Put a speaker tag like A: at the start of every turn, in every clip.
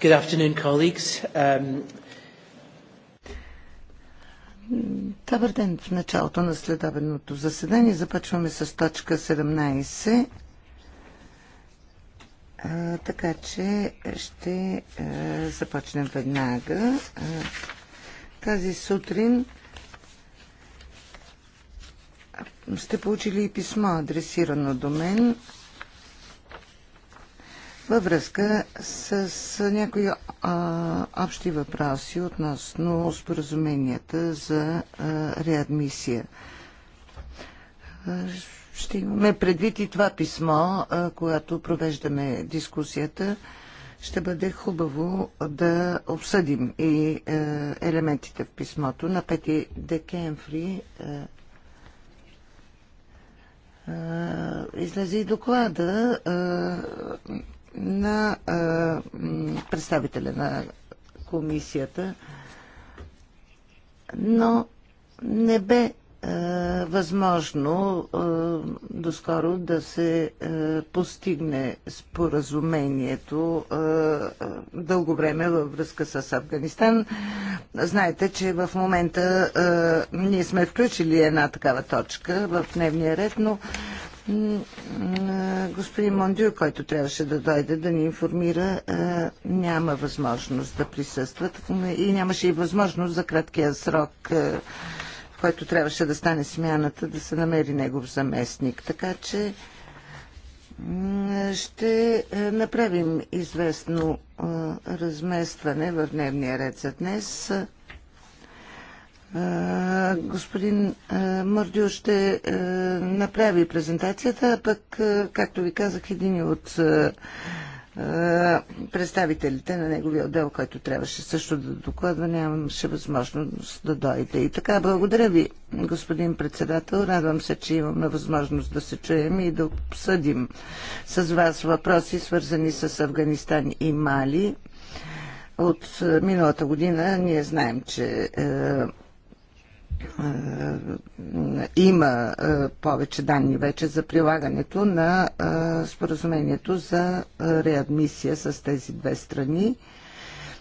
A: Good afternoon, colleagues. Um...
B: Добър ден в началото на следобедното заседание. Започваме с точка 17. А, така че ще а, започнем веднага. А, тази сутрин сте получили писмо, адресирано до мен във връзка с, с някои а, общи въпроси относно споразуменията за а, реадмисия. Ще имаме предвид и това писмо, а, когато провеждаме дискусията. Ще бъде хубаво да обсъдим и е, елементите в писмото. На 5 декември е, излезе и доклада на представителя на комисията, но не бе възможно доскоро да се постигне споразумението дълго време във връзка с Афганистан. Знаете, че в момента ние сме включили една такава точка в дневния ред, но Господин Мондюр, който трябваше да дойде да ни информира, е, няма възможност да присъстват и нямаше и възможност за краткия срок, е, в който трябваше да стане смяната, да се намери негов заместник. Така че ще е, направим известно разместване в дневния ред за днес. Господин Мърдио ще направи презентацията, а пък, както ви казах, един от представителите на неговия отдел, който трябваше също да докладва, нямаше възможност да дойде. И така, благодаря ви, господин председател. Радвам се, че имаме възможност да се чуем и да обсъдим с вас въпроси, свързани с Афганистан и Мали. От миналата година ние знаем, че е, има е, повече данни вече за прилагането на е, споразумението за реадмисия с тези две страни.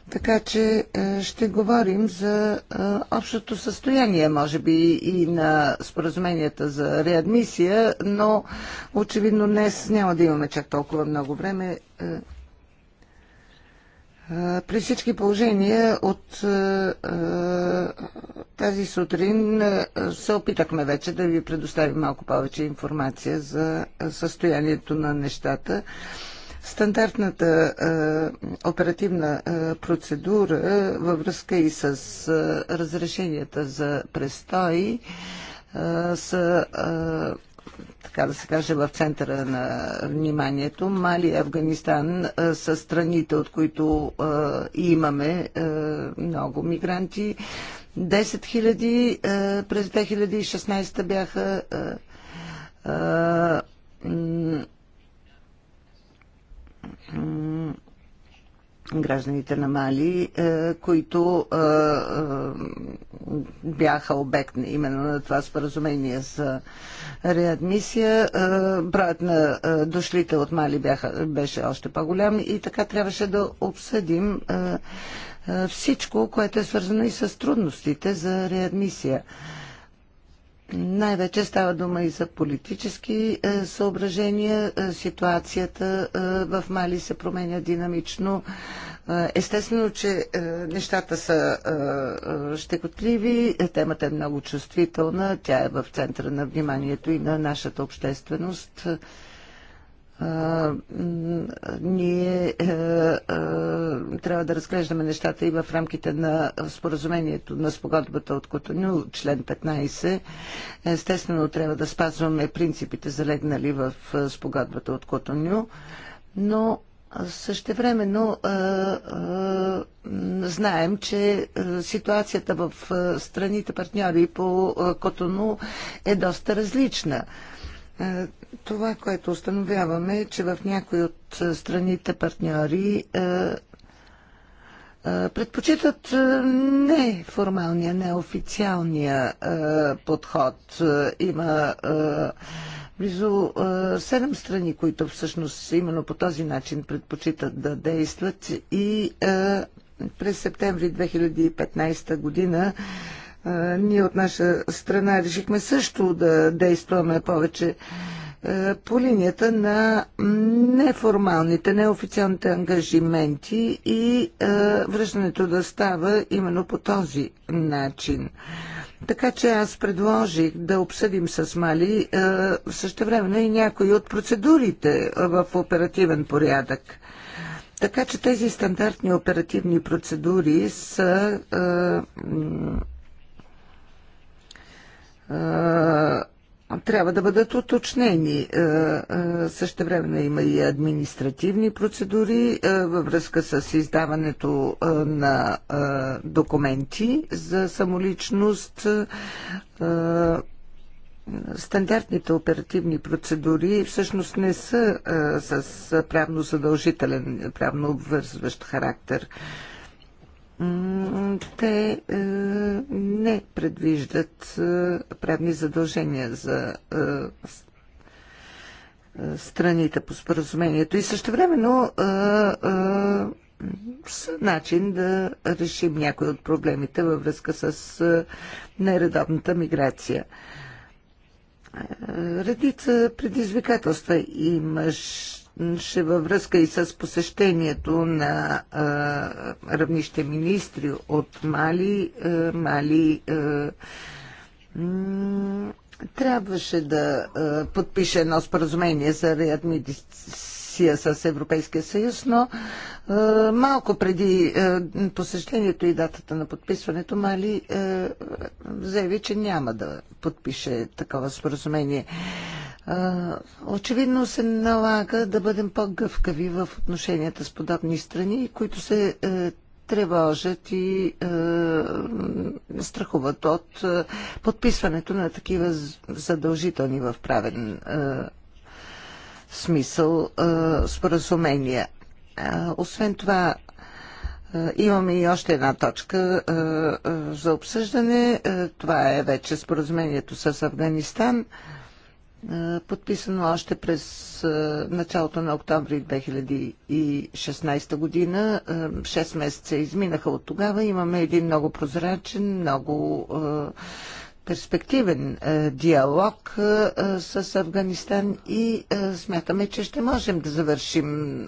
B: Така че ще говорим за общото състояние, може би, и на споразуменията за реадмисия, но очевидно днес няма да имаме чак толкова много време. При всички положения от тази сутрин се опитахме вече да ви предоставим малко повече информация за състоянието на нещата. Стандартната е, оперативна е, процедура във връзка и с е, разрешенията за престой е, са така да се каже, в центъра на вниманието. Мали и Афганистан са страните, от които имаме много мигранти. 10 000 през 2016 бяха. А, а, гражданите на Мали, е, които е, е, бяха обект именно на това споразумение за реадмисия. Броят на дошлите от Мали бяха, беше още по-голям и така трябваше да обсъдим всичко, което е свързано и с трудностите за реадмисия. Най-вече става дума и за политически е, съображения. Е, ситуацията е, в Мали се променя динамично. Естествено, че нещата са щекотливи, темата е много чувствителна, тя е в центъра на вниманието и на нашата общественост ние е, е, трябва да разглеждаме нещата и в рамките на споразумението на спогодбата от Котоню, член 15. Естествено, трябва да спазваме принципите, залегнали в е, спогодбата от Котоню, но Същевременно а, а, знаем, че ситуацията в страните партньори по Котону е доста различна. А, е, това, което установяваме е, че в някои от е, страните партньори е, предпочитат не формалния, неофициалния подход. Има близо седем страни, които всъщност именно по този начин предпочитат да действат и през септември 2015 година ние от наша страна решихме също да действаме повече по линията на неформалните, неофициалните ангажименти и връщането да става именно по този начин. Така че аз предложих да обсъдим с Мали време и някои от процедурите в оперативен порядък. Така че тези стандартни оперативни процедури са трябва да бъдат уточнени. Също време има и административни процедури във връзка с издаването на документи за самоличност. Стандартните оперативни процедури всъщност не са с правно задължителен, правно обвързващ характер те е, не предвиждат е, правни задължения за е, страните по споразумението и също времено с начин да решим някои от проблемите във връзка с нередовната миграция. Редица предизвикателства имаш ще във връзка и с посещението на а, равнище министри от Мали. А, Мали а, трябваше да а, подпише едно споразумение за реадмисия с Европейския съюз, но а, малко преди а, посещението и датата на подписването Мали а, заяви, че няма да подпише такова споразумение. А, Очевидно се налага да бъдем по-гъвкави в отношенията с подобни страни, които се е, тревожат и е, страхуват от е, подписването на такива задължителни в правен е, смисъл е, споразумения. Е, освен това, е, Имаме и още една точка е, за обсъждане. Това е вече споразумението с Афганистан. Е, подписано още през е, началото на октомври 2016 година. Е, шест месеца изминаха от тогава. Имаме един много прозрачен, много перспективен диалог с Афганистан и смятаме, че ще можем да завършим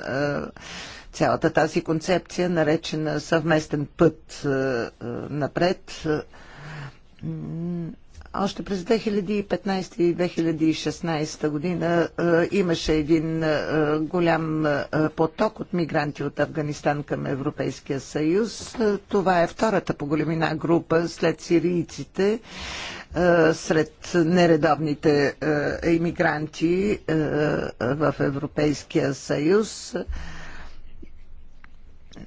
B: цялата тази концепция, наречена съвместен път напред още през 2015 и 2016 година е, имаше един е, голям е, поток от мигранти от Афганистан към Европейския съюз. Това е втората по големина група след сирийците сред нередовните иммигранти в Европейския съюз.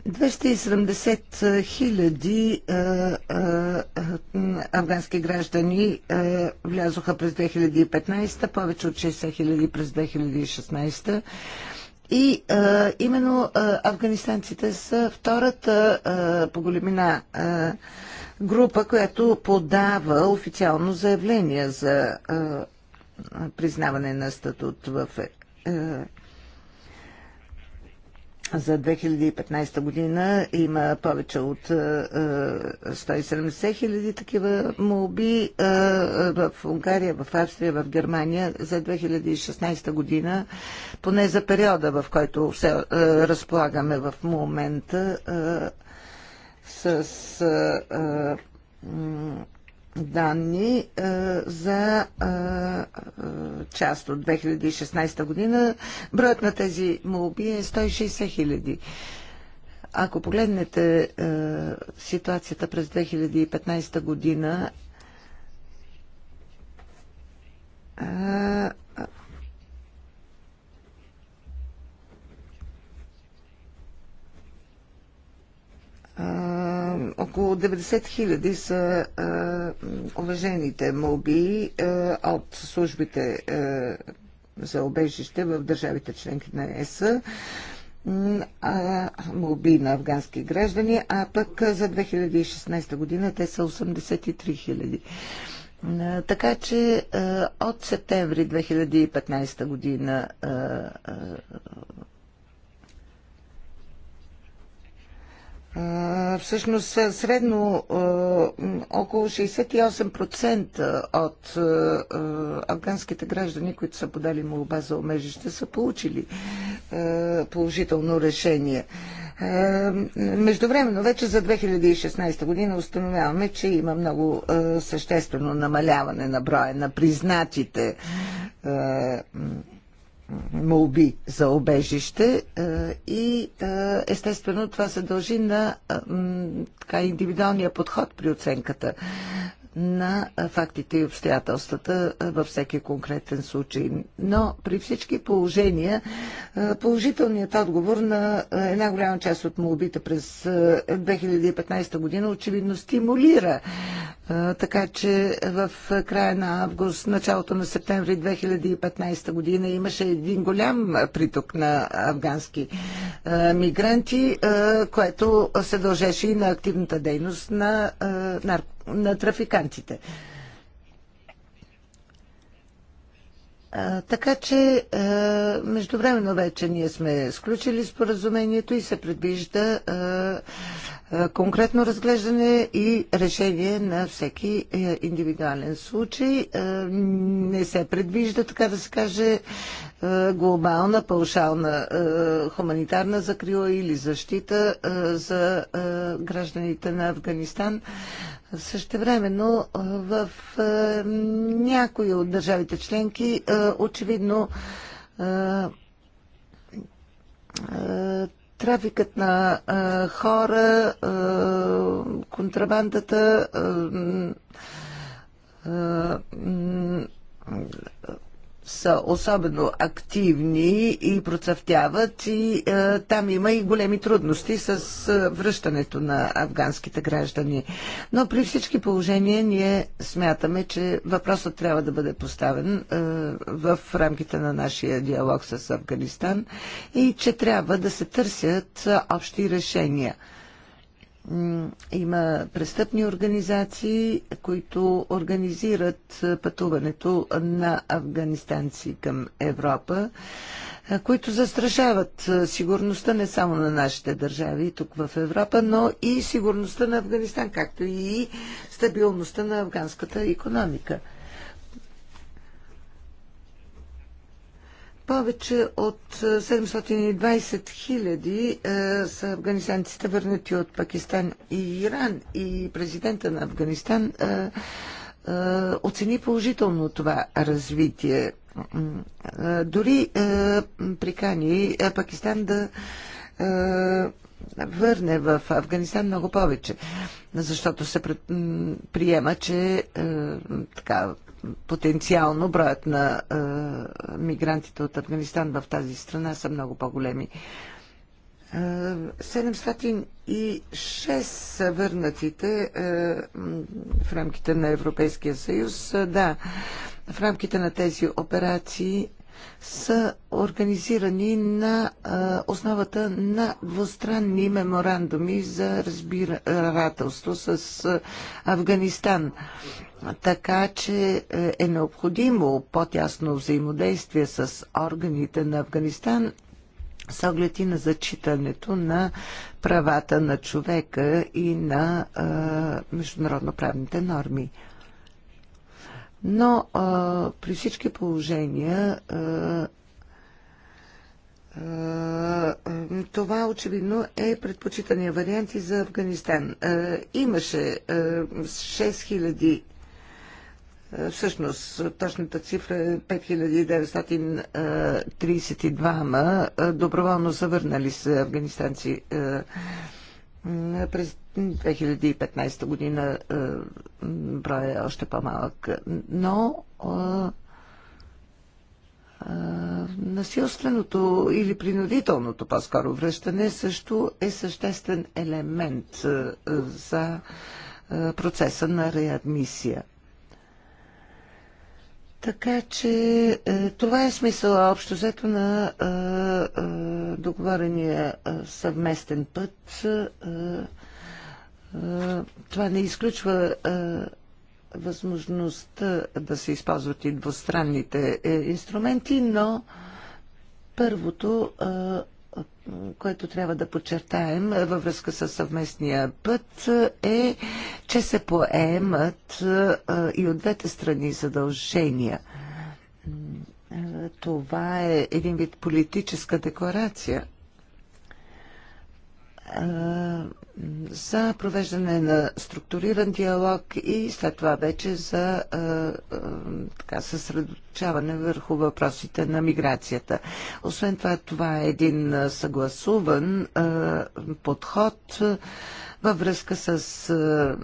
B: 270 хиляди е, е, афгански граждани е, влязоха през 2015, повече от 60 хиляди през 2016. И а, именно а, афганистанците са втората а, по големина а, група, която подава официално заявление за а, признаване на статут в а, за 2015 година има повече от 170 е, е, хиляди такива молби е, в Унгария, в Австрия, в Германия за 2016 година, поне за периода, в който се разполагаме в момента с данни е, за е, е, част от 2016 година. Броят на тези молби е 160 хиляди. Ако погледнете ситуацията през 2015 година, около 90 хиляди са уважените молби от службите за обежище в държавите членки на ЕС молби на афгански граждани, а пък за 2016 година те са 83 хиляди. Така че от септември 2015 година Всъщност средно около 68% от афганските граждани, които са подали молба за омежище, са получили положително решение. Междувременно вече за 2016 година установяваме, че има много съществено намаляване на броя на признатите молби за обежище и естествено това се дължи на така индивидуалния подход при оценката на фактите и обстоятелствата във всеки конкретен случай. Но при всички положения положителният отговор на една голяма част от молбите през 2015 година очевидно стимулира. Така че в края на август, началото на септември 2015 година имаше един голям приток на афгански мигранти, което се дължеше и на активната дейност на наркотиката на трафикантите. така че, а, междувременно вече ние сме сключили споразумението и се предвижда конкретно разглеждане и решение на всеки индивидуален случай. не се предвижда, така да се каже, глобална, паушална хуманитарна закрила или защита за гражданите на Афганистан но в някои от държавите членки очевидно трафикът на хора, контрабандата са особено активни и процъфтяват и е, там има и големи трудности с е, връщането на афганските граждани. Но при всички положения ние смятаме, че въпросът трябва да бъде поставен е, в рамките на нашия диалог с Афганистан и че трябва да се търсят е, общи решения. Има престъпни организации, които организират пътуването на афганистанци към Европа, които застрашават сигурността не само на нашите държави тук в Европа, но и сигурността на Афганистан, както и стабилността на афганската економика. Повече от 720 е, хиляди е, са афганистанците върнати от Пакистан и Иран. И президента на Афганистан е, оцени положително това развитие. Дори прикани Пакистан да върне в Афганистан много повече, защото се приема, че така, потенциално броят на е, мигрантите от Афганистан в тази страна са много по-големи. 706 е, са върнатите е, в рамките на Европейския съюз. Да, в рамките на тези операции са организирани на основата на двустранни меморандуми за разбирателство с Афганистан. Така че е, е необходимо по-тясно взаимодействие с органите на Афганистан с оглед и на зачитането на правата на човека и на международно правните норми. Но а, при всички положения а, а, това очевидно е предпочитания вариант и за Афганистан. А, имаше а, 6000 Всъщност, точната цифра е 5932 доброволно завърнали се афганистанци през 2015 година е, броя е още по-малък. Но е, е, насилственото или принудителното по-скоро връщане също е съществен елемент за процеса на реадмисия. Така че е, това е смисъла общо взето на е, е, договорения съвместен път. Това не изключва възможността да се използват и двустранните инструменти, но първото което трябва да подчертаем във връзка с съвместния път е, че се поемат и от двете страни задължения. Това е един вид политическа декларация за провеждане на структуриран диалог и след това вече за така, съсредоточаване върху въпросите на миграцията. Освен това, това е един съгласуван подход във връзка с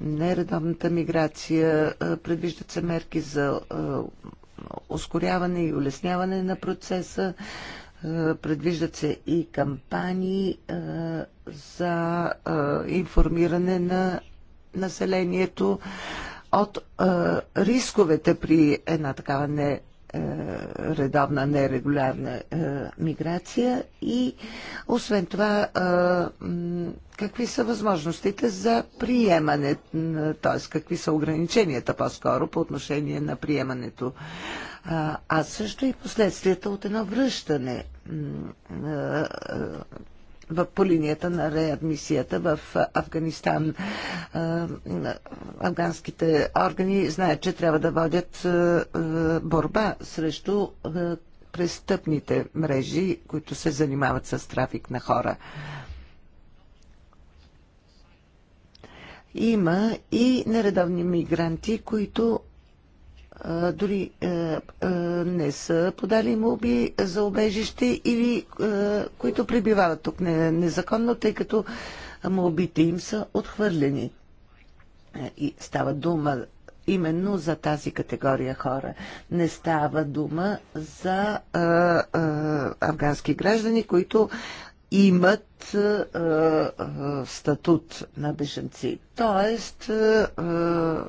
B: нередовната миграция. Предвиждат се мерки за ускоряване и улесняване на процеса е, предвиждат се и кампании е, за е, информиране на населението от рисковете при една такава не редовна, нерегулярна миграция и освен това какви са възможностите за приемане, т.е. какви са ограниченията по-скоро по отношение на приемането а също и последствията от едно връщане в, по линията на реадмисията в Афганистан. Афганските органи знаят, че трябва да водят борба срещу престъпните мрежи, които се занимават с трафик на хора. Има и нередовни мигранти, които дори е, е, не са подали молби за обежище или е, които пребивават тук незаконно, тъй като молбите им са отхвърлени. И става дума именно за тази категория хора. Не става дума за а, а, афгански граждани, които имат а, статут на беженци. Тоест, а,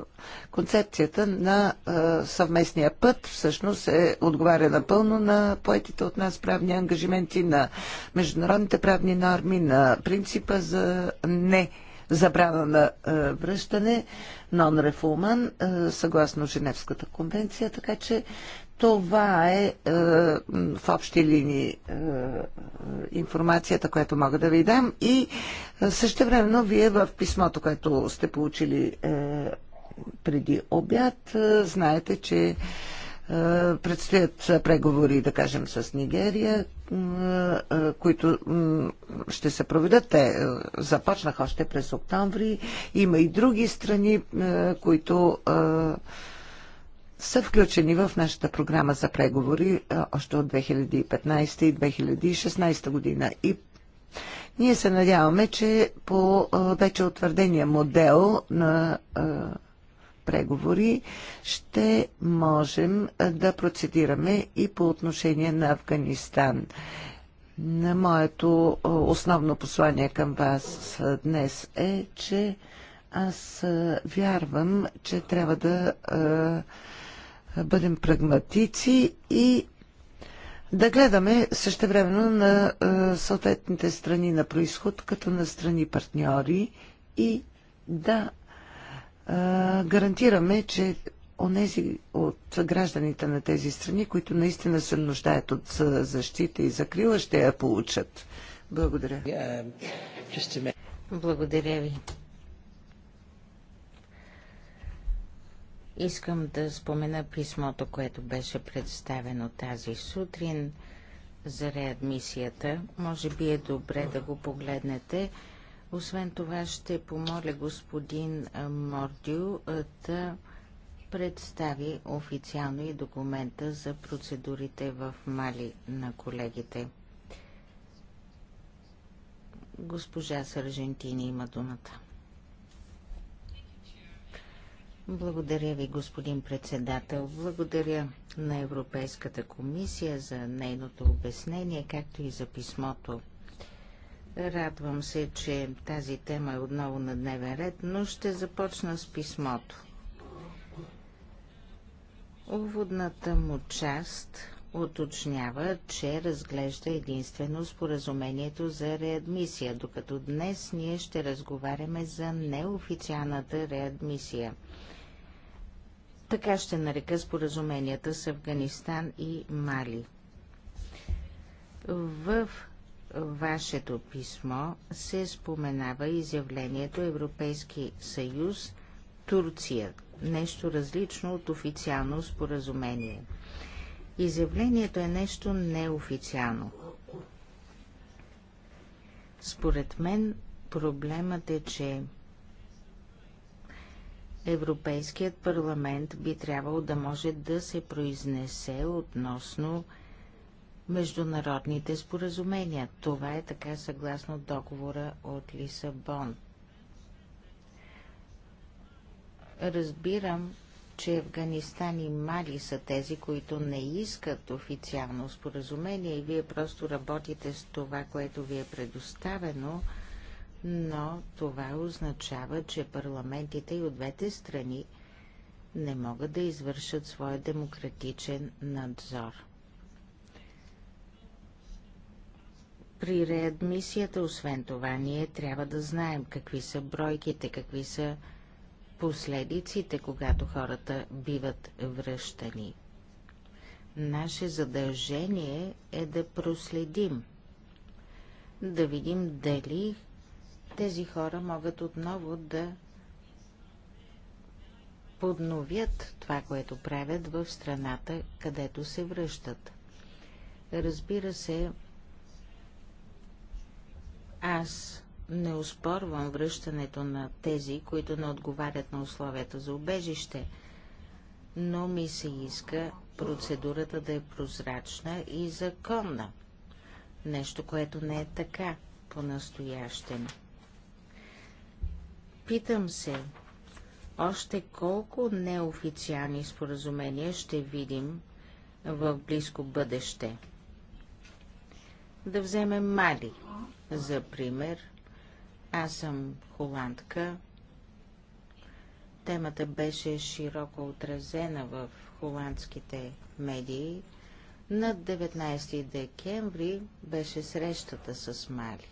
B: концепцията на а, съвместния път всъщност е отговаря напълно на поетите от нас правни ангажименти, на международните правни норми, на принципа за не забрана на а, връщане, non-refoulement, съгласно Женевската конвенция, така че това е, е в общи линии е, информацията, която мога да ви дам и е, също времено вие в писмото, което сте получили е, преди обяд, е, знаете, че е, предстоят преговори, да кажем, с Нигерия, които ще се проведат. Те започнаха още през октомври. Има и други страни, които са включени в нашата програма за преговори още от 2015 и 2016 година. И ние се надяваме, че по вече утвърдения модел на преговори ще можем да процедираме и по отношение на Афганистан. На моето основно послание към вас днес е, че аз вярвам, че трябва да бъдем прагматици и да гледаме същевременно на съответните страни на происход, като на страни партньори и да гарантираме, че онези от гражданите на тези страни, които наистина се нуждаят от защита и закрила, ще я получат. Благодаря. Благодаря
C: ви. Искам да спомена писмото, което беше представено тази сутрин за реадмисията. Може би е добре да го погледнете. Освен това ще помоля господин Мордю да представи официално и документа за процедурите в Мали на колегите. Госпожа Саржентини има думата. Благодаря ви, господин председател. Благодаря на Европейската комисия за нейното обяснение, както и за писмото. Радвам се, че тази тема е отново на дневен ред, но ще започна с писмото. Уводната му част уточнява, че разглежда единствено споразумението за реадмисия, докато днес ние ще разговаряме за неофициалната реадмисия – така ще нарека споразуменията с Афганистан и Мали. В вашето писмо се споменава изявлението Европейски съюз Турция, нещо различно от официално споразумение. Изявлението е нещо неофициално. Според мен проблемът е, че Европейският парламент би трябвало да може да се произнесе относно международните споразумения. Това е така съгласно договора от Лисабон. Разбирам, че Афганистан и Мали са тези, които не искат официално споразумение и вие просто работите с това, което ви е предоставено – но това означава, че парламентите и от двете страни не могат да извършат своя демократичен надзор. При реадмисията, освен това, ние трябва да знаем какви са бройките, какви са последиците, когато хората биват връщани. Наше задължение е да проследим, да видим дали тези хора могат отново да подновят това, което правят в страната, където се връщат. Разбира се, аз не успорвам връщането на тези, които не отговарят на условията за убежище, но ми се иска процедурата да е прозрачна и законна. Нещо, което не е така по-настоящем. Питам се, още колко неофициални споразумения ще видим в близко бъдеще. Да вземем Мали, за пример. Аз съм холандка. Темата беше широко отразена в холандските медии. На 19 декември беше срещата с Мали.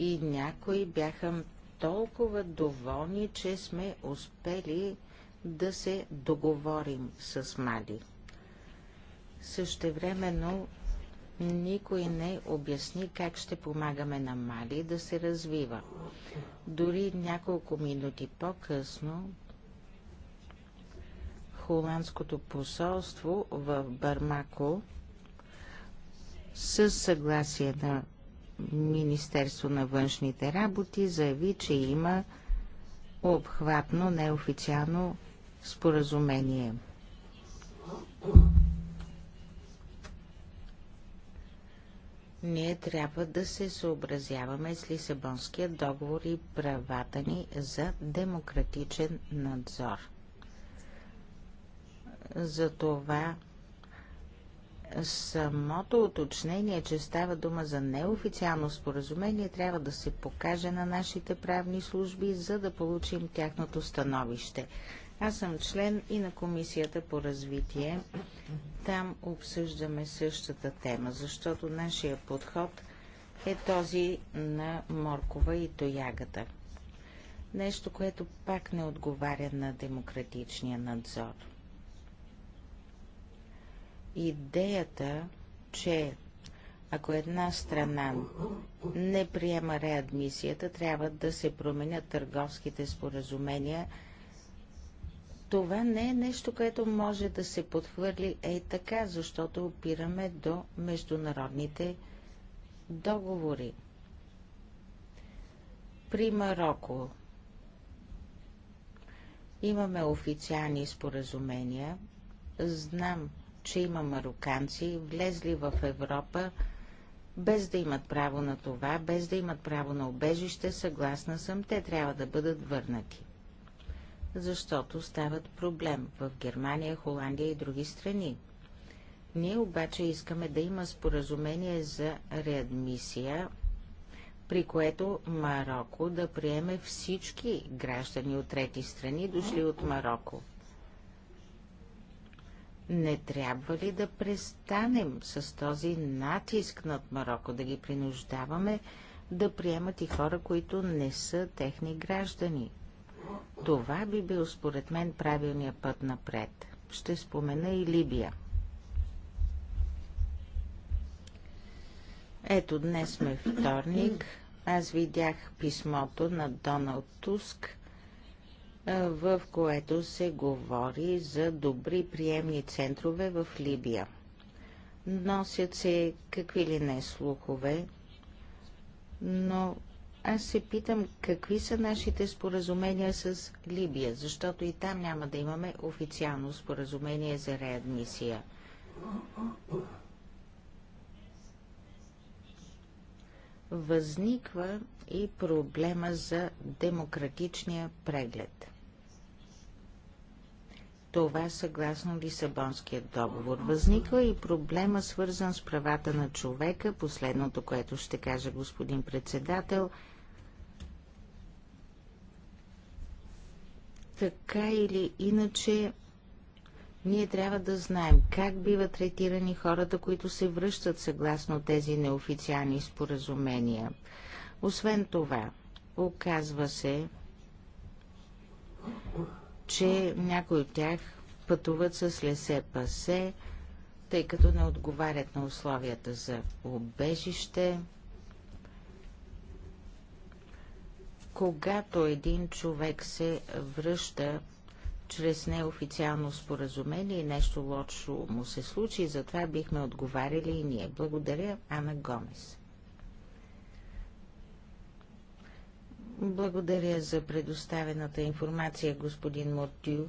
C: и някои бяха толкова доволни, че сме успели да се договорим с Мали. Същевременно никой не обясни как ще помагаме на Мали да се развива. Дори няколко минути по-късно холандското посолство в Бармако със съгласие на Министерство на външните работи заяви, че има обхватно неофициално споразумение. Ние трябва да се съобразяваме с Лисабонския договор и правата ни за демократичен надзор. Затова самото уточнение, че става дума за неофициално споразумение, трябва да се покаже на нашите правни служби, за да получим тяхното становище. Аз съм член и на Комисията по развитие. Там обсъждаме същата тема, защото нашия подход е този на моркова и тоягата. Нещо, което пак не отговаря на демократичния надзор идеята, че ако една страна не приема реадмисията, трябва да се променят търговските споразумения. Това не е нещо, което може да се подхвърли ей така, защото опираме до международните договори. При Марокко имаме официални споразумения. Знам, че има мароканци, влезли в Европа, без да имат право на това, без да имат право на обежище, съгласна съм, те трябва да бъдат върнати. Защото стават проблем в Германия, Холандия и други страни. Ние обаче искаме да има споразумение за реадмисия, при което Марокко да приеме всички граждани от трети страни, дошли от Марокко. Не трябва ли да престанем с този натиск над Марокко, да ги принуждаваме да приемат и хора, които не са техни граждани? Това би бил според мен правилният път напред. Ще спомена и Либия. Ето днес сме вторник. Аз видях писмото на Доналд Туск – в което се говори за добри приемни центрове в Либия. Носят се какви ли не слухове, но аз се питам какви са нашите споразумения с Либия, защото и там няма да имаме официално споразумение за реадмисия. възниква и проблема за демократичния преглед. Това съгласно Лисабонския договор. Възниква и проблема свързан с правата на човека, последното, което ще каже господин председател. Така или иначе ние трябва да знаем как биват третирани хората, които се връщат съгласно тези неофициални споразумения. Освен това, оказва се, че някои от тях пътуват с лесе пасе, тъй като не отговарят на условията за обежище. Когато един човек се връща чрез неофициално споразумение нещо лошо му се случи, затова бихме отговаряли и ние. Благодаря, Ана Гомес. Благодаря за предоставената информация, господин Мортю.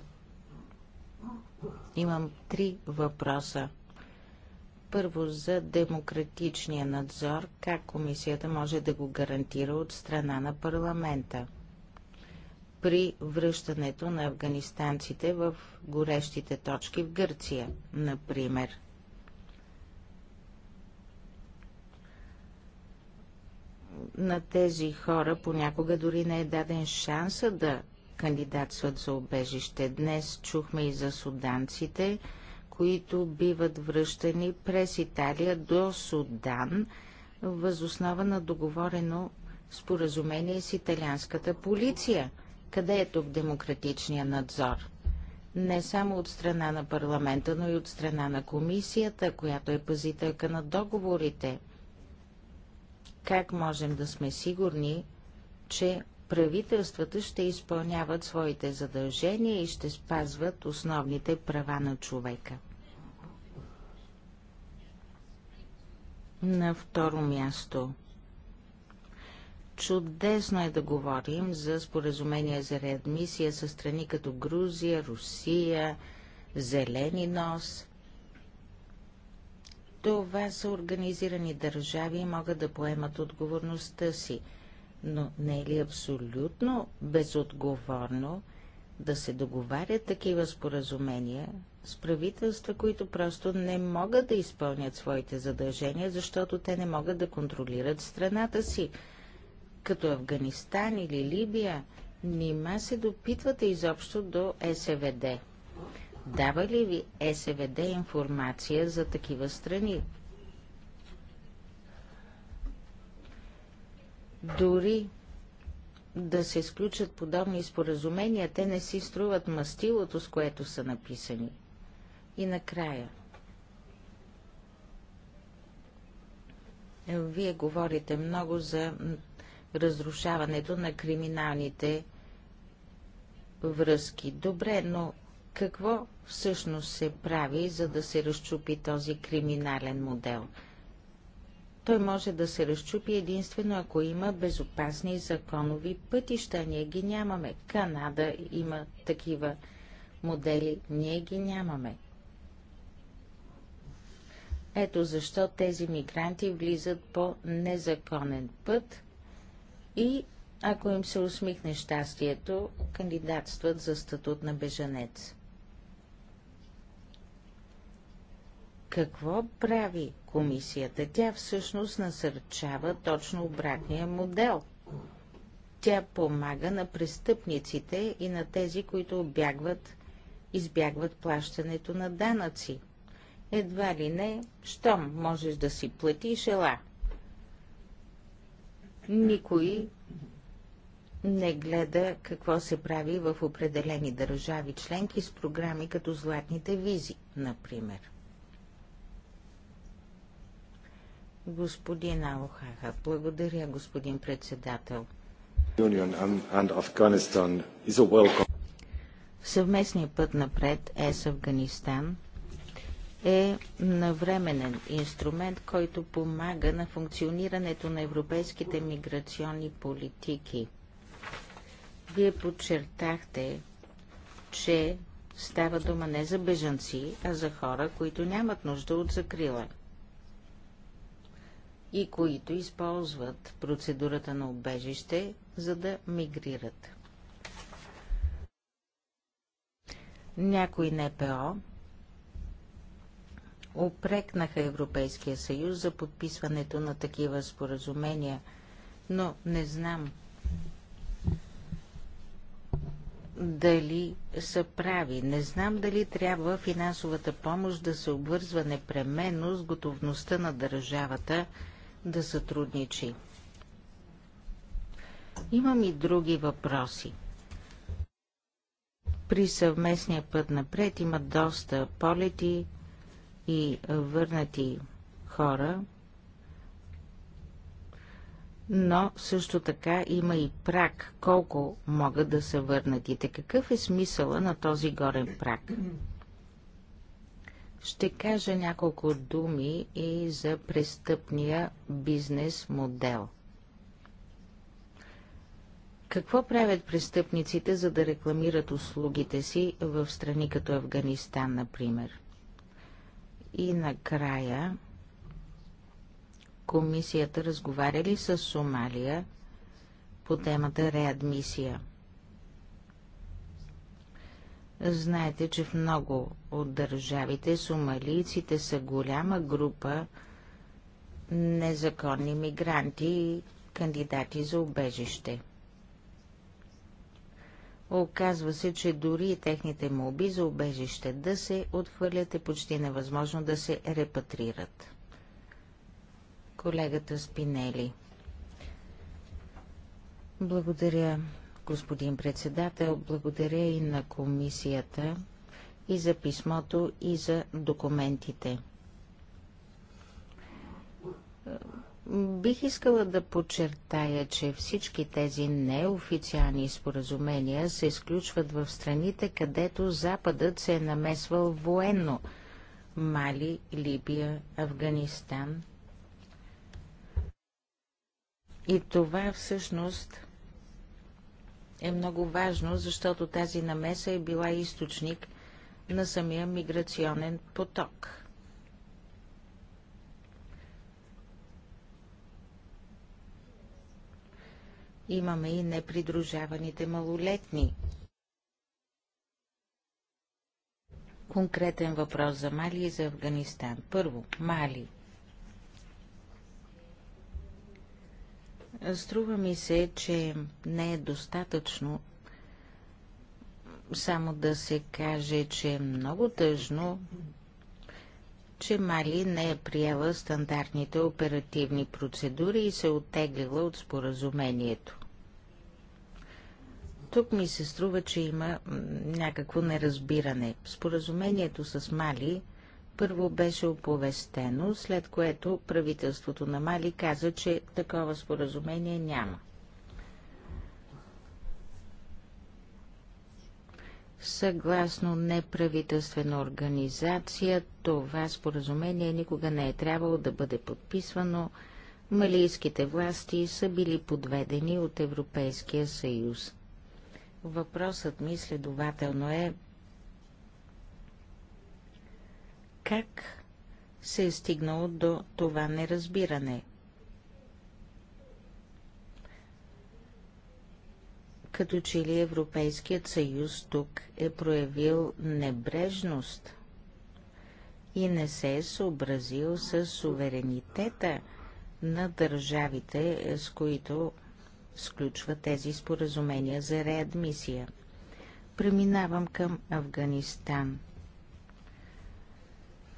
C: Имам три въпроса. Първо за демократичния надзор, как комисията може да го гарантира от страна на парламента – при връщането на афганистанците в горещите точки в Гърция, например. На тези хора понякога дори не е даден шанса да кандидатстват за обежище. Днес чухме и за суданците, които биват връщани през Италия до Судан, възоснова на договорено споразумение с италианската полиция – къде е тук демократичния надзор? Не само от страна на парламента, но и от страна на комисията, която е пазителка на договорите. Как можем да сме сигурни, че правителствата ще изпълняват своите задължения и ще спазват основните права на човека? На второ място Чудесно е да говорим за споразумения за реадмисия с страни като Грузия, Русия, Зелени нос. Това са организирани държави и могат да поемат отговорността си. Но не е ли абсолютно безотговорно да се договарят такива споразумения с правителства, които просто не могат да изпълнят своите задължения, защото те не могат да контролират страната си? като Афганистан или Либия, нима се допитвате изобщо до СВД? Дава ли ви СВД информация за такива страни? Дори да се сключат подобни споразумения, те не си струват мастилото, с което са написани. И накрая. Вие говорите много за разрушаването на криминалните връзки. Добре, но какво всъщност се прави, за да се разчупи този криминален модел? Той може да се разчупи единствено, ако има безопасни законови пътища. Ние ги нямаме. Канада има такива модели. Ние ги нямаме. Ето защо тези мигранти влизат по незаконен път и ако им се усмихне щастието, кандидатстват за статут на бежанец. Какво прави комисията? Тя всъщност насърчава точно обратния модел. Тя помага на престъпниците и на тези, които обягват, избягват плащането на данъци. Едва ли не, щом можеш да си платиш, ела, никой не гледа какво се прави в определени държави членки с програми като златните визи, например. Господин Аохаха, благодаря, господин председател. Съвместният път напред е с Афганистан – е навременен инструмент, който помага на функционирането на европейските миграционни политики. Вие подчертахте, че става дума не за бежанци, а за хора, които нямат нужда от закрила и които използват процедурата на убежище, за да мигрират. Някои НПО опрекнаха Европейския съюз за подписването на такива споразумения, но не знам дали са прави. Не знам дали трябва финансовата помощ да се обвързва непременно с готовността на държавата да сътрудничи. Имам и други въпроси. При съвместния път напред има доста полети, и върнати хора, но също така има и прак, колко могат да са върнатите. Какъв е смисъла на този горен прак? Ще кажа няколко думи и за престъпния бизнес модел. Какво правят престъпниците, за да рекламират услугите си в страни като Афганистан, например? И накрая комисията разговаря ли с Сомалия по темата реадмисия? Знаете, че в много от държавите сомалийците са голяма група незаконни мигранти и кандидати за убежище. Оказва се, че дори и техните молби за убежище да се отхвърлят е почти невъзможно да се репатрират. Колегата Спинели. Благодаря, господин председател. Благодаря и на комисията и за писмото, и за документите. Бих искала да подчертая, че всички тези неофициални споразумения се изключват в страните, където Западът се е намесвал военно – Мали, Либия, Афганистан. И това всъщност е много важно, защото тази намеса е била източник на самия миграционен поток. Имаме и непридружаваните малолетни. Конкретен въпрос за Мали и за Афганистан. Първо, Мали. Струва ми се, че не е достатъчно само да се каже, че е много тъжно, че Мали не е приела стандартните оперативни процедури и се оттеглила от споразумението. Тук ми се струва, че има някакво неразбиране. Споразумението с Мали първо беше оповестено, след което правителството на Мали каза, че такова споразумение няма. Съгласно неправителствена организация, това споразумение никога не е трябвало да бъде подписвано. Малийските власти са били подведени от Европейския съюз. Въпросът ми следователно е как се е стигнало до това неразбиране? Като че ли Европейският съюз тук е проявил небрежност и не се е съобразил с суверенитета на държавите, с които сключва тези споразумения за реадмисия. Преминавам към Афганистан.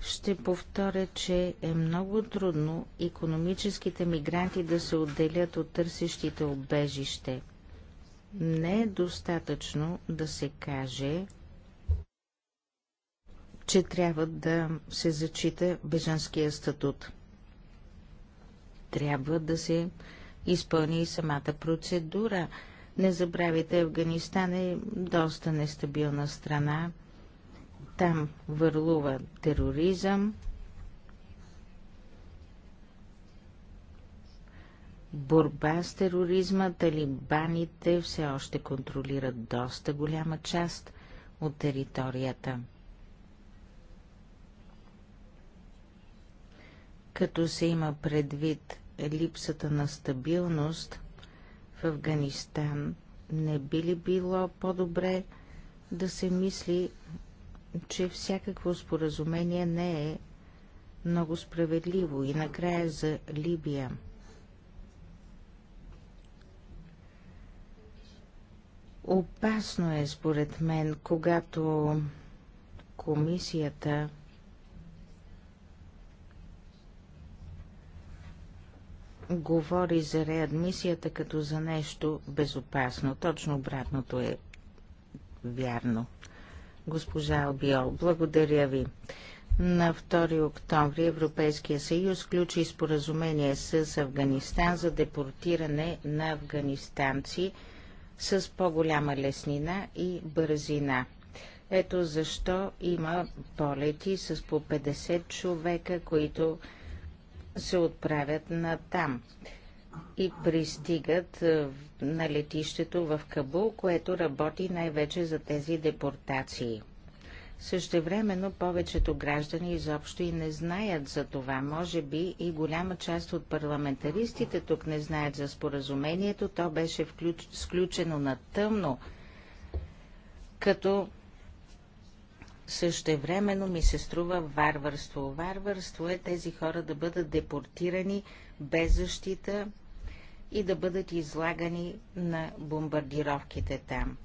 C: Ще повторя, че е много трудно економическите мигранти да се отделят от търсещите обежище. Не е достатъчно да се каже, че трябва да се зачита бежанския статут. Трябва да се изпълни и самата процедура. Не забравяйте, Афганистан е доста нестабилна страна. Там върлува тероризъм, борба с тероризма, талибаните все още контролират доста голяма част от територията. Като се има предвид липсата на стабилност в Афганистан, не би ли било по-добре да се мисли, че всякакво споразумение не е много справедливо и накрая за Либия? Опасно е, според мен, когато комисията говори за реадмисията като за нещо безопасно. Точно обратното е вярно. Госпожа Албиол, благодаря ви. На 2 октомври Европейския съюз включи споразумение с Афганистан за депортиране на афганистанци с по-голяма леснина и бързина. Ето защо има полети с по 50 човека, които се отправят на там и пристигат е, на летището в Кабул, което работи най-вече за тези депортации. Същевременно повечето граждани изобщо и не знаят за това. Може би и голяма част от парламентаристите тук не знаят за споразумението. То беше включ... сключено на тъмно, като Същевременно ми се струва варварство. Варварство е тези хора да бъдат депортирани без защита и да бъдат излагани на бомбардировките там.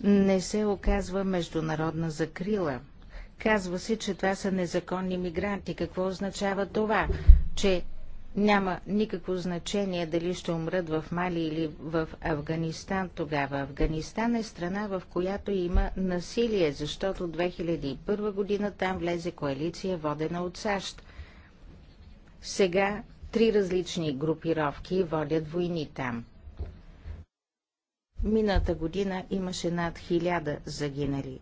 C: Не се оказва международна закрила. Казва се, че това са незаконни мигранти. Какво означава това? Че няма никакво значение дали ще умрат в Мали или в Афганистан тогава. Афганистан е страна, в която има насилие, защото 2001 година там влезе коалиция, водена от САЩ. Сега три различни групировки водят войни там. Мината година имаше над хиляда загинали.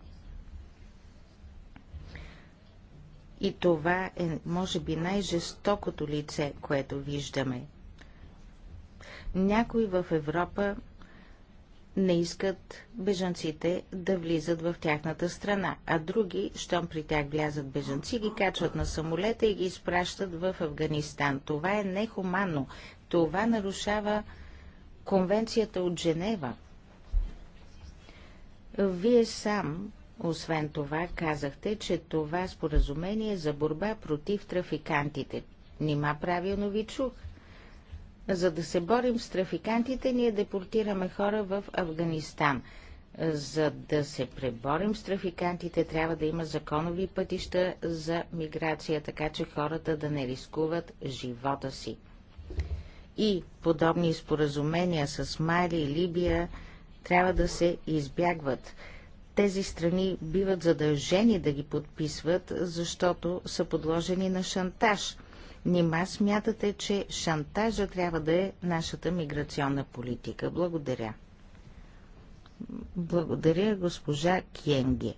C: И това е, може би, най-жестокото лице, което виждаме. Някои в Европа не искат бежанците да влизат в тяхната страна, а други, щом при тях влязат бежанци, ги качват на самолета и ги изпращат в Афганистан. Това е нехуманно. Това нарушава конвенцията от Женева. Вие сам освен това, казахте, че това споразумение е за борба против трафикантите. Нима правилно ви чух. За да се борим с трафикантите, ние депортираме хора в Афганистан. За да се преборим с трафикантите, трябва да има законови пътища за миграция, така че хората да не рискуват живота си. И подобни споразумения с Мали и Либия трябва да се избягват тези страни биват задължени да ги подписват, защото са подложени на шантаж. Нима смятате, че шантажа трябва да е нашата миграционна политика. Благодаря. Благодаря, госпожа Кенге.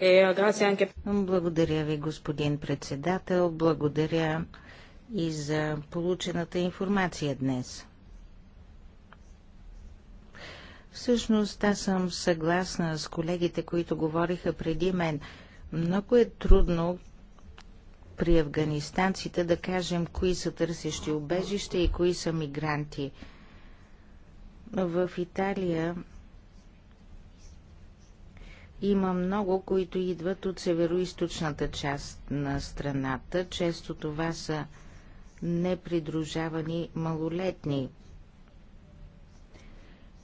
C: Е, Благодаря ви, господин председател. Благодаря и за получената информация днес. Всъщност аз съм съгласна с колегите, които говориха преди мен. Много е трудно при афганистанците да кажем кои са търсещи убежище и кои са мигранти. В Италия има много, които идват от северо част на страната. Често това са непридружавани малолетни.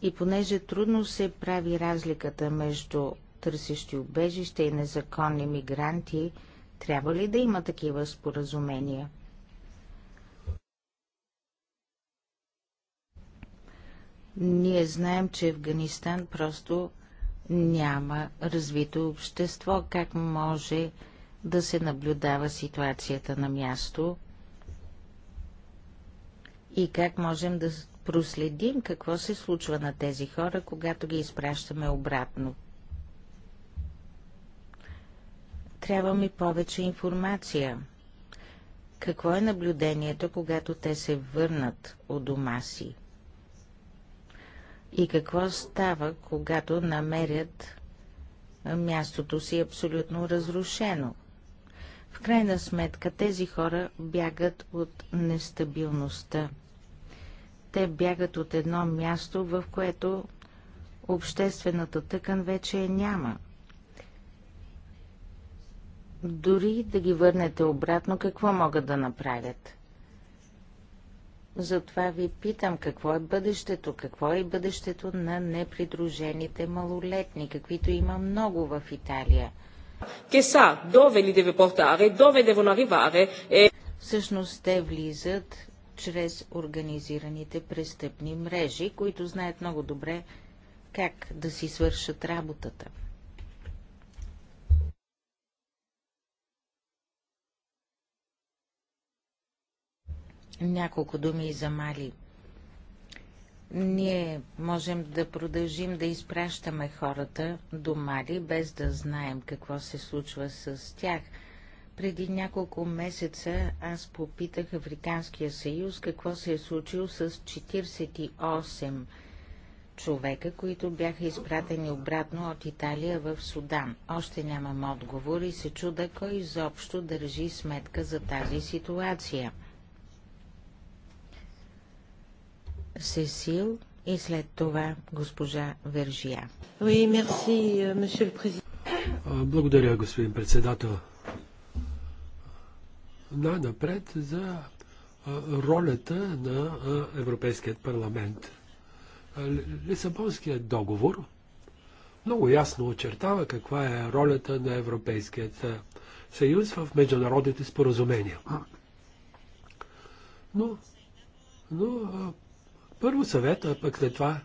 C: И понеже трудно се прави разликата между търсещи убежище и незаконни мигранти, трябва ли да има такива споразумения? Ние знаем, че Афганистан просто няма развито общество. Как може да се наблюдава ситуацията на място? И как можем да проследим какво се случва на тези хора, когато ги изпращаме обратно. Трябва ми повече информация. Какво е наблюдението, когато те се върнат от дома си? И какво става, когато намерят мястото си абсолютно разрушено? В крайна сметка тези хора бягат от нестабилността. Те бягат от едно място, в което обществената тъкан вече е няма. Дори да ги върнете обратно, какво могат да направят? Затова ви питам, какво е бъдещето, какво е бъдещето на непридружените малолетни, каквито има много в Италия. dove li deve portare, dove devono arrivare. E- Всъщност те влизат чрез организираните престъпни мрежи, които знаят много добре как да си свършат работата. Няколко думи за Мали. Ние можем да продължим да изпращаме хората до Мали, без да знаем какво се случва с тях – преди няколко месеца аз попитах Африканския съюз какво се е случило с 48 човека, които бяха изпратени обратно от Италия в Судан. Още нямам отговор и се чуда кой изобщо държи сметка за тази ситуация. Сесил и след това госпожа Вержия. Euh,
D: Благодаря, господин председател най-напред за ролята на Европейският парламент. Лисабонският договор много ясно очертава каква е ролята на Европейският съюз в международните споразумения. Но, но първо съвета, пък след това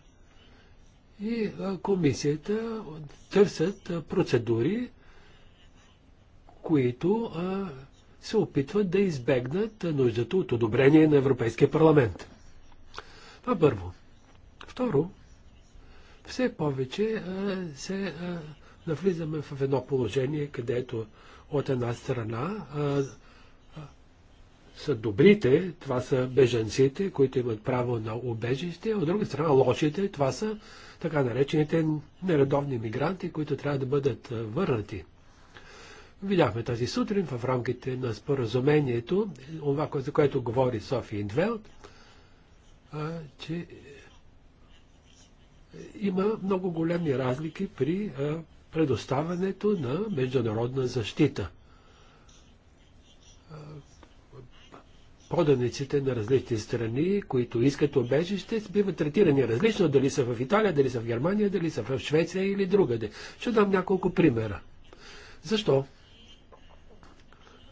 D: и комисията търсят процедури, които се опитват да избегнат нуждата от одобрение на Европейския парламент. Това първо. Второ, все повече а, се а, навлизаме в едно положение, където от една страна а, а, са добрите, това са беженците, които имат право на убежище, от друга страна лошите, това са така наречените нередовни мигранти, които трябва да бъдат върнати. Видяхме тази сутрин в рамките на споразумението, това, за което говори София Индвелт, че има много големи разлики при предоставянето на международна защита. Поданиците на различни страни, които искат обежище, биват третирани различно, дали са в Италия, дали са в Германия, дали са в Швеция или другаде. Ще дам няколко примера. Защо?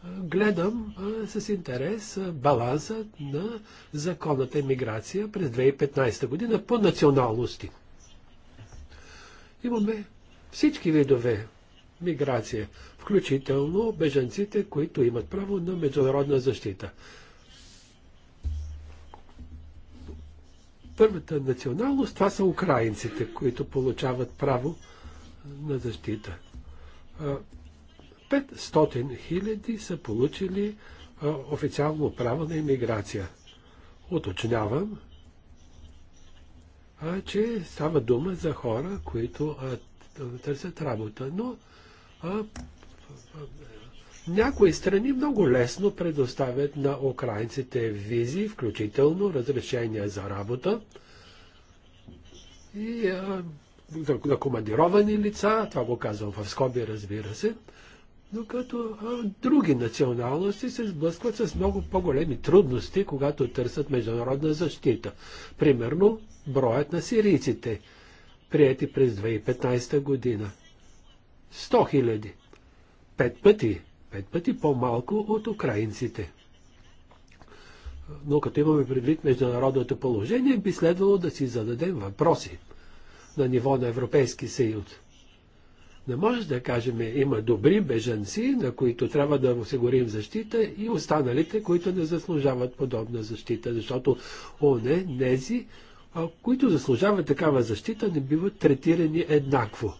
D: гледам с интерес баланса на законната емиграция през 2015 година по националности. Имаме всички видове миграция, включително бежанците, които имат право на международна защита. Първата националност, това са украинците, които получават право на защита. 500 хиляди са получили а, официално право на иммиграция. Уточнявам, а, че става дума за хора, които а, търсят работа, но а, някои страни много лесно предоставят на украинците визи, включително разрешения за работа и а, на командировани лица, това го казвам в скоби, разбира се, докато други националности се сблъскват с много по-големи трудности, когато търсят международна защита. Примерно, броят на сирийците, прияти през 2015 година. 100 хиляди. Пет пъти, пет пъти по-малко от украинците. Но като имаме предвид международното положение, би следвало да си зададем въпроси на ниво на Европейски съюз. Не може да кажем, има добри бежанци, на които трябва да осигурим защита и останалите, които не заслужават подобна защита, защото оне, нези, които заслужават такава защита, не биват третирани еднакво.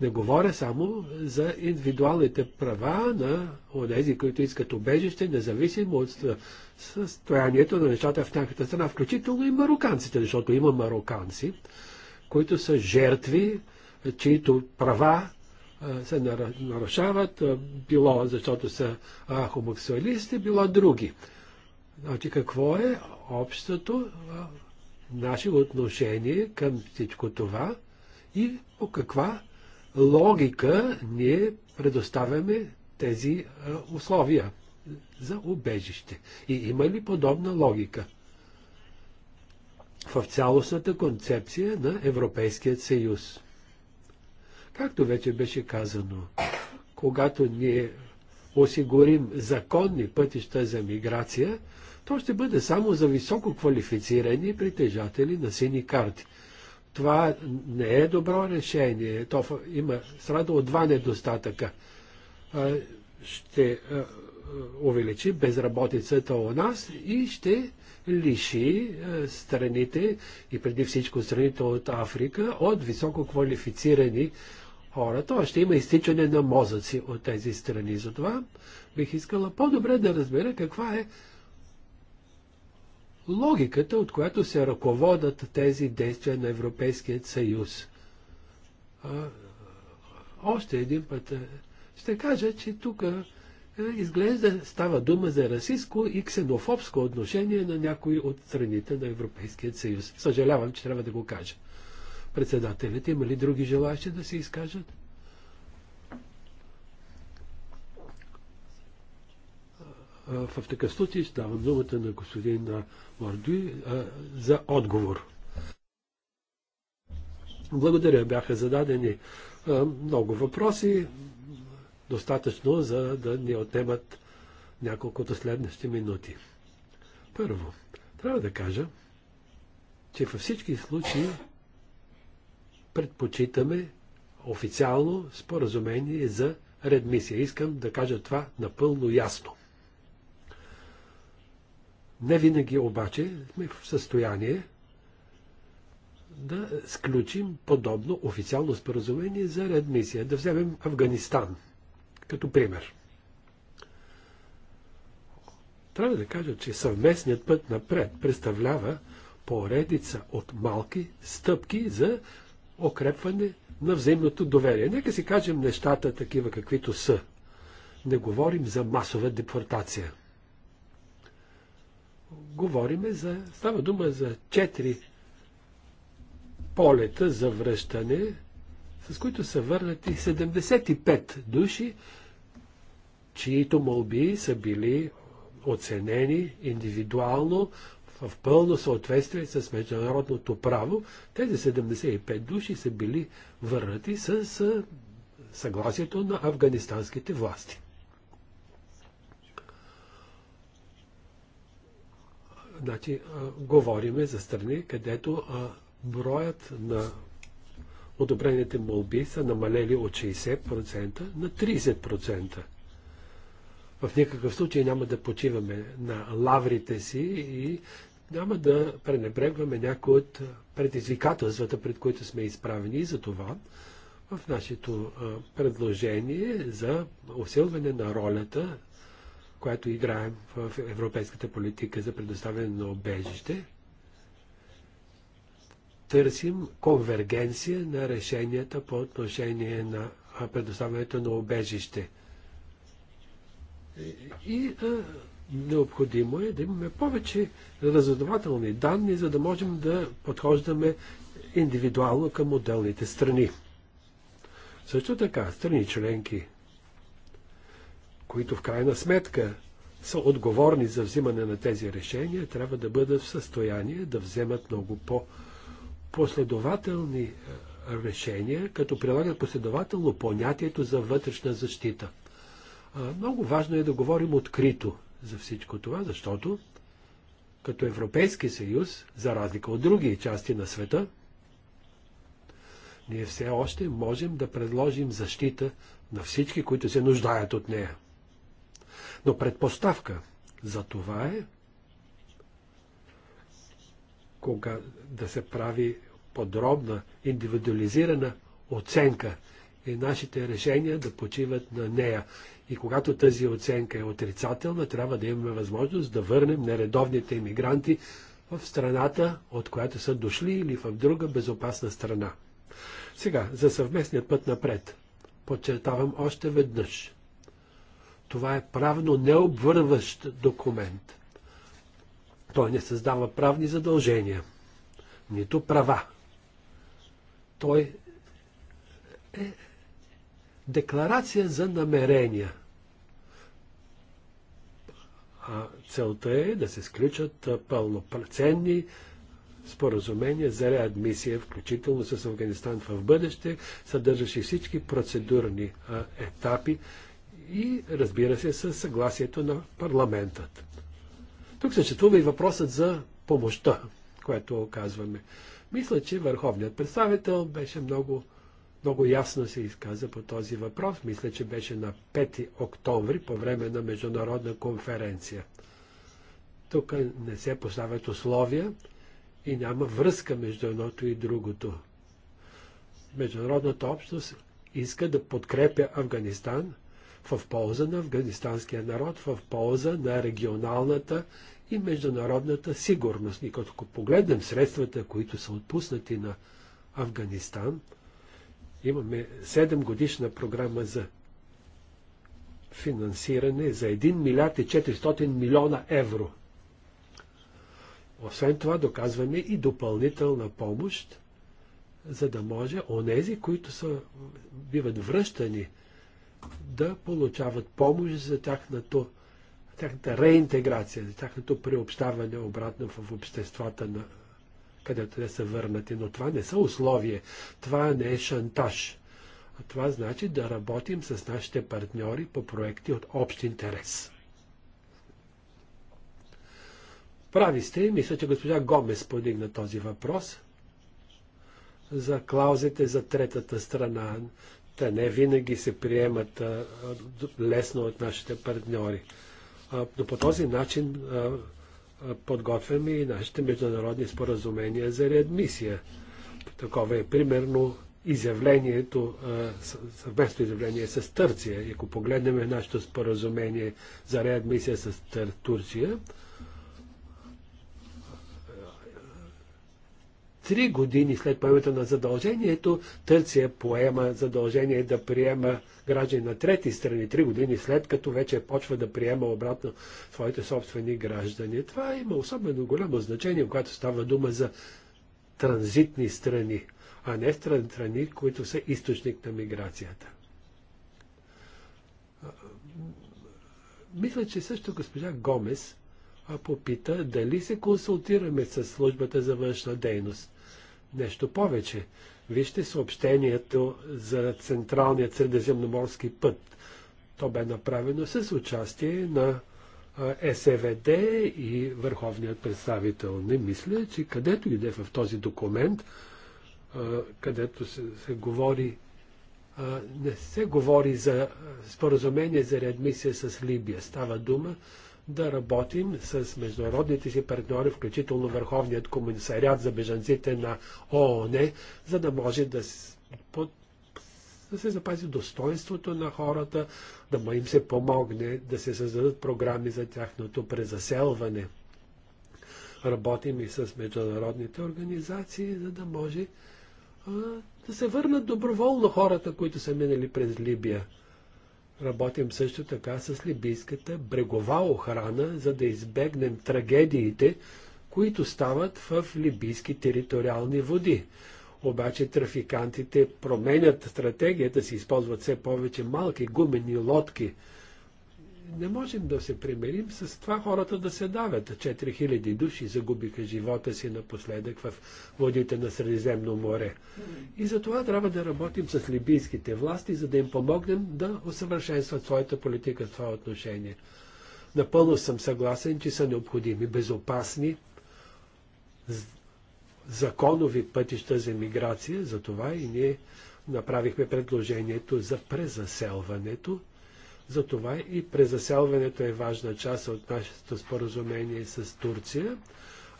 D: Не говоря само за индивидуалните права на онези, които искат убежище, независимо от състоянието на нещата в тяхната страна, включително и мароканците, защото има мароканци, които са жертви чието права се нарушават, било защото са хомосексуалисти, било други. Значи какво е общото наше отношение към всичко това и по каква логика ние предоставяме тези условия за убежище. И има ли подобна логика в цялостната концепция на Европейският съюз? Както вече беше казано, когато ние осигурим законни пътища за миграция, то ще бъде само за високо квалифицирани притежатели на сини карти. Това не е добро решение. То има страда от два недостатъка. Ще увеличи безработицата у нас и ще лиши страните и преди всичко страните от Африка от високо квалифицирани хора, а ще има изтичане на мозъци от тези страни. Затова бих искала по-добре да разбера каква е логиката, от която се ръководят тези действия на Европейският съюз. А, още един път ще кажа, че тук изглежда става дума за расистско и ксенофобско отношение на някои от страните на Европейския съюз. Съжалявам, че трябва да го кажа председателят. Има ли други желаящи да се изкажат? В такъв случай ще давам думата на господин Мордуи за отговор. Благодаря, бяха зададени много въпроси, достатъчно за да ни отнемат няколкото следващи минути. Първо, трябва да кажа, че във всички случаи предпочитаме официално споразумение за редмисия. Искам да кажа това напълно ясно. Не винаги обаче сме в състояние да сключим подобно официално споразумение за редмисия. Да вземем Афганистан като пример. Трябва да кажа, че съвместният път напред представлява поредица от малки стъпки за укрепване на взаимното доверие. Нека си кажем нещата такива каквито са. Не говорим за масова депортация. Говориме за, става дума за четири полета за връщане, с които са върнати 75 души, чието молби са били оценени индивидуално в пълно съответствие с международното право, тези 75 души са били върнати с съгласието на афганистанските власти. Значи, говориме за страни, където броят на одобрените молби са намалели от 60% на 30%. В никакъв случай няма да почиваме на лаврите си и няма да пренебрегваме някои от предизвикателствата, пред които сме изправени и за това в нашето предложение за усилване на ролята, която играем в европейската политика за предоставяне на обежище, търсим конвергенция на решенията по отношение на предоставянето на обежище. И, и Необходимо е да имаме повече разузнавателни данни, за да можем да подхождаме индивидуално към отделните страни. Също така, страни членки, които в крайна сметка са отговорни за взимане на тези решения, трябва да бъдат в състояние да вземат много по-последователни е, решения, като прилагат последователно понятието за вътрешна защита. Много важно е да говорим открито за всичко това, защото като Европейски съюз, за разлика от други части на света, ние все още можем да предложим защита на всички, които се нуждаят от нея. Но предпоставка за това е кога да се прави подробна, индивидуализирана оценка и нашите решения да почиват на нея. И когато тази оценка е отрицателна, трябва да имаме възможност да върнем нередовните иммигранти в страната, от която са дошли или в друга безопасна страна. Сега, за съвместният път напред. Подчертавам още веднъж. Това е правно необвърващ документ. Той не създава правни задължения, нито права. Той е декларация за намерения целта е да се сключат пълноценни споразумения за реадмисия, включително с Афганистан в бъдеще, съдържащи всички процедурни етапи и, разбира се, със съгласието на парламентът. Тук съществува и въпросът за помощта, което оказваме. Мисля, че върховният представител беше много много ясно се изказа по този въпрос. Мисля, че беше на 5 октомври по време на международна конференция. Тук не се поставят условия и няма връзка между едното и другото. Международната общност иска да подкрепя Афганистан в полза на афганистанския народ, в полза на регионалната и международната сигурност. И като погледнем средствата, които са отпуснати на Афганистан, Имаме 7 годишна програма за финансиране за 1 милиард и 400 милиона евро. Освен това, доказваме и допълнителна помощ, за да може онези, които са, биват връщани, да получават помощ за тяхнато, тяхната реинтеграция, за тяхното приобщаване обратно в обществата на където те са върнати. Но това не са условие, това не е шантаж. А това значи да работим с нашите партньори по проекти от общ интерес. Прави сте, мисля, че госпожа Гомес подигна този въпрос за клаузите за третата страна. Те не винаги се приемат лесно от нашите партньори. но по този начин подготвяме и нашите международни споразумения за реадмисия. Такова е примерно изявлението, съвместно изявление с Търция. И ако погледнем нашето споразумение за реадмисия с Турция, три години след поемането на задължението, Търция поема задължение да приема граждани на трети страни, три години след като вече почва да приема обратно своите собствени граждани. Това има особено голямо значение, когато става дума за транзитни страни, а не страни, които са източник на миграцията. Мисля, че също госпожа Гомес попита дали се консултираме с службата за външна дейност. Нещо повече. Вижте съобщението за Централния средиземноморски път. То бе направено с участие на СВД и върховният представител. Не мисля, че където иде в този документ, където се, се говори, не се говори за споразумение за реадмисия с Либия. Става дума да работим с международните си партньори, включително Върховният комисарят за бежанците на ООН, за да може да, да се запази достоинството на хората, да им се помогне, да се създадат програми за тяхното презаселване. Работим и с международните организации, за да може а, да се върнат доброволно хората, които са минали през Либия. Работим също така с либийската брегова охрана, за да избегнем трагедиите, които стават в либийски териториални води. Обаче трафикантите променят стратегията си, използват все повече малки гумени лодки – не можем да се примирим с това хората да се давят. 4000 души загубиха живота си напоследък в водите на Средиземно море. И за това трябва да работим с либийските власти, за да им помогнем да усъвършенстват своята политика това отношение. Напълно съм съгласен, че са необходими безопасни законови пътища за миграция, това и ние направихме предложението за презаселването, затова и презаселването е важна част от нашето споразумение с Турция,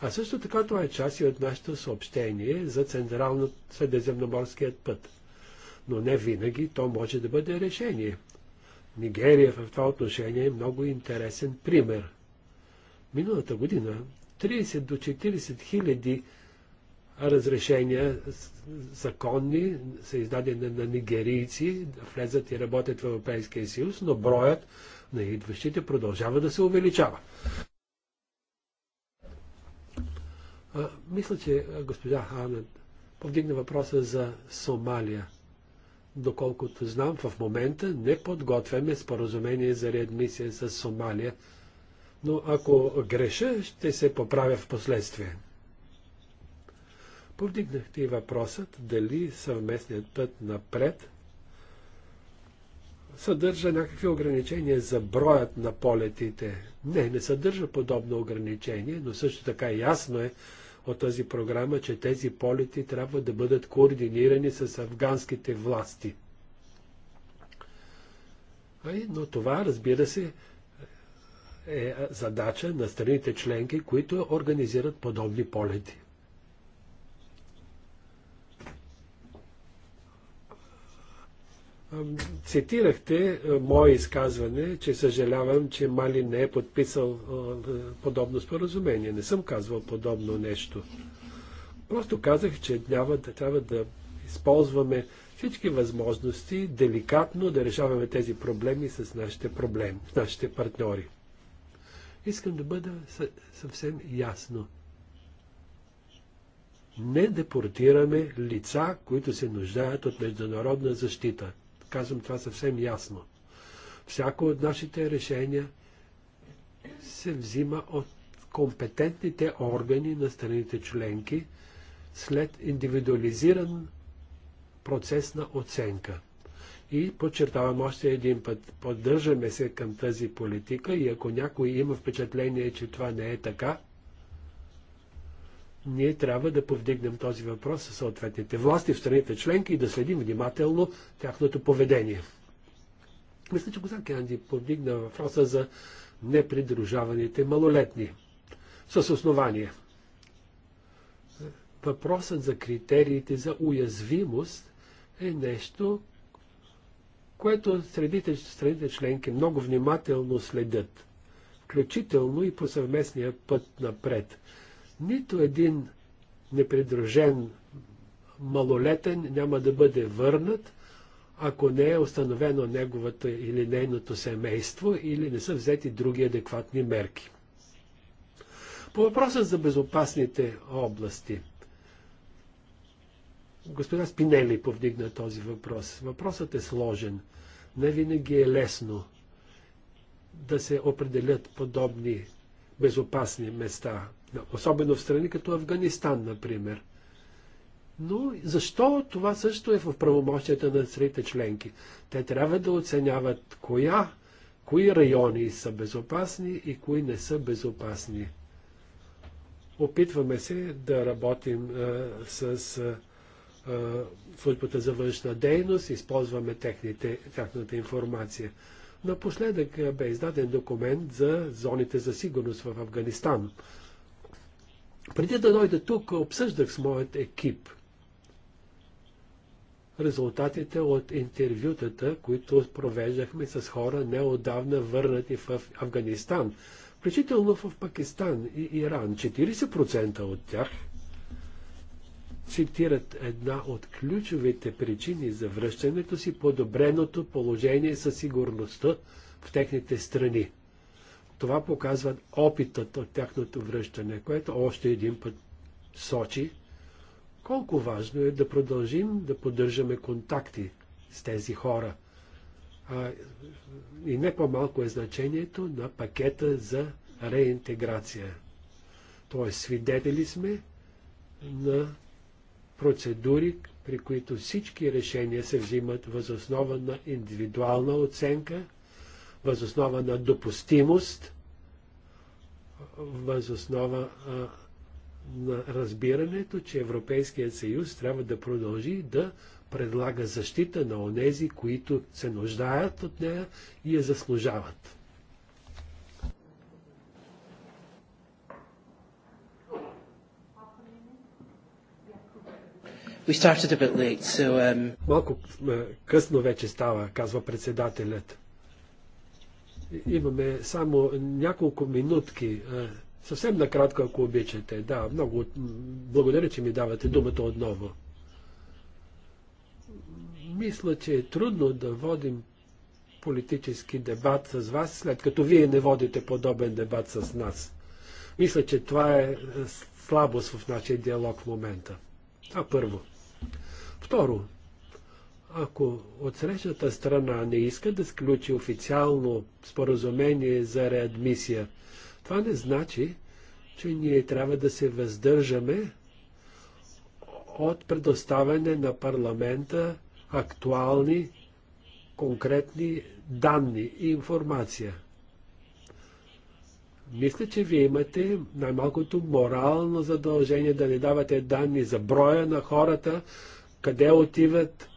D: а също така това е част и от нашето съобщение за Централно-Средиземноморският път. Но не винаги то може да бъде решение. Нигерия в това отношение е много интересен пример. Миналата година 30 до 40 хиляди 000 разрешения законни са издадени на нигерийци да влезат и работят в Европейския съюз, но броят на идващите продължава да се увеличава. А, мисля, че госпожа Ханет повдигна въпроса за Сомалия. Доколкото знам, в момента не подготвяме споразумение за реадмисия с Сомалия, но ако греша, ще се поправя в последствие. Повдигнахте и въпросът дали съвместният път напред съдържа някакви ограничения за броят на полетите. Не, не съдържа подобно ограничение, но също така ясно е от тази програма, че тези полети трябва да бъдат координирани с афганските власти. Но това, разбира се, е задача на страните членки, които организират подобни полети. Цитирахте мое изказване, че съжалявам, че Мали не е подписал подобно споразумение. Не съм казвал подобно нещо. Просто казах, че трябва да, трябва да използваме всички възможности деликатно да решаваме тези проблеми с нашите, проблеми, с нашите партньори. Искам да бъда съвсем ясно. Не депортираме лица, които се нуждаят от международна защита кажем това съвсем ясно. Всяко от нашите решения се взима от компетентните органи на страните членки след индивидуализиран процес на оценка. И подчертавам още един път, поддържаме се към тази политика и ако някой има впечатление, че това не е така, ние трябва да повдигнем този въпрос със съответните власти в страните членки и да следим внимателно тяхното поведение. Мисля, че господин Кенди повдигна въпроса за непридружаваните малолетни. С основание. Въпросът за критериите за уязвимост е нещо, което средите, страните членки много внимателно следят, включително и по съвместния път напред – нито един непридружен малолетен няма да бъде върнат, ако не е установено неговото или нейното семейство или не са взети други адекватни мерки. По въпроса за безопасните области. Господа Спинели повдигна този въпрос. Въпросът е сложен. Не винаги е лесно да се определят подобни безопасни места особено в страни като Афганистан, например. Но защо това също е в правомощията на страните членки? Те трябва да оценяват коя, кои райони са безопасни и кои не са безопасни. Опитваме се да работим а, с а, службата за външна дейност, използваме техните, тяхната информация. Напоследък бе издаден документ за зоните за сигурност в Афганистан. Преди да дойда тук, обсъждах с моят екип резултатите от интервютата, които провеждахме с хора неодавна върнати в Афганистан, включително в Пакистан и Иран. 40% от тях цитират една от ключовите причини за връщането си подобреното положение със сигурността в техните страни. Това показва опитът от тяхното връщане, което още един път сочи колко важно е да продължим да поддържаме контакти с тези хора. А, и не по-малко е значението на пакета за реинтеграция. Тоест, свидетели сме на процедури, при които всички решения се взимат възоснова на индивидуална оценка – възоснова на допустимост, възоснова основа на разбирането, че Европейският съюз трябва да продължи да предлага защита на онези, които се нуждаят от нея и я заслужават. We started a bit late, so, um... Малко късно вече става, казва председателят. Имаме само няколко минутки. Е, съвсем накратко, ако обичате. Да, много благодаря, че ми давате думата отново. Мисля, че е трудно да водим политически дебат с вас, след като вие не водите подобен дебат с нас. Мисля, че това е, е слабост в нашия диалог в момента. Това първо. Второ, ако от срещната страна не иска да сключи официално споразумение за реадмисия, това не значи, че ние трябва да се въздържаме от предоставяне на парламента актуални, конкретни данни и информация. Мисля, че вие имате най-малкото морално задължение да ни давате данни за броя на хората, къде отиват,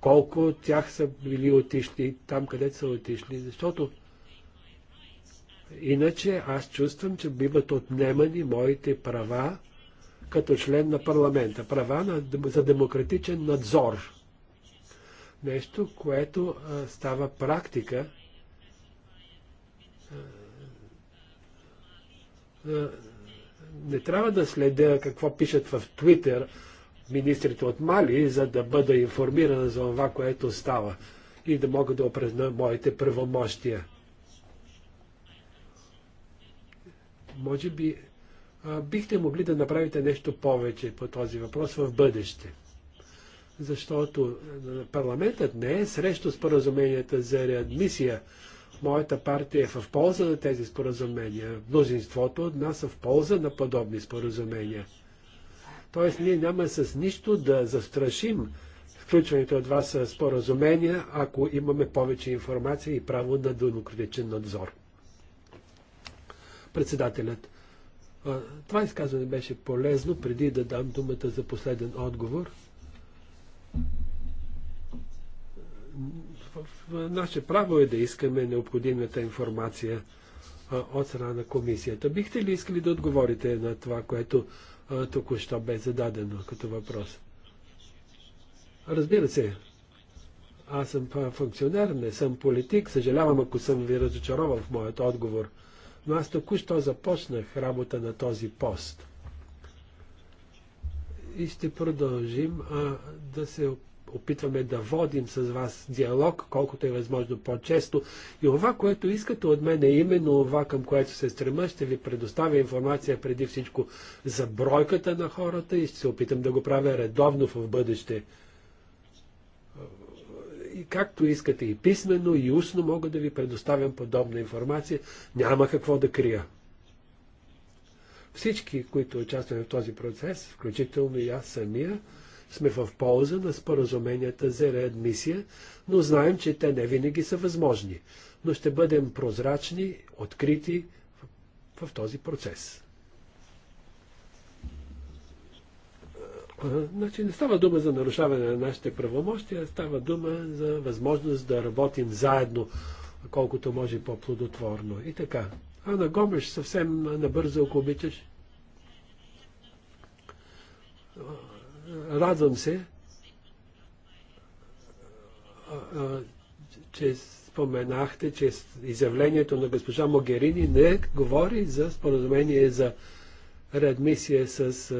D: колко от тях са били отишли там, където са отишли, защото иначе аз чувствам, че биват отнемани моите права като член на парламента, права на, за демократичен надзор. Нещо, което а, става практика не трябва да следя какво пишат в Твитър, министрите от Мали, за да бъда информирана за това, което става и да мога да опрезна моите правомощия. Може би а, бихте могли да направите нещо повече по този въпрос в бъдеще. Защото парламентът не е срещу споразуменията за реадмисия. Моята партия е в полза на тези споразумения. Мнозинството от нас е в полза на подобни споразумения. Тоест ние няма с нищо да застрашим включването от вас споразумения, ако имаме повече информация и право на демократичен надзор. Председателят. Това изказване беше полезно, преди да дам думата за последен отговор. наше право е да искаме необходимата информация от страна на комисията. Бихте ли искали да отговорите на това, което току-що бе зададено като въпрос. Разбира се, аз съм функционер, не съм политик, съжалявам ако съм ви разочаровал в моят отговор, но аз току-що започнах работа на този пост. И ще продължим а, да се опитваме да водим с вас диалог, колкото е възможно по-често. И това, което искате от мен е именно това, към което се стрема. Ще ви предоставя информация преди всичко за бройката на хората и ще се опитам да го правя редовно в бъдеще. И както искате и писменно, и устно мога да ви предоставям подобна информация. Няма какво да крия. Всички, които участваме в този процес, включително и аз самия, сме в полза на споразуменията за реадмисия, но знаем, че те не винаги са възможни. Но ще бъдем прозрачни, открити в, в този процес. Значи не става дума за нарушаване на нашите правомощия, става дума за възможност да работим заедно, колкото може по-плодотворно. И така. на Гомеш съвсем набързо, ако обичаш радвам се, че споменахте, че изявлението на госпожа Могерини не говори за споразумение за реадмисия с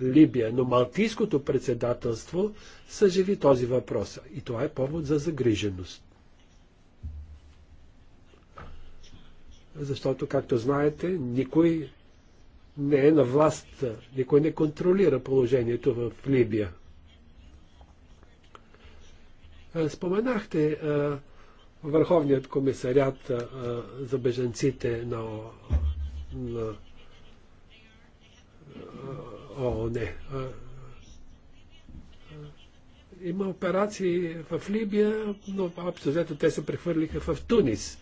D: Либия, но Малтийското председателство съживи този въпрос. И това е повод за загриженост. Защото, както знаете, никой не е на власт, никой не контролира положението в Либия. Споменахте Върховният комисарят за беженците на, ООН. Има операции в Либия, но абсолютно те се прехвърлиха в Тунис.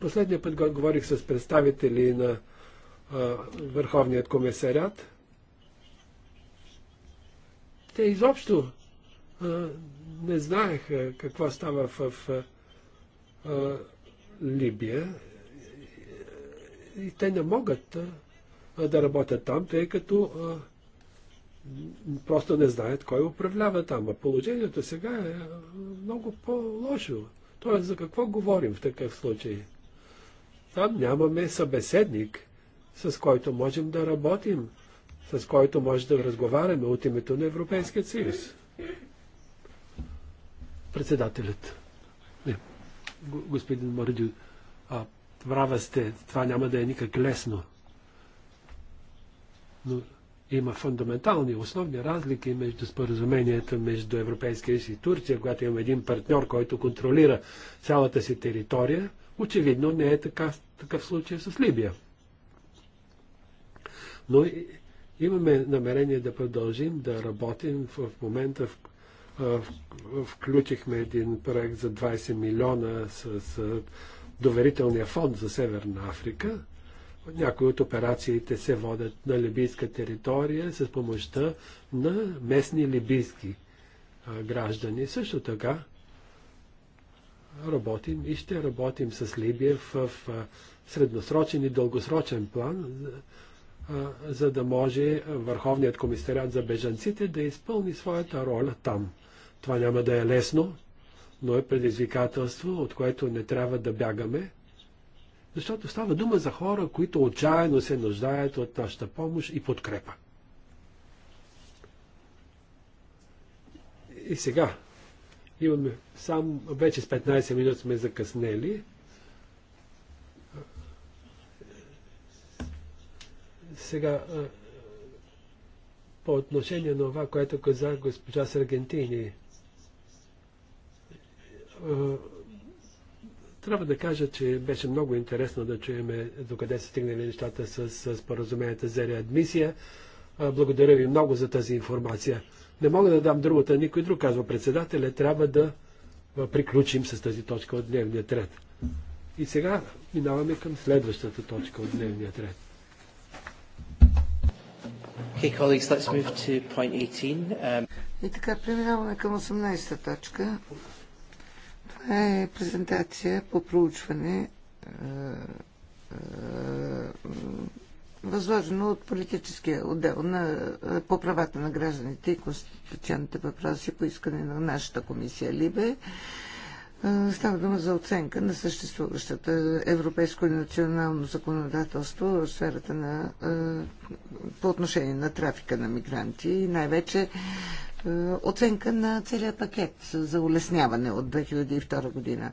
D: Последния път говорих с представители на Върховният комисарят, те изобщо не знаеха какво става в, а, Либия и те не могат а, да работят там, тъй като а, просто не знаят кой управлява там. А положението сега е много по-лошо. Тоест, за какво говорим в такъв случай? Там нямаме събеседник с който можем да работим, с който може да разговаряме от името на Европейския съюз. Председателят. Не. Господин Мордю, а, права сте, това няма да е никак лесно. Но има фундаментални, основни разлики между споразуменията между Европейския съюз и Турция, когато има един партньор, който контролира цялата си територия. Очевидно не е така, такъв случай с Либия. Но имаме намерение да продължим да работим. В момента включихме един проект за 20 милиона с доверителния фонд за Северна Африка. Някои от операциите се водят на либийска територия с помощта на местни либийски граждани. Също така работим и ще работим с Либия в средносрочен и дългосрочен план за да може Върховният комисарят за бежанците да изпълни своята роля там. Това няма да е лесно, но е предизвикателство, от което не трябва да бягаме, защото става дума за хора, които отчаяно се нуждаят от нашата помощ и подкрепа. И сега имаме сам, вече с 15 минути сме закъснели. Сега, по отношение на това, което каза госпожа Саргентини, трябва да кажа, че беше много интересно да чуем докъде са стигнали нещата с, с споразуменията за реадмисия. Благодаря ви много за тази информация. Не мога да дам другата, никой друг, казва председателя. Трябва да приключим с тази точка от дневния ред. И сега минаваме към следващата точка от дневния ред. Okay, colleagues, let's move to point 18. Um...
B: И така, преминаваме към 18-та точка. Това е презентация по проучване е, е, възложено от политическия отдел на, е, по правата на гражданите и конституционните въпроси по искане на нашата комисия Либе. Става дума за оценка на съществуващата европейско и национално законодателство в сферата на, по отношение на трафика на мигранти и най-вече оценка на целият пакет за улесняване от 2002 година.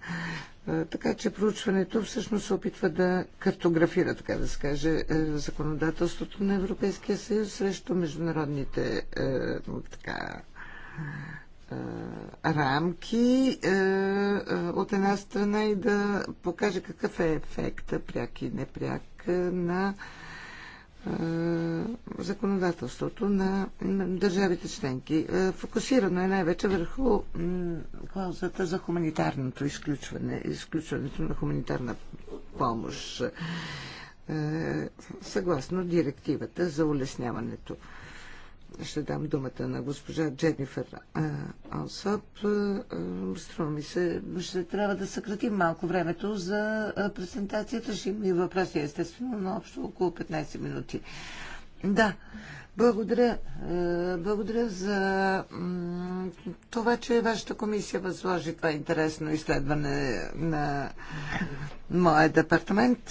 B: Така че проучването всъщност се опитва да картографира, така да се каже, е, законодателството на Европейския съюз срещу международните е, така, рамки е, от една страна и да покаже какъв е ефекта, пряк и непряк, на е, законодателството на, държавите членки. Е, фокусирано е най-вече върху клаузата за хуманитарното изключване, изключването на хуманитарна помощ, съгласно директивата за улесняването ще дам думата на госпожа Дженифер Алсап. Струва ми се, ще трябва да съкратим малко времето за презентацията. Ще има и въпроси, естествено, но общо около 15 минути. Да, благодаря. Благодаря за това, че вашата комисия възложи това интересно изследване на моя департамент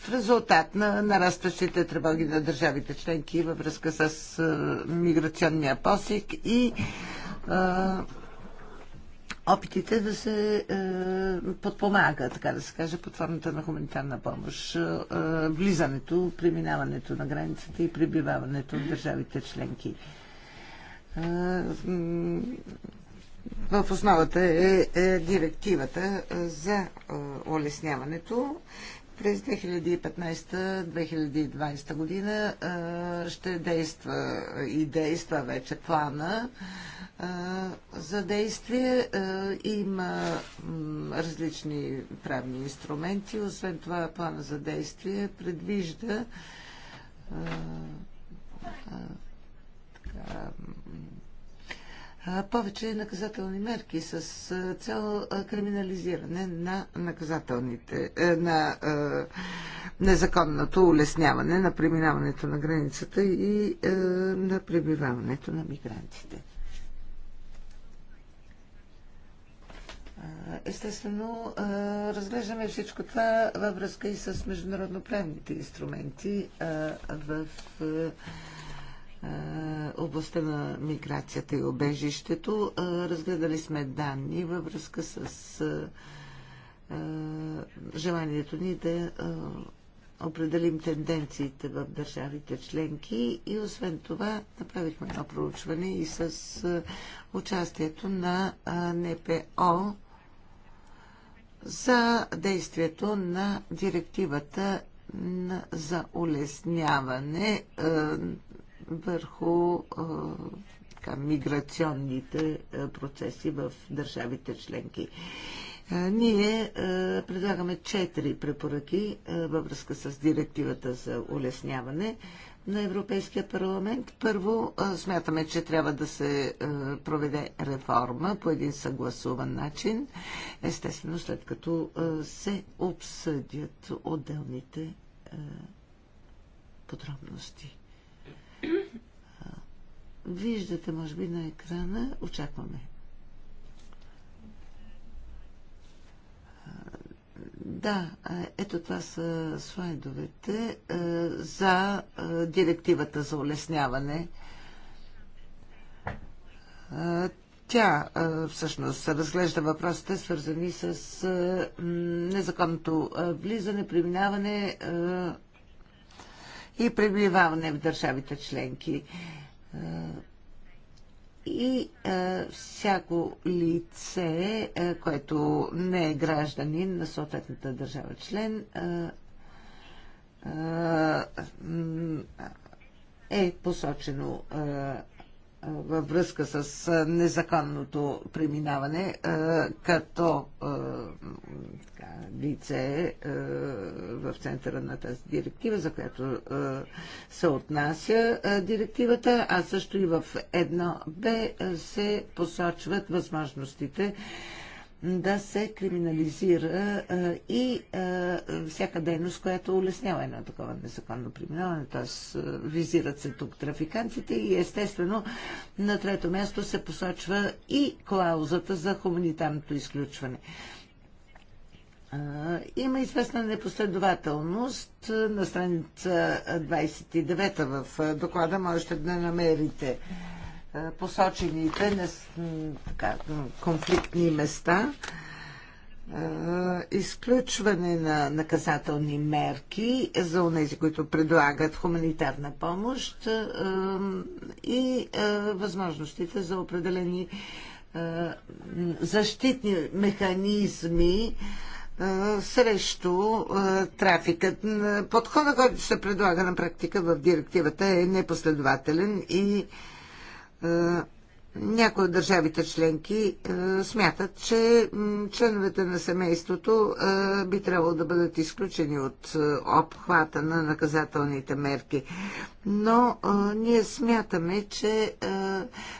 B: в резултат на нарастващите тревоги на държавите членки във връзка с миграционния посик и опитите да се а, подпомага, така да се каже, под формата на хуманитарна помощ, а, влизането, преминаването на границата и прибиваването в държавите членки. в основата е, е директивата за е, улесняването през 2015-2020 година ще действа и действа вече плана за действие. Има различни правни инструменти. Освен това, плана за действие предвижда така, повече наказателни мерки с цел криминализиране на наказателните, е, на е, незаконното улесняване на преминаването на границата и е, на пребиваването на мигрантите. Естествено, разглеждаме всичко това във връзка и с международноправните инструменти в областта на миграцията и обежището. Разгледали сме данни във връзка с желанието ни да определим тенденциите в държавите членки и освен това направихме едно проучване и с участието на НПО за действието на директивата за улесняване върху така, миграционните процеси в държавите членки. Ние предлагаме четири препоръки във връзка с директивата за улесняване на Европейския парламент. Първо, смятаме, че трябва да се проведе реформа по един съгласуван начин, естествено след като се обсъдят отделните подробности. Виждате, може би, на екрана. Очакваме. Да, ето това са слайдовете за директивата за улесняване. Тя всъщност разглежда въпросите, свързани с незаконното влизане, преминаване и пребиваване в държавите членки и а, всяко лице, а, което не е гражданин на съответната държава член, а, а, е посочено а, във връзка с незаконното преминаване като така, лице в центъра на тази директива, за която се отнася директивата, а също и в едно Б се посочват възможностите да се криминализира и всяка дейност, която улеснява едно такова незаконно преминаване. Т.е. визират се тук трафикантите и естествено на трето място се посочва и клаузата за хуманитарното изключване. Има известна непоследователност на страница 29 в доклада, можете да намерите е, посочените не, така, конфликтни места, е, изключване на наказателни мерки за тези, които предлагат хуманитарна помощ е, и възможностите за определени защитни механизми срещу трафикът. Подходът, който се предлага на практика в директивата е непоследователен и е, някои от държавите членки е, смятат, че членовете на семейството е, би трябвало да бъдат изключени от обхвата на наказателните мерки. Но ние смятаме, че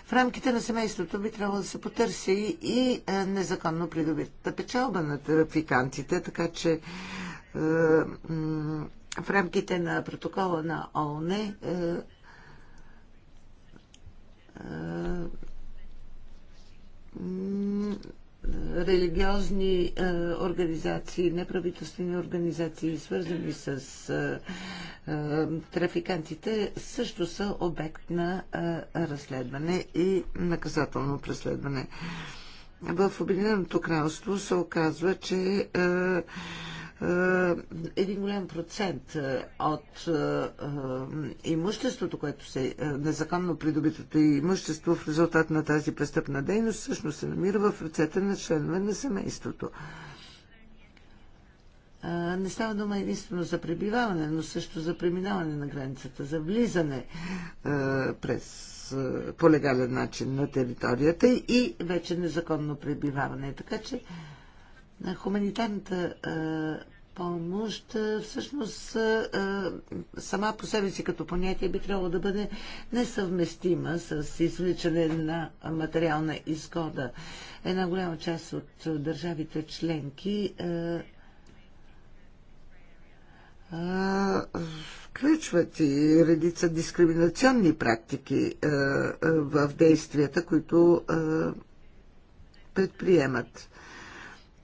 B: в рамките на семейството би трябвало да се потърси и незаконно придобитата печалба на трафикантите, така че в рамките на протокола на ООН е, религиозни е, организации, неправителствени организации, свързани с е, трафикантите, също са обект на разследване и наказателно преследване. В Обединеното кралство се оказва, че е, е, един голям процент е, от е, имуществото, което се незаконно придобитото имущество в резултат на тази престъпна дейност, всъщност се намира в ръцете на членове на семейството. Не става дума единствено за пребиваване, но също за преминаване на границата, за влизане през по легален начин на територията и вече незаконно пребиваване. Така че на хуманитарната помощ всъщност сама по себе си като понятие би трябвало да бъде несъвместима с извличане на материална изгода. Една голяма част от държавите членки включват и редица дискриминационни практики в действията, които предприемат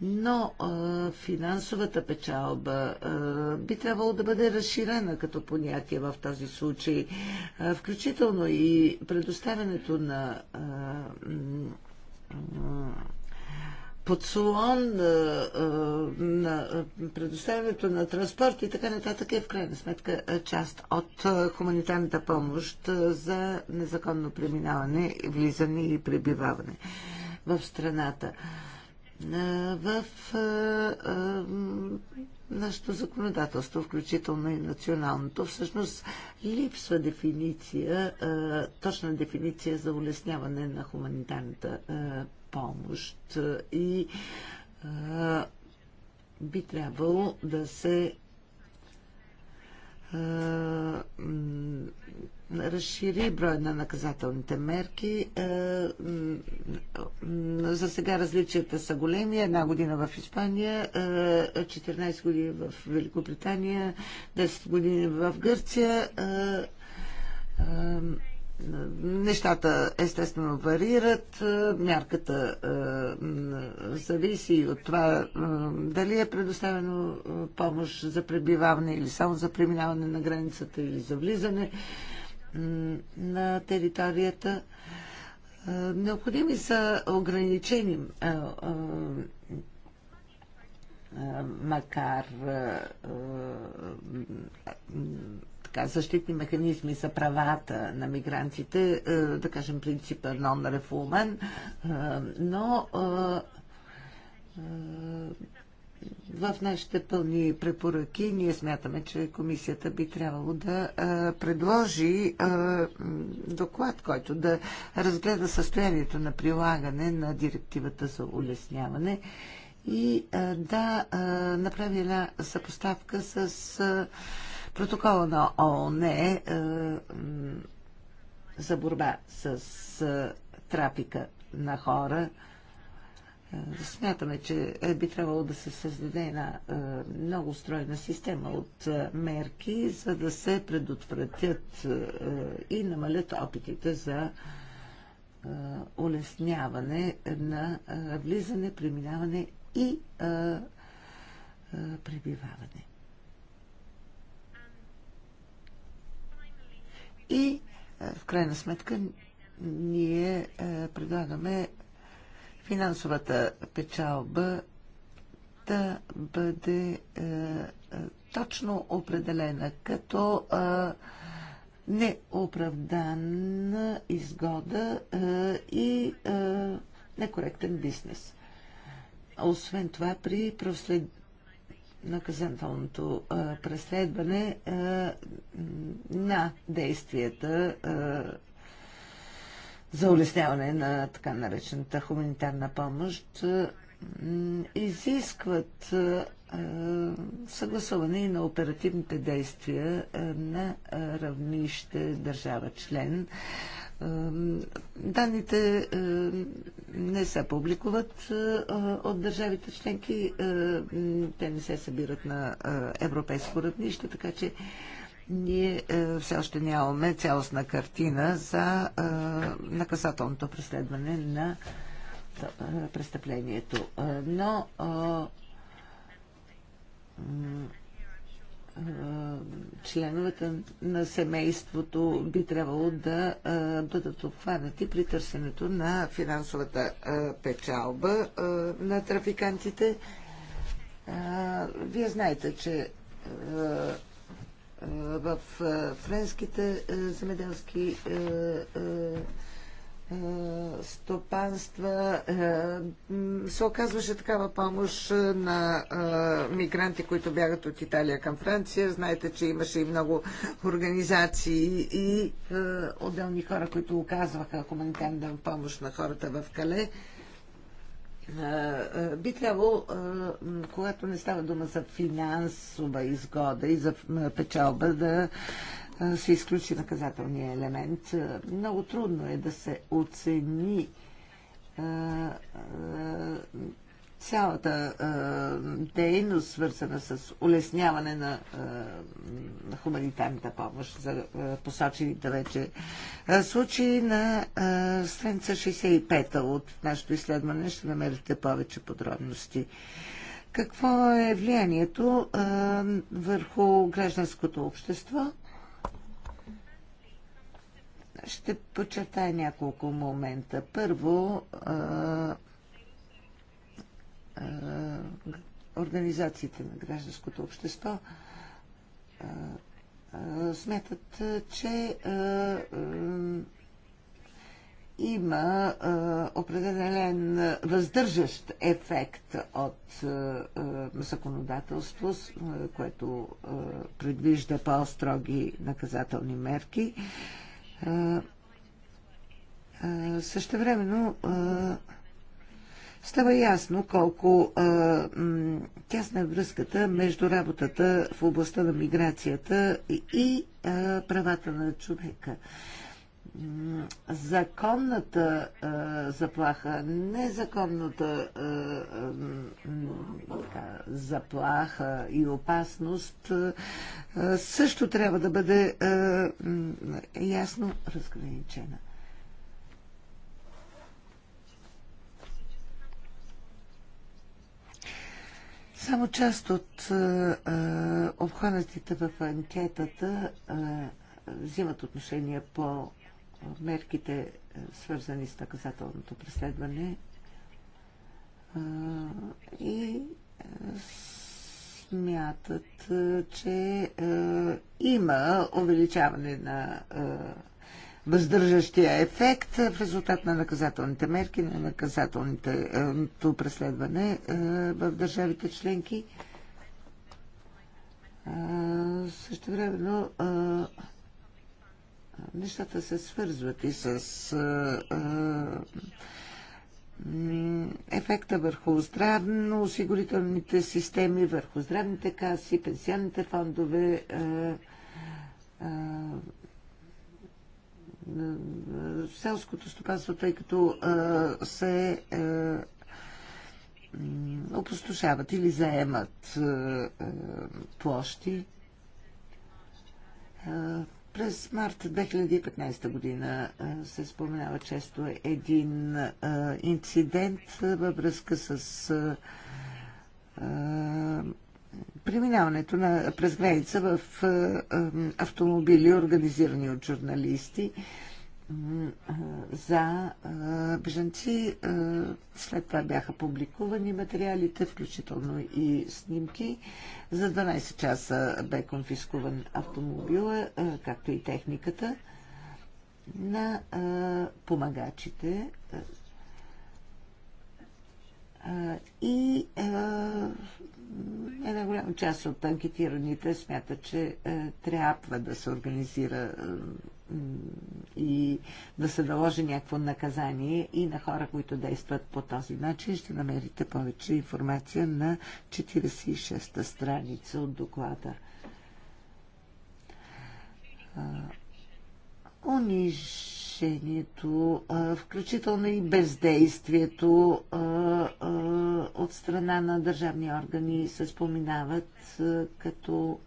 B: но а, финансовата печалба а, би трябвало да бъде разширена като понятие в този случай, а, включително и предоставянето на подслон, на предоставянето на транспорт и така нататък е в крайна сметка част от хуманитарната помощ за незаконно преминаване, влизане и пребиваване в страната. А, в нашето законодателство, включително и националното, всъщност липсва дефиниция, точна дефиниция за улесняване на хуманитарната помощ и би трябвало да се разшири броя на наказателните мерки. За сега различията са големи. Една година в Испания, 14 години в Великобритания, 10 години в Гърция. Нещата естествено варират, мярката е, зависи от това е, дали е предоставено е, помощ за пребиваване или само за преминаване на границата или за влизане на територията. Необходими са ограничени, макар така, защитни механизми за правата на мигрантите, е, да кажем принципа non-refoulement, е, но е, в нашите пълни препоръки ние смятаме, че комисията би трябвало да предложи доклад, който да разгледа състоянието на прилагане на директивата за улесняване и да а, направи една съпоставка с. Протокола на ООН е, е за борба с е, трафика на хора. Е, смятаме, че би трябвало да се създаде една много устроена система от мерки, за да се предотвратят и намалят опитите за улесняване на влизане, преминаване и пребиваване. И в крайна сметка ние предлагаме финансовата печалба да бъде точно определена като неоправдана изгода и некоректен бизнес. Освен това, при прослед наказателното преследване на действията за улесняване на така наречената хуманитарна помощ изискват съгласуване и на оперативните действия на равнище държава член. Данните не се публикуват от държавите членки, те не се събират на европейско равнище, така че ние все още нямаме цялостна картина за наказателното преследване на престъплението. Но членовете на семейството би трябвало да бъдат обхванати при търсенето на финансовата печалба на трафикантите. Вие знаете, че в френските земеделски стопанства се оказваше такава помощ на мигранти, които бягат от Италия към Франция. Знаете, че имаше и много организации и отделни хора, които оказваха хуманитарна помощ на хората в Кале би трябвало, когато не става дума за финансова изгода и за печалба, да се изключи наказателния елемент. Много трудно е да се оцени цялата дейност, свързана с улесняване на хуманитарната помощ за посочените вече случаи на страница 65 та от нашето изследване ще намерите повече подробности. Какво е влиянието а, върху гражданското общество? Ще подчертая няколко момента. Първо, организациите на гражданското общество смятат, че има определен въздържащ ефект от законодателство, което предвижда по-строги наказателни мерки. Също времено става ясно колко а, м, тясна е връзката между работата в областта на миграцията и а, правата на човека. Законната а, заплаха, незаконната а, а, заплаха и опасност а, също трябва да бъде а, ясно разграничена. Само част от е, е обхванатите в анкетата е, взимат отношение по мерките, е, свързани с наказателното преследване и смятат, че има увеличаване на въздържащия ефект в резултат на наказателните мерки, на наказателното преследване е, в държавите членки. Е, също но е, нещата се свързват и с ефекта върху здравно-осигурителните системи, върху здравните каси, пенсионните фондове, селското стопанство, тъй като се опустошават или заемат площи. През март 2015 година се споменава често един инцидент във връзка с преминаването на, през граница в автомобили, организирани от журналисти за бежанци. След това бяха публикувани материалите, включително и снимки. За 12 часа бе конфискуван автомобила, както и техниката на помагачите. И голяма част от анкетираните смята, че е, трябва да се организира и да се наложи някакво наказание и на хора, които действат по този начин. Ще намерите повече информация на 46-та страница от доклада. Унижението, включително и бездействието, от страна на държавни органи се споменават като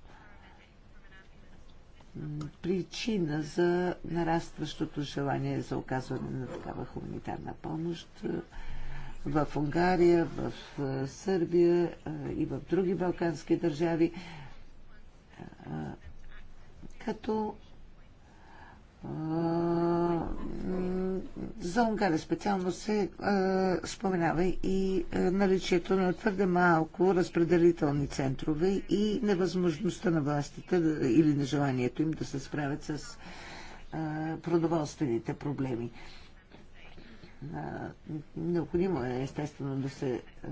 B: причина за нарастващото желание за оказване на такава хуманитарна помощ в Унгария, в Сърбия и в други балкански държави, като за Унгария специално се а, споменава и а, наличието на твърде малко разпределителни центрове и невъзможността на властите да, или нежеланието им да се справят с а, продоволствените проблеми. А, необходимо е естествено да се а,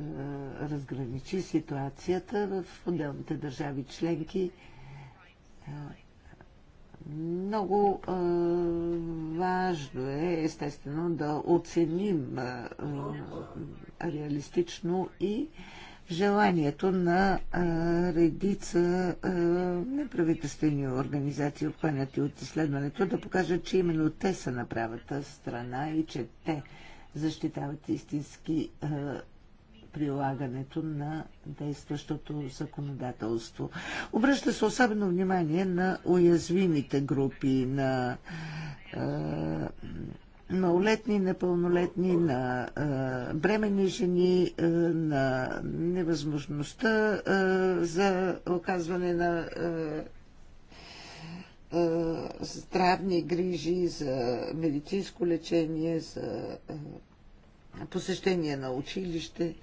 B: разграничи ситуацията в отделните държави членки. А, много е, важно е, естествено, да оценим е, реалистично и желанието на е, редица е, неправителствени организации, обхванати от изследването, да покажат, че именно те са на правата страна и че те защитават истински е, прилагането на действащото законодателство. Обръща се особено внимание на уязвимите групи, на е, малолетни, непълнолетни, на е, бремени жени, е, на невъзможността е, за оказване на е, е здравни грижи, за медицинско лечение, за е, посещение на училище.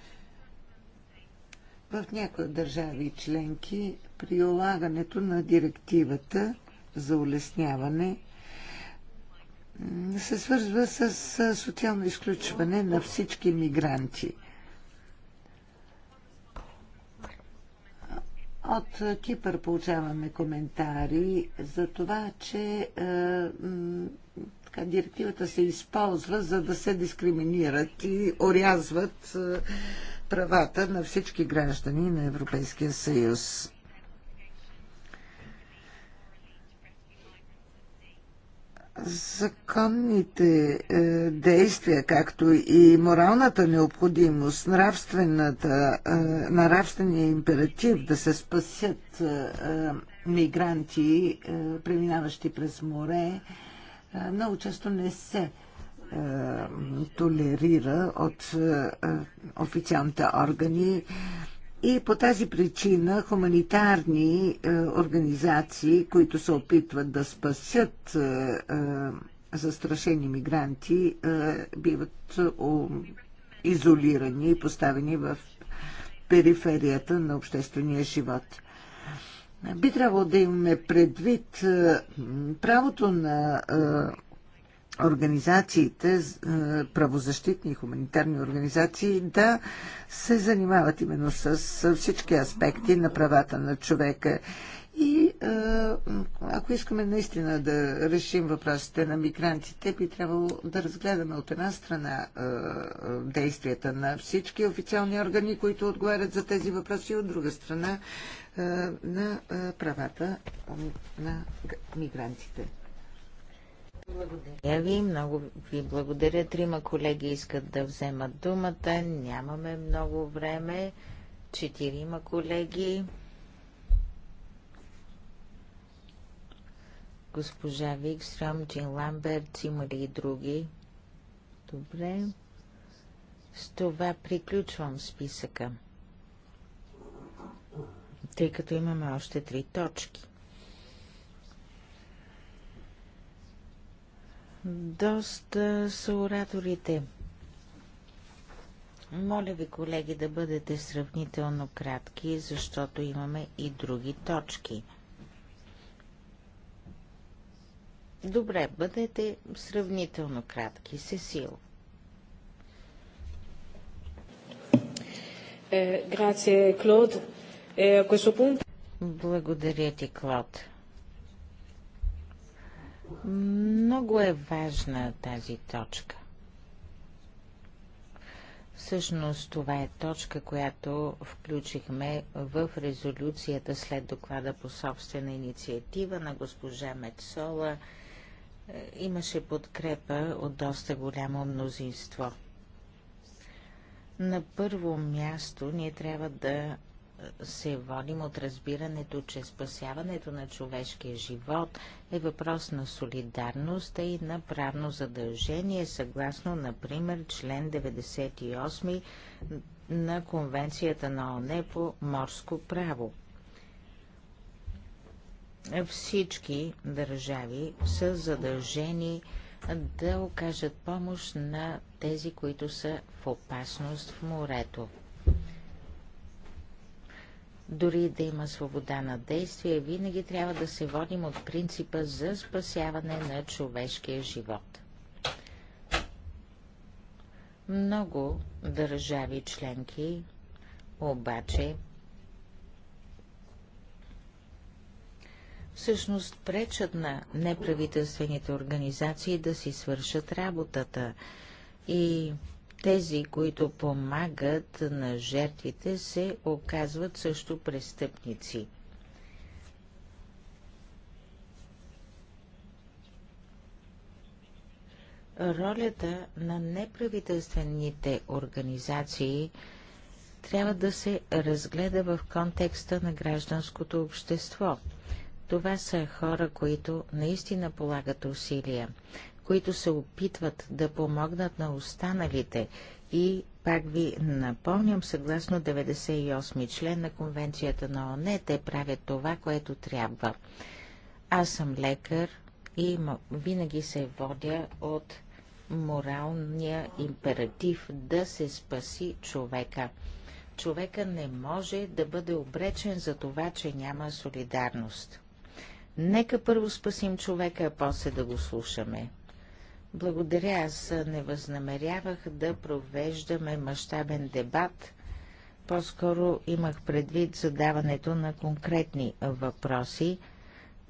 B: В някои държави членки прилагането на директивата за улесняване се свързва с социално изключване на всички мигранти. От Кипър получаваме коментари за това, че е, така, директивата се използва за да се дискриминират и орязват е, правата на всички граждани на Европейския съюз. законните е, действия, както и моралната необходимост, нравствената, е, нравствения императив да се спасят е, е, мигранти, е, преминаващи през море, е, много често не се е, толерира от е, официалните органи. И по тази причина хуманитарни е, организации, които се опитват да спасят застрашени мигранти, биват изолирани и поставени в периферията на обществения живот. Би трябвало да имаме предвид правото на организациите, е, правозащитни хуманитарни организации да се занимават именно с всички аспекти на правата на човека. И е, ако искаме наистина да решим въпросите на мигрантите, би трябвало да разгледаме от една страна е, действията на всички официални органи, които отговарят за тези въпроси, и от друга страна на правата на мигрантите.
E: Благодаря
C: ви, много ви благодаря. Трима колеги искат да вземат думата. Нямаме много време. Четирима колеги. Госпожа Викстрам, Джин Ламберт, има ли и други? Добре. С това приключвам списъка, тъй като имаме още три точки. Доста са ораторите. Моля ви, колеги, да бъдете сравнително кратки, защото имаме и други точки. Добре, бъдете сравнително кратки. Сесил. Е, е, е Благодаря ти, Клод. Благодаря ти, Клод. Много е важна тази точка. Всъщност това е точка, която включихме в резолюцията след доклада по собствена инициатива на госпожа Мецола. Е, имаше подкрепа от доста голямо мнозинство. На първо място ние трябва да се водим от разбирането, че спасяването на човешкия живот е въпрос на солидарност и на правно задължение, съгласно, например, член 98 на Конвенцията на ОНЕ по морско право. Всички държави са задължени да окажат помощ на тези, които са в опасност в морето. Дори да има свобода на действие, винаги трябва да се водим от принципа за спасяване на човешкия живот. Много държави членки обаче всъщност пречат на неправителствените организации да си свършат работата. И тези, които помагат на жертвите, се оказват също престъпници. Ролята на неправителствените организации трябва да се разгледа в контекста на гражданското общество. Това са хора, които наистина полагат усилия които се опитват да помогнат на останалите и пак ви напомням, съгласно 98 член на Конвенцията на ОНЕ, те правят това, което трябва. Аз съм лекар и винаги се водя от моралния императив да се спаси човека. Човека не може да бъде обречен за това, че няма солидарност. Нека първо спасим човека, а после да го слушаме. Благодаря, аз не възнамерявах да провеждаме мащабен дебат. По-скоро имах предвид задаването на конкретни въпроси,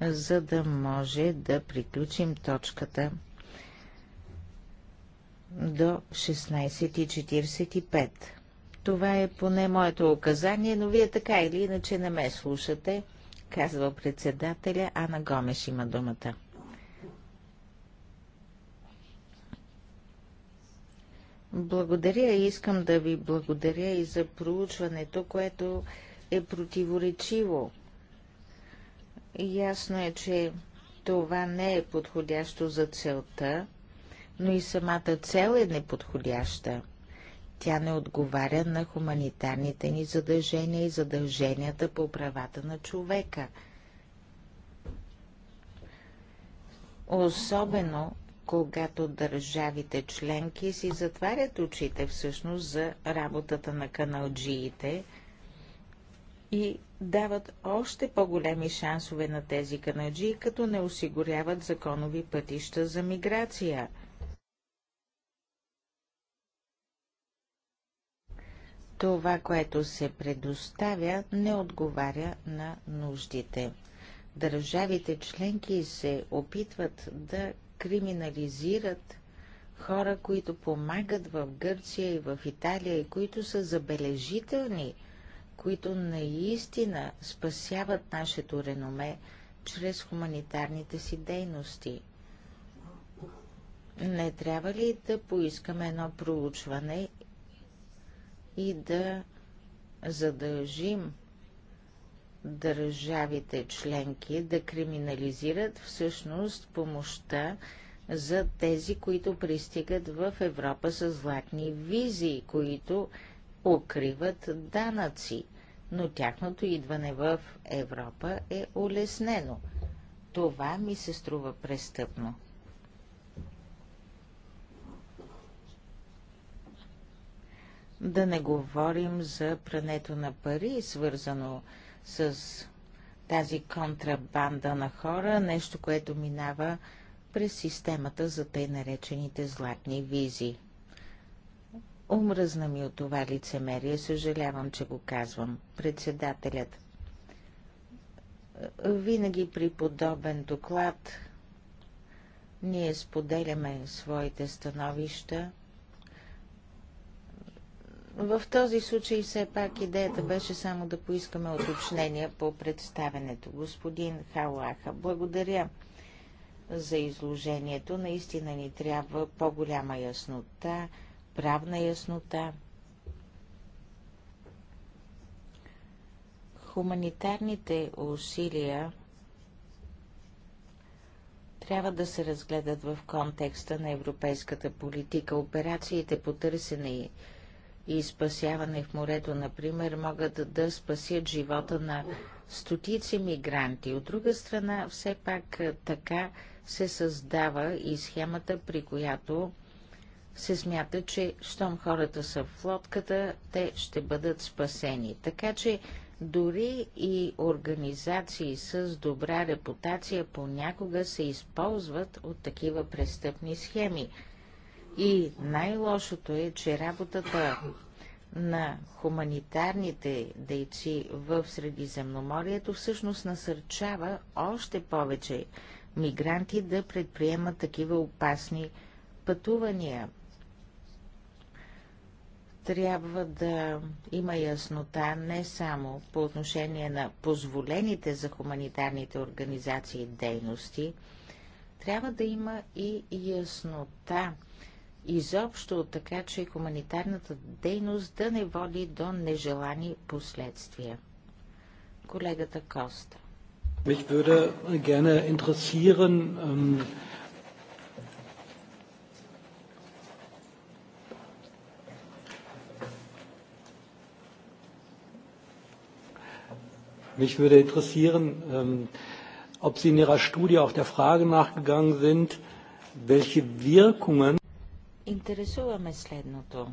C: за да може да приключим точката до 16.45. Това е поне моето указание, но вие така или иначе не ме слушате, казва председателя Ана Гомеш има думата. Благодаря и искам да ви благодаря и за проучването, което е противоречиво. Ясно е, че това не е подходящо за целта, но и самата цел е неподходяща. Тя не отговаря на хуманитарните ни задължения и задълженията по правата на човека. Особено когато държавите членки си затварят очите всъщност за работата на каналджиите и дават още по-големи шансове на тези каналджии, като не осигуряват законови пътища за миграция. Това, което се предоставя, не отговаря на нуждите държавите членки се опитват да криминализират хора, които помагат в Гърция и в Италия и които са забележителни, които наистина спасяват нашето реноме чрез хуманитарните си дейности. Не трябва ли да поискаме едно проучване и да задължим държавите членки да криминализират всъщност помощта за тези, които пристигат в Европа с златни визи, които укриват данъци, но тяхното идване в Европа е улеснено. Това ми се струва престъпно. Да не говорим за прането на пари, свързано с с тази контрабанда на хора, нещо, което минава през системата за тъй наречените златни визи. Умръзна ми от това лицемерие, съжалявам, че го казвам. Председателят. Винаги при подобен доклад ние споделяме своите становища в този случай все пак идеята беше само да поискаме уточнения по представенето. Господин Халаха, благодаря за изложението. Наистина ни трябва по-голяма яснота, правна яснота. Хуманитарните усилия трябва да се разгледат в контекста на европейската политика. Операциите по търсене и и спасяване в морето, например, могат да спасят живота на стотици мигранти. От друга страна, все пак така се създава и схемата, при която се смята, че щом хората са в лодката, те ще бъдат спасени. Така че дори и организации с добра репутация понякога се използват от такива престъпни схеми. И най-лошото е, че работата на хуманитарните дейци в Средиземноморието всъщност насърчава още повече мигранти да предприемат такива опасни пътувания. Трябва да има яснота не само по отношение на позволените за хуманитарните организации дейности, трябва да има и яснота изобщо, така че хуманитарната дейност да не води до нежелани последствия. Колегата
D: Коста. Mich würde gerne interessieren, mich würde interessieren, ob Sie in Ihrer Studie auch der Frage nachgegangen sind, welche Wirkungen
C: интересуваме следното.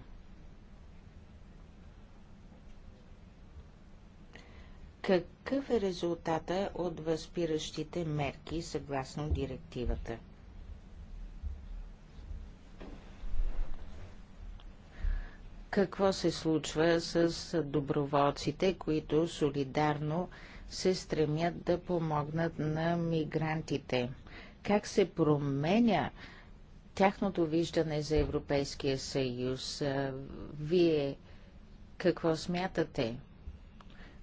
C: Какъв е резултата от възпиращите мерки съгласно директивата? Какво се случва с доброволците, които солидарно се стремят да помогнат на мигрантите? Как се променя тяхното виждане за Европейския съюз. Вие какво смятате?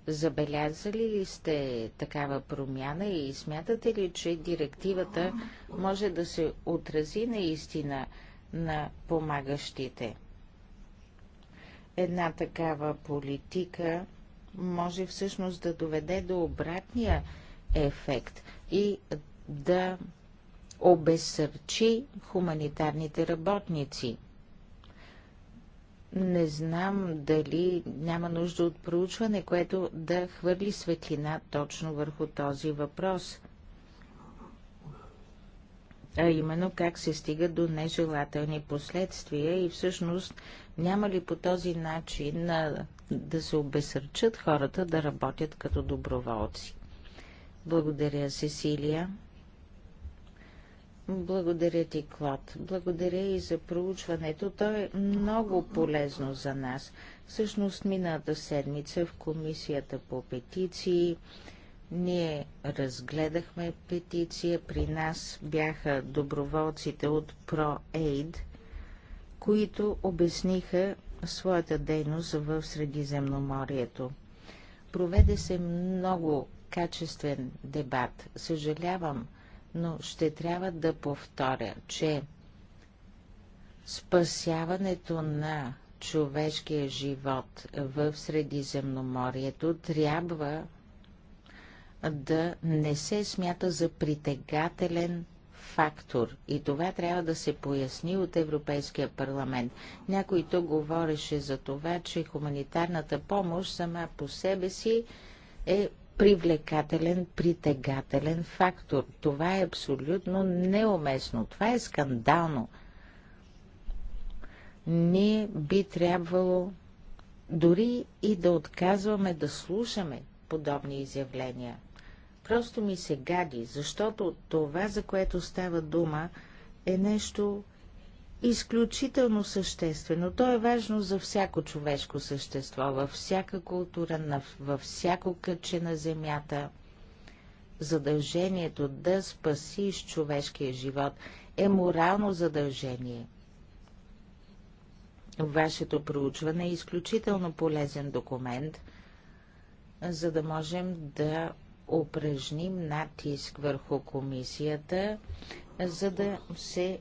C: Забелязали ли сте такава промяна и смятате ли, че директивата може да се отрази наистина на помагащите? Една такава политика може всъщност да доведе до обратния ефект и да обесърчи хуманитарните работници. Не знам дали няма нужда от проучване, което да хвърли светлина точно върху този въпрос. А именно как се стига до нежелателни последствия и всъщност няма ли по този начин на, да се обесърчат хората да работят като доброволци. Благодаря, Сесилия. Благодаря ти, Клод. Благодаря и за проучването. То е много полезно за нас. Всъщност, мината седмица в Комисията по петиции ние разгледахме петиция. При нас бяха доброволците от ProAid, които обясниха своята дейност в Средиземноморието. Проведе се много качествен дебат. Съжалявам, но ще трябва да повторя, че спасяването на човешкия живот в Средиземноморието трябва да не се смята за притегателен фактор. И това трябва да се поясни от Европейския парламент. Някой тук говореше за това, че хуманитарната помощ сама по себе си е привлекателен, притегателен фактор. Това е абсолютно неуместно. Това е скандално. Ние би трябвало дори и да отказваме да слушаме подобни изявления. Просто ми се гади, защото това, за което става дума, е нещо изключително съществено. То е важно за всяко човешко същество, във всяка култура, във всяко кътче на земята. Задължението да спасиш човешкия живот е морално задължение. Вашето проучване е изключително полезен документ, за да можем да упражним натиск върху комисията, за да се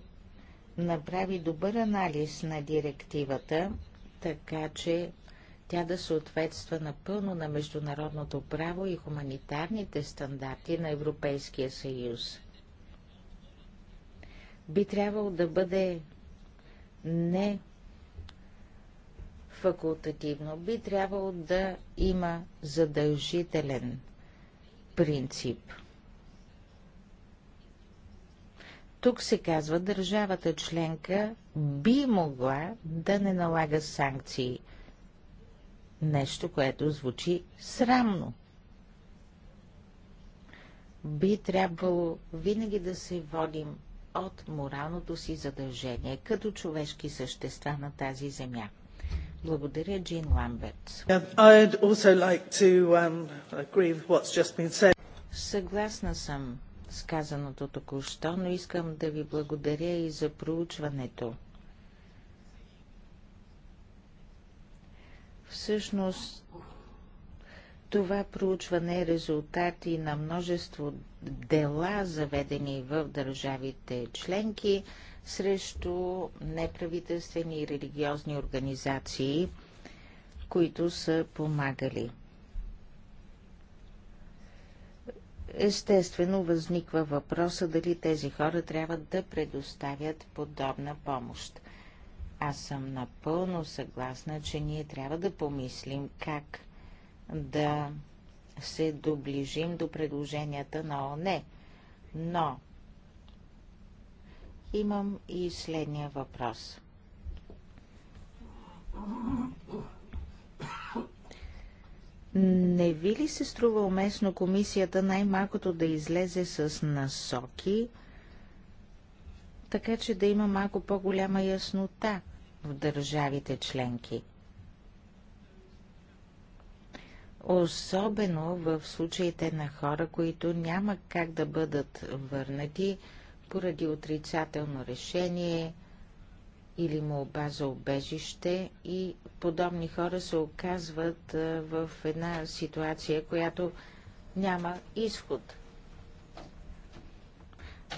C: направи добър анализ на директивата, така че тя да съответства напълно на международното право и хуманитарните стандарти на Европейския съюз. Би трябвало да бъде не факултативно, би трябвало да има задължителен принцип – Тук се казва, държавата членка би могла да не налага санкции. Нещо, което звучи срамно. Би трябвало винаги да се водим от моралното си задължение като човешки същества на тази земя. Благодаря, Джин Ламберт. Like um, Съгласна съм сказаното току-що, но искам да ви благодаря и за проучването. Всъщност, това проучване е резултат и на множество дела, заведени в държавите членки срещу неправителствени и религиозни организации, които са помагали Естествено възниква въпроса дали тези хора трябва да предоставят подобна помощ. Аз съм напълно съгласна, че ние трябва да помислим как да се доближим до предложенията на ОНЕ. Но имам и следния въпрос. Не ви ли се струва уместно комисията най-малкото да излезе с насоки, така че да има малко по-голяма яснота в държавите членки? Особено в случаите на хора, които няма как да бъдат върнати поради отрицателно решение – или молба за обежище и подобни хора се оказват в една ситуация, която няма изход.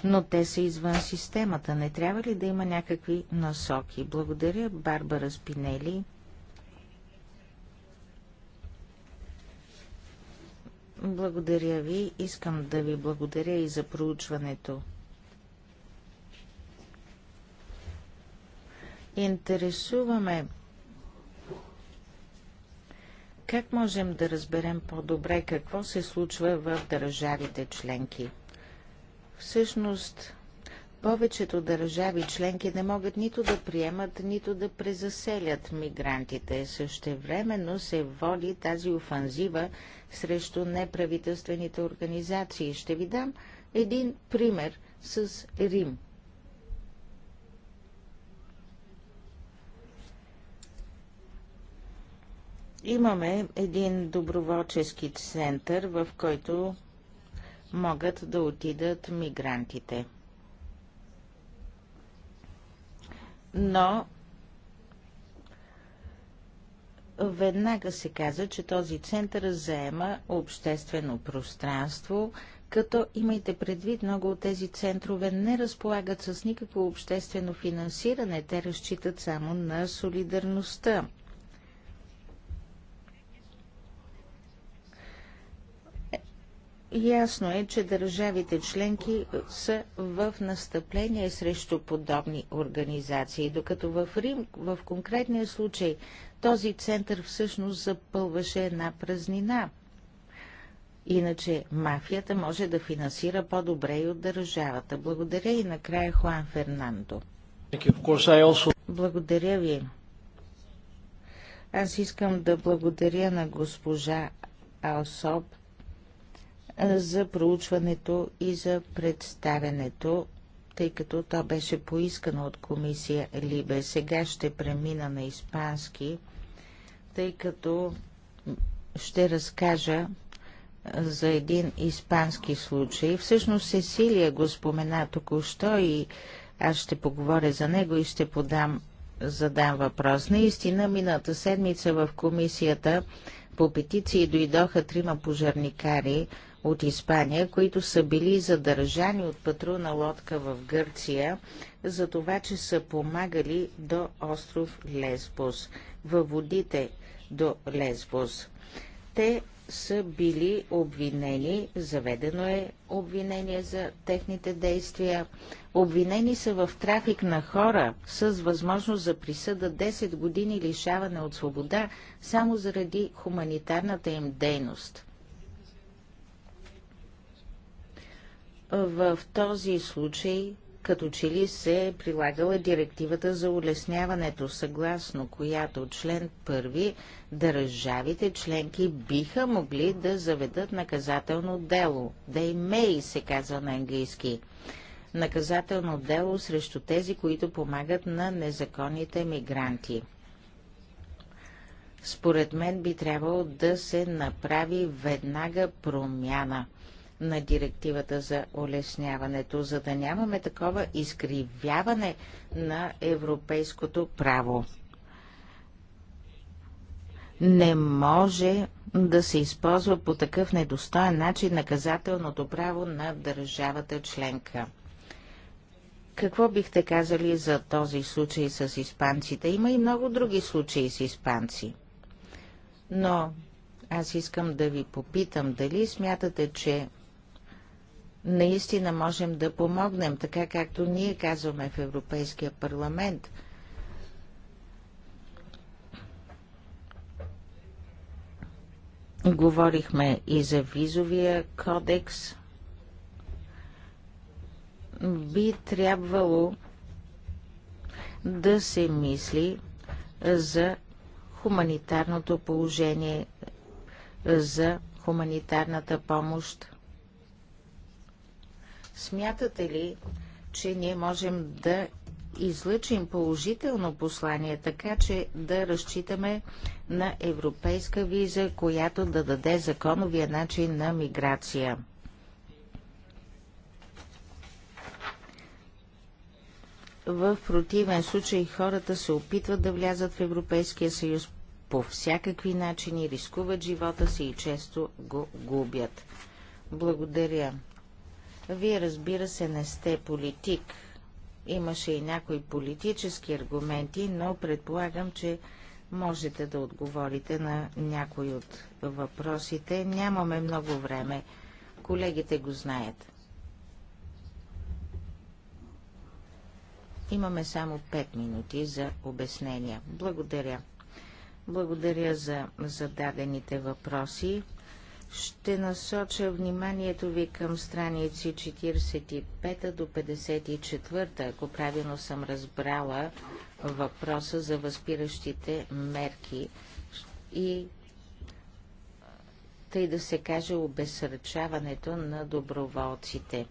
C: Но те са извън системата. Не трябва ли да има някакви насоки? Благодаря, Барбара Спинели. Благодаря ви. Искам да ви благодаря и за проучването. интересуваме как можем да разберем по-добре какво се случва в държавите членки. Всъщност, повечето държави членки не могат нито да приемат, нито да презаселят мигрантите. Същевременно се води тази офанзива срещу неправителствените организации. Ще ви дам един пример с Рим – Имаме един доброволчески център, в който могат да отидат мигрантите. Но веднага се каза, че този център заема обществено пространство, като имайте предвид, много от тези центрове не разполагат с никакво обществено финансиране, те разчитат само на солидарността. Ясно е, че държавите членки са в настъпление срещу подобни организации, докато в Рим, в конкретния случай, този център всъщност запълваше една празнина. Иначе мафията може да финансира по-добре и от държавата. Благодаря и накрая Хуан Фернандо. Благодаря ви. Аз искам да благодаря на госпожа Алсоп – за проучването и за представянето, тъй като то беше поискано от комисия Либе. Сега ще премина на испански, тъй като ще разкажа за един испански случай. Всъщност Сесилия го спомена току-що и аз ще поговоря за него и ще подам, задам въпрос. Наистина, миналата седмица в комисията по петиции дойдоха трима пожарникари от Испания, които са били задържани от патрулна лодка в Гърция за това, че са помагали до остров Лесбос, във водите до Лесбос. Те са били обвинени, заведено е обвинение за техните действия. Обвинени са в трафик на хора с възможност за присъда 10 години лишаване от свобода само заради хуманитарната им дейност. В този случай, като че ли се е прилагала директивата за улесняването, съгласно която член първи държавите членки биха могли да заведат наказателно дело. They may се казва на английски наказателно дело срещу тези, които помагат на незаконните мигранти. Според мен би трябвало да се направи веднага промяна – на директивата за улесняването, за да нямаме такова изкривяване на европейското право. Не може да се използва по такъв недостоен начин наказателното право на държавата членка. Какво бихте казали за този случай с испанците? Има и много други случаи с испанци. Но аз искам да ви попитам, дали смятате, че наистина можем да помогнем, така както ние казваме в Европейския парламент. Говорихме и за визовия кодекс. Би трябвало да се мисли за хуманитарното положение, за хуманитарната помощ Смятате ли, че ние можем да излъчим положително послание, така че да разчитаме на европейска виза, която да даде законовия начин на миграция? В противен случай хората се опитват да влязат в Европейския съюз по всякакви начини, рискуват живота си и често го губят. Благодаря. Вие, разбира се, не сте политик. Имаше и някои политически аргументи, но предполагам, че можете да отговорите на някои от въпросите. Нямаме много време. Колегите го знаят. Имаме само 5 минути за обяснения. Благодаря. Благодаря за зададените въпроси. Ще насоча вниманието ви към страници 45 до 54, ако правилно съм разбрала въпроса за възпиращите мерки и тъй да се каже обесърчаването на доброволците.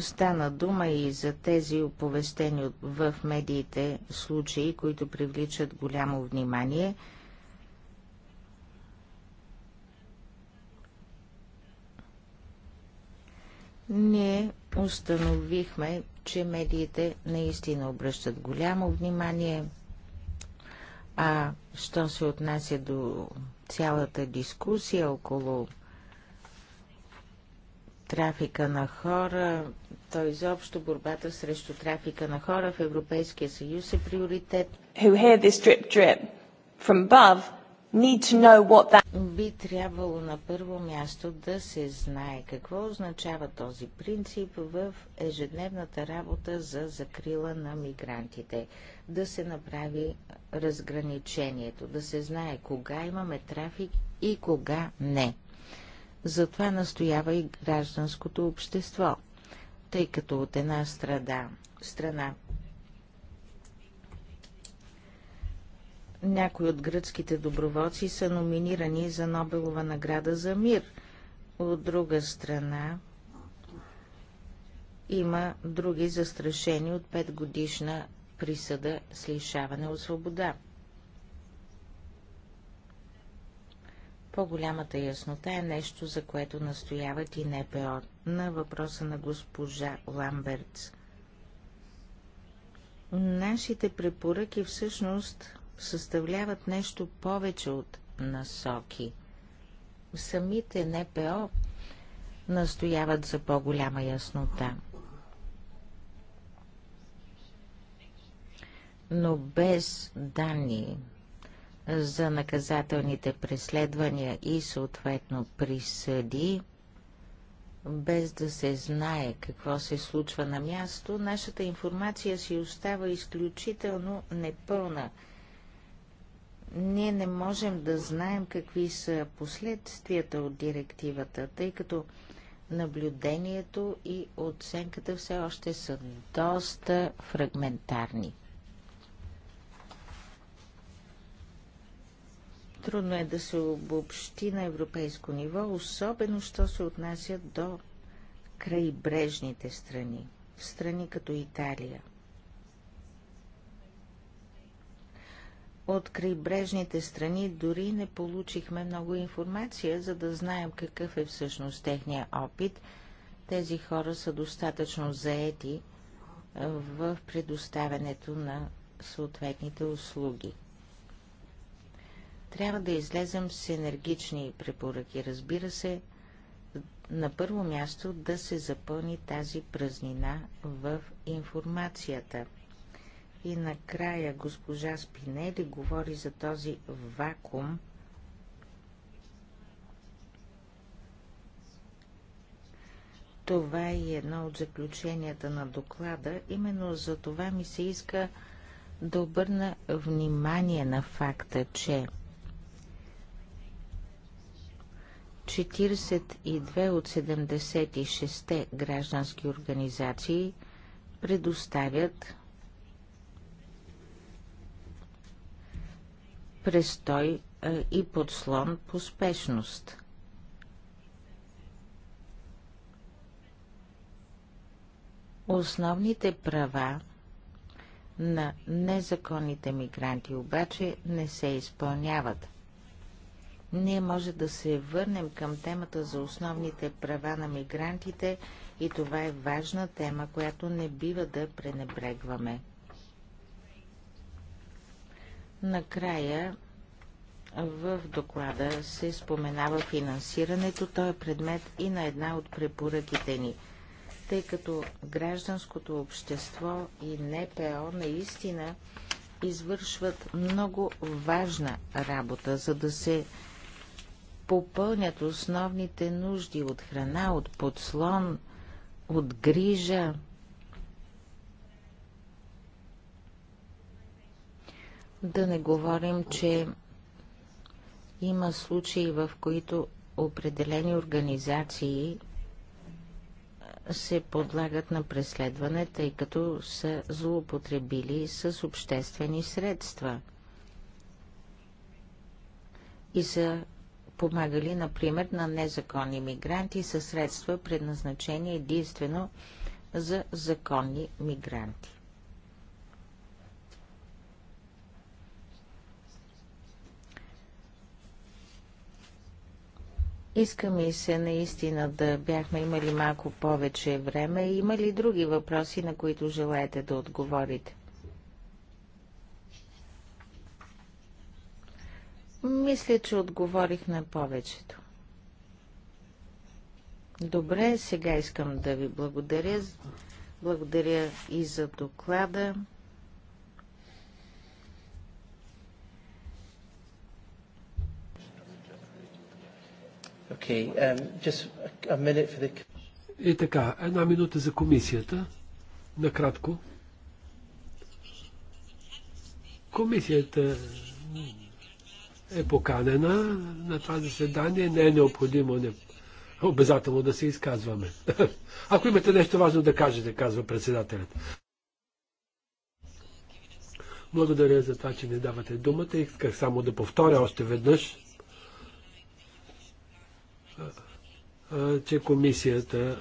C: Стана дума и за тези оповестени в медиите случаи, които привличат голямо внимание – ние установихме, че медиите наистина обръщат голямо внимание, а що се отнася до цялата дискусия около трафика на хора, то изобщо борбата срещу трафика на хора в Европейския съюз е приоритет. Who hear this drip drip from above би трябвало на първо място да се знае какво означава този принцип в ежедневната работа за закрила на мигрантите. Да се направи разграничението, да се знае кога имаме трафик и кога не. Затова настоява и гражданското общество, тъй като от една страда, страна Някои от гръцките доброволци са номинирани за Нобелова награда за мир. От друга страна, има други застрашени от 5 годишна присъда с лишаване от свобода. По-голямата яснота е нещо, за което настояват и НПО. На въпроса на госпожа Ламбертс. Нашите препоръки всъщност съставляват нещо повече от насоки. Самите НПО настояват за по-голяма яснота. Но без данни за наказателните преследвания и съответно присъди, без да се знае какво се случва на място, нашата информация си остава изключително непълна – ние не можем да знаем какви са последствията от директивата, тъй като наблюдението и оценката все още са доста фрагментарни. Трудно е да се обобщи на европейско ниво, особено що се отнася до крайбрежните страни, страни като Италия – от крайбрежните страни дори не получихме много информация, за да знаем какъв е всъщност техния опит. Тези хора са достатъчно заети е, в предоставянето на съответните услуги. Трябва да излезем с енергични препоръки, разбира се, на първо място да се запълни тази празнина в информацията – и накрая госпожа Спинели говори за този вакуум. Това е едно от заключенията на доклада. Именно за това ми се иска да обърна внимание на факта, че 42 от 76 граждански организации предоставят престой и подслон по спешност. Основните права на незаконните мигранти обаче не се изпълняват. Ние може да се върнем към темата за основните права на мигрантите и това е важна тема, която не бива да пренебрегваме. Накрая в доклада се споменава финансирането. Той е предмет и на една от препоръките ни. Тъй като гражданското общество и НПО наистина извършват много важна работа, за да се попълнят основните нужди от храна, от подслон, от грижа, Да не говорим, че има случаи, в които определени организации се подлагат на преследване, тъй като са злоупотребили с обществени средства и са помагали, например, на незаконни мигранти със средства, предназначени единствено за законни мигранти. Иска ми се наистина да бяхме имали малко повече време. Има ли други въпроси, на които желаете да отговорите? Мисля, че отговорих на повечето. Добре, сега искам да ви благодаря. Благодаря и за доклада.
D: Okay, um, the... И така, една минута за комисията. Накратко. Комисията е поканена на това заседание. Не е необходимо не, обязателно да се изказваме. Ако имате нещо важно да кажете, казва председателят. Благодаря за това, че не давате думата. Исках само да повторя още веднъж, че комисията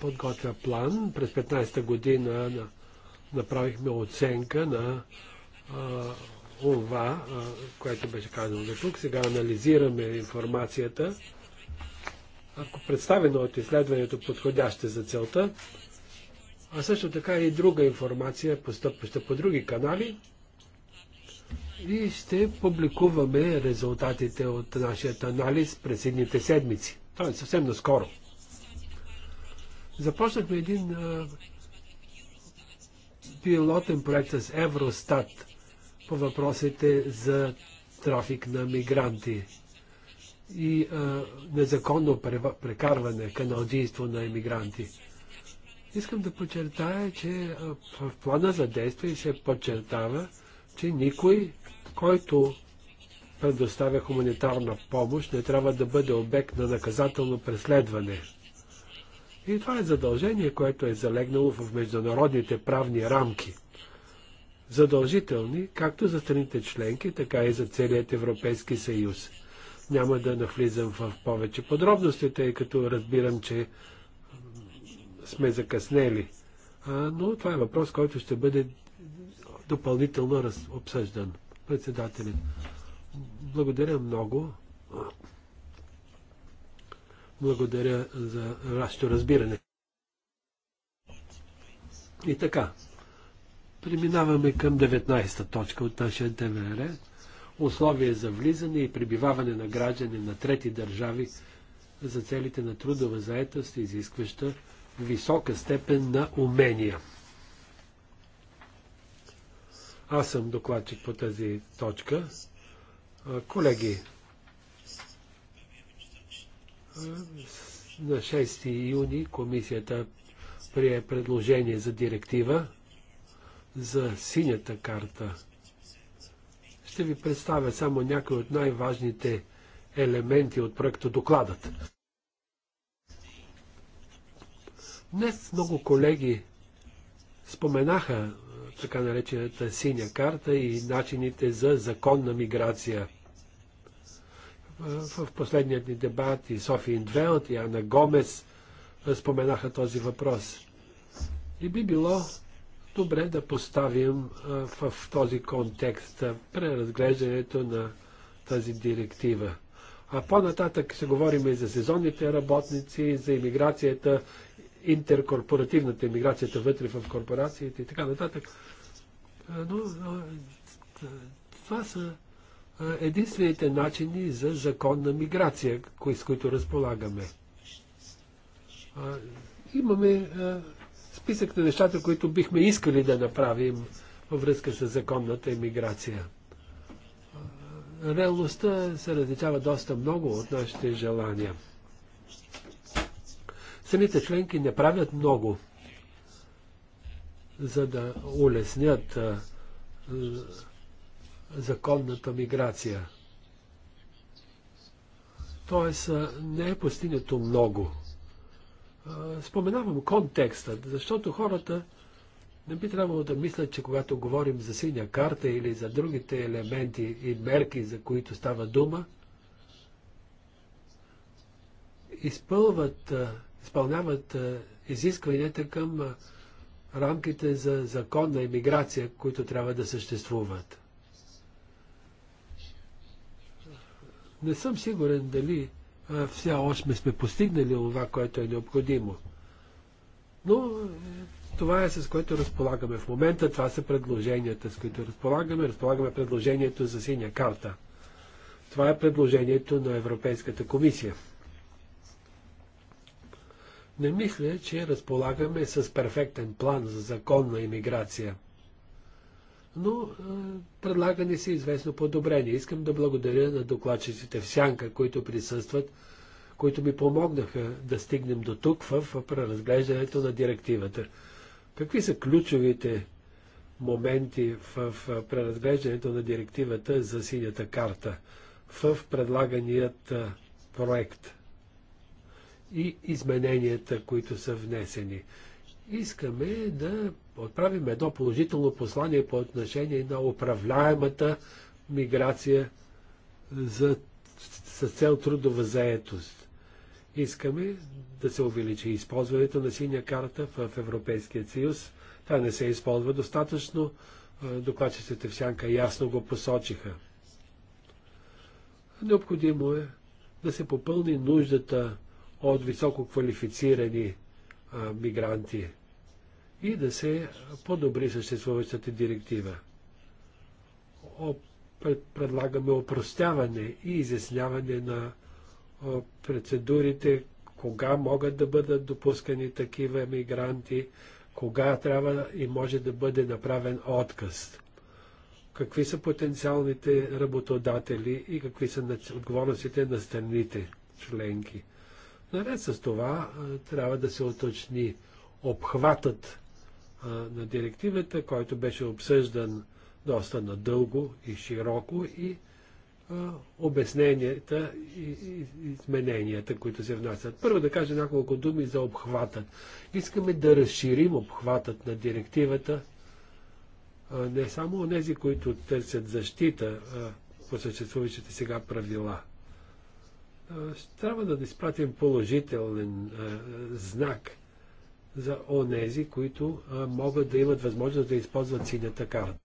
D: подготвя план. През 15-та година направихме оценка на това, което беше казано до тук. Сега анализираме информацията. Ако представено от изследването подходяще за целта, а също така и друга информация, постъпваща по други канали, и ще публикуваме резултатите от нашия анализ през едните седмици. Тоест съвсем наскоро. Започнахме един а, пилотен проект с Евростат по въпросите за трафик на мигранти и а, незаконно прекарване, каналдийство на емигранти. Искам да подчертая, че в плана за действие се подчертава, че никой който предоставя хуманитарна помощ, не трябва да бъде обект на наказателно преследване. И това е задължение, което е залегнало в международните правни рамки. Задължителни както за страните членки, така и за целият Европейски съюз. Няма да навлизам в повече подробности, тъй като разбирам, че сме закъснели. А, но това е въпрос, който ще бъде допълнително обсъждан. Председателят. Благодаря много. Благодаря за вашето разбиране. И така, преминаваме към 19-та точка от нашия ДВР. Условия за влизане и пребиваване на граждани на трети държави за целите на трудова заетост, изискваща висока степен на умения. Аз съм докладчик по тази точка. Колеги, на 6 юни комисията прие предложение за директива за синята карта. Ще ви представя само някои от най-важните елементи от проекта докладът. Днес много колеги споменаха така наречената синя карта и начините за законна миграция. В последният ни дебат и Софи Индвелт и Ана Гомес споменаха този въпрос. И би било добре да поставим в този контекст преразглеждането на тази директива. А по-нататък ще говорим и за сезонните работници, за иммиграцията интеркорпоративната емиграцията вътре в корпорациите и така нататък. Но, но това са единствените начини за законна миграция, кои, с които разполагаме. Имаме списък на нещата, които бихме искали да направим във връзка с законната емиграция. Реалността се различава доста много от нашите желания. Страните членки не правят много, за да улеснят а, законната миграция. Тоест, не е постигнато много. Споменавам контекстът, защото хората не би трябвало да мислят, че когато говорим за синя карта или за другите елементи и мерки, за които става дума, изпълват изпълняват изискванията към рамките за законна иммиграция, които трябва да съществуват. Не съм сигурен дали все още сме постигнали това, което е необходимо. Но е, това е с което разполагаме в момента. Това са предложенията, с които разполагаме. Разполагаме предложението за синя карта. Това е предложението на Европейската комисия. Не мисля, че разполагаме с перфектен план за законна иммиграция. Но е, предлага ни се известно подобрение. Искам да благодаря на докладчиците в Сянка, които присъстват, които ми помогнаха да стигнем до тук в, преразглеждането на директивата. Какви са ключовите моменти в, преразглеждането на директивата за синята карта в предлаганият проект? и измененията, които са внесени. Искаме да отправим едно положително послание по отношение на управляемата миграция за, с цел трудова заетост. Искаме да се увеличи използването на синя карта в Европейския съюз. Тя не се използва достатъчно. Докладчиците в Сянка ясно го посочиха. Необходимо е да се попълни нуждата от високо квалифицирани мигранти и да се подобри съществуващата директива. предлагаме опростяване и изясняване на процедурите, кога могат да бъдат допускани такива мигранти, кога трябва и може да бъде направен отказ. Какви са потенциалните работодатели и какви са отговорностите на страните членки. Наред с това трябва да се уточни обхватът на директивата, който беше обсъждан доста надълго и широко и обясненията и измененията, които се внасят. Първо да кажа няколко думи за обхватът. Искаме да разширим обхватът на директивата не само тези, които търсят защита по съществуващите сега правила трябва да изпратим положителен знак за онези, които могат да имат възможност да използват синята карта.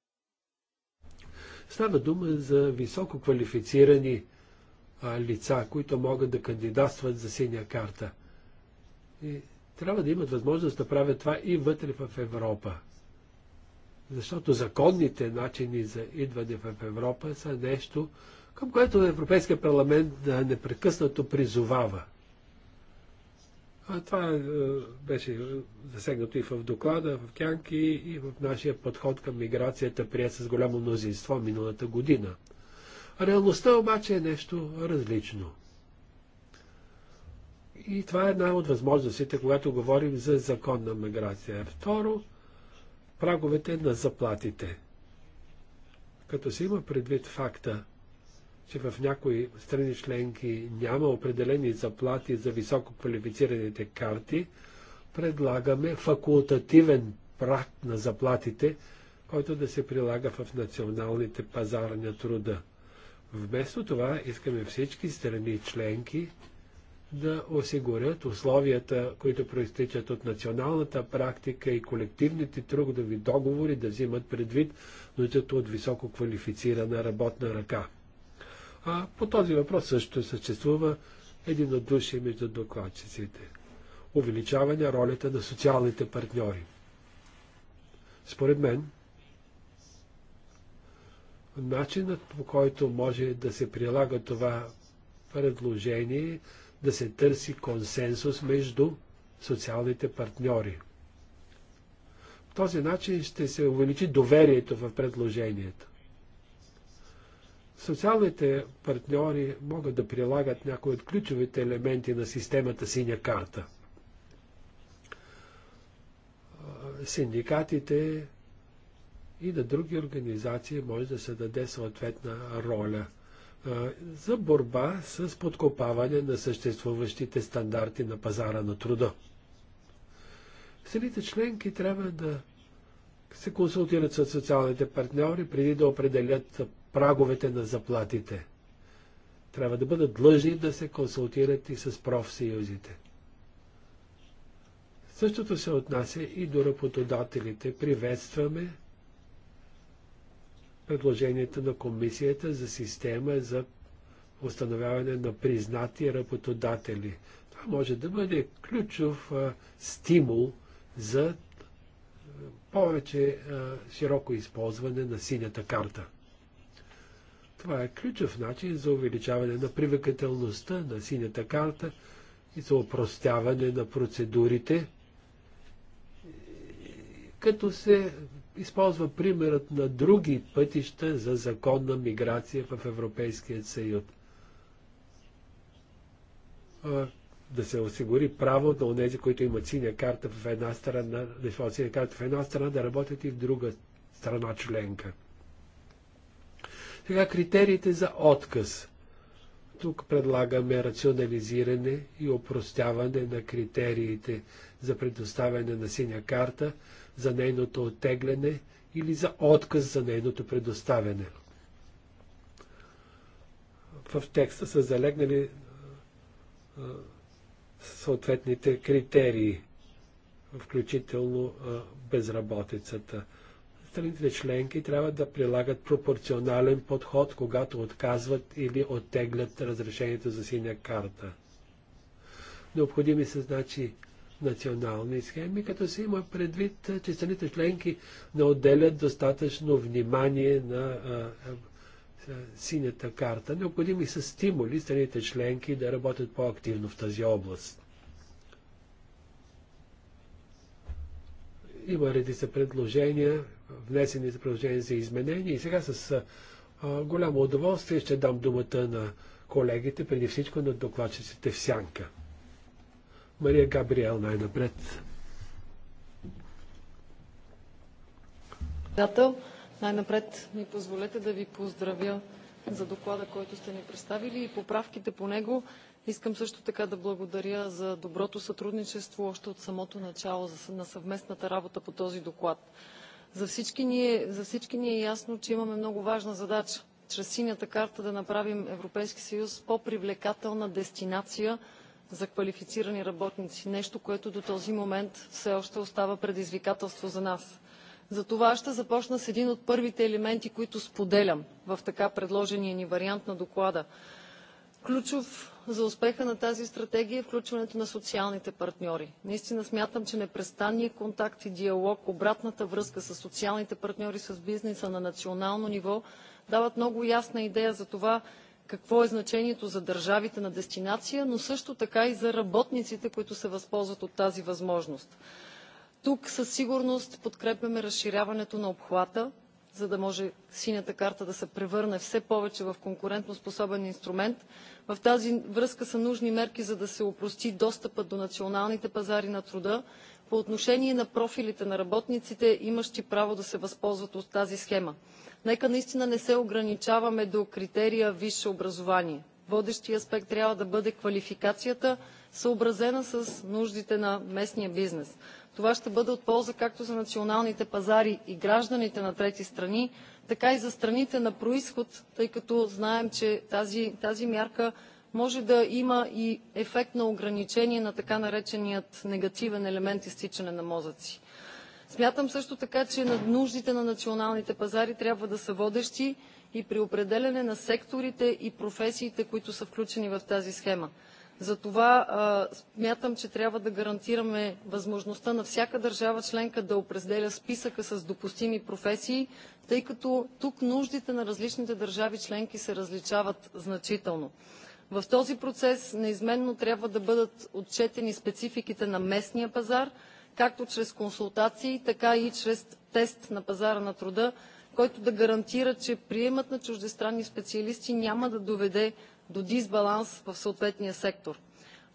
D: Става дума за високо квалифицирани лица, които могат да кандидатстват за синя карта. И трябва да имат възможност да правят това и вътре в Европа. Защото законните начини за идване в Европа са нещо, към което Европейския парламент да непрекъснато призовава. А това е, беше засегнато и в доклада, в Кянки и в нашия подход към миграцията, прият с голямо мнозинство миналата година. Реалността обаче е нещо различно. И това е една от възможностите, когато говорим за законна миграция. Второ, праговете на заплатите. Като се има предвид факта, че в някои страни членки няма определени заплати за висококвалифицираните карти, предлагаме факултативен прак на заплатите, който да се прилага в националните пазари на труда. Вместо това искаме всички страни членки да осигурят условията, които проистичат от националната практика и колективните трудови договори да взимат предвид нуждата от високо квалифицирана работна ръка. А по този въпрос също съществува единодушие между докладчиците. Увеличаване ролята на социалните партньори. Според мен, начинът по който може да се прилага това предложение, да се търси консенсус между социалните партньори. По този начин ще се увеличи доверието в предложението. Социалните партньори могат да прилагат някои от ключовите елементи на системата синя карта. Синдикатите и на други организации може да се даде съответна роля за борба с подкопаване на съществуващите стандарти на пазара на труда. Страните членки трябва да се консултират с социалните партньори преди да определят праговете на заплатите. Трябва да бъдат длъжни да се консултират и с профсъюзите. Същото се отнася и до работодателите. Приветстваме предложението на комисията за система за установяване на признати работодатели. Това може да бъде ключов а, стимул за повече а, широко използване на синята карта. Това е ключов начин за увеличаване на привлекателността на синята карта и за упростяване на процедурите, като се използва примерът на други пътища за законна миграция в Европейския съюз. Да се осигури право на тези, които имат синя карта в една страна, да синя карта в една страна, да работят и в друга страна членка. Сега критериите за отказ. Тук предлагаме рационализиране и опростяване на критериите за предоставяне на синя карта, за нейното оттегляне или за отказ за нейното предоставяне. В текста са залегнали съответните критерии, включително безработицата страните членки трябва да прилагат пропорционален подход, когато отказват или оттеглят разрешението за синя карта. Необходими са, значи, национални схеми, като се има предвид, че страните членки не отделят достатъчно внимание на а, а, синята карта. Необходими са стимули страните членки да работят по-активно в тази област. Има редица предложения, внесени за предложения за изменения и сега с а, голямо удоволствие ще дам думата на колегите, преди всичко на докладчиците в Сянка. Мария Габриел най-напред.
F: Председател, най-напред ми позволете да ви поздравя за доклада, който сте ни представили и поправките по него. Искам също така да благодаря за доброто сътрудничество още от самото начало на съвместната работа по този доклад. За всички ни, е, за всички ни е ясно, че имаме много важна задача чрез синята карта да направим Европейски съюз по-привлекателна дестинация за квалифицирани работници. Нещо, което до този момент все още остава предизвикателство за нас. Затова ще започна с един от първите елементи, които споделям в така предложения ни вариант на доклада – Ключов за успеха на тази стратегия е включването на социалните партньори. Наистина смятам, че непрестанният контакт и диалог, обратната връзка с социалните партньори, с бизнеса на национално ниво дават много ясна идея за това какво е значението за държавите на дестинация, но също така и за работниците, които се възползват от тази възможност. Тук със сигурност подкрепяме разширяването на обхвата, за да може синята карта да се превърне все повече в конкурентоспособен инструмент. В тази връзка са нужни мерки, за да се опрости достъпът до националните пазари на труда по отношение на профилите на работниците, имащи право да се възползват от тази схема. Нека наистина не се ограничаваме до критерия висше образование. Водещия аспект трябва да бъде квалификацията, съобразена с нуждите на местния бизнес. Това ще бъде от полза както за националните пазари и гражданите на трети страни, така и за страните на происход, тъй като знаем, че тази, тази мярка може да има и ефект на ограничение на така нареченият негативен елемент изтичане на мозъци. Смятам също така, че на нуждите на националните пазари трябва да са водещи и при определяне на секторите и професиите, които са включени в тази схема. Затова смятам, че трябва да гарантираме възможността на всяка държава членка да определя списъка с допустими професии, тъй като тук нуждите на различните държави членки се различават значително. В този процес неизменно трябва да бъдат отчетени спецификите на местния пазар, както чрез консултации, така и чрез тест на пазара на труда, който да гарантира, че приемът на чуждестранни специалисти няма да доведе до дисбаланс в съответния сектор.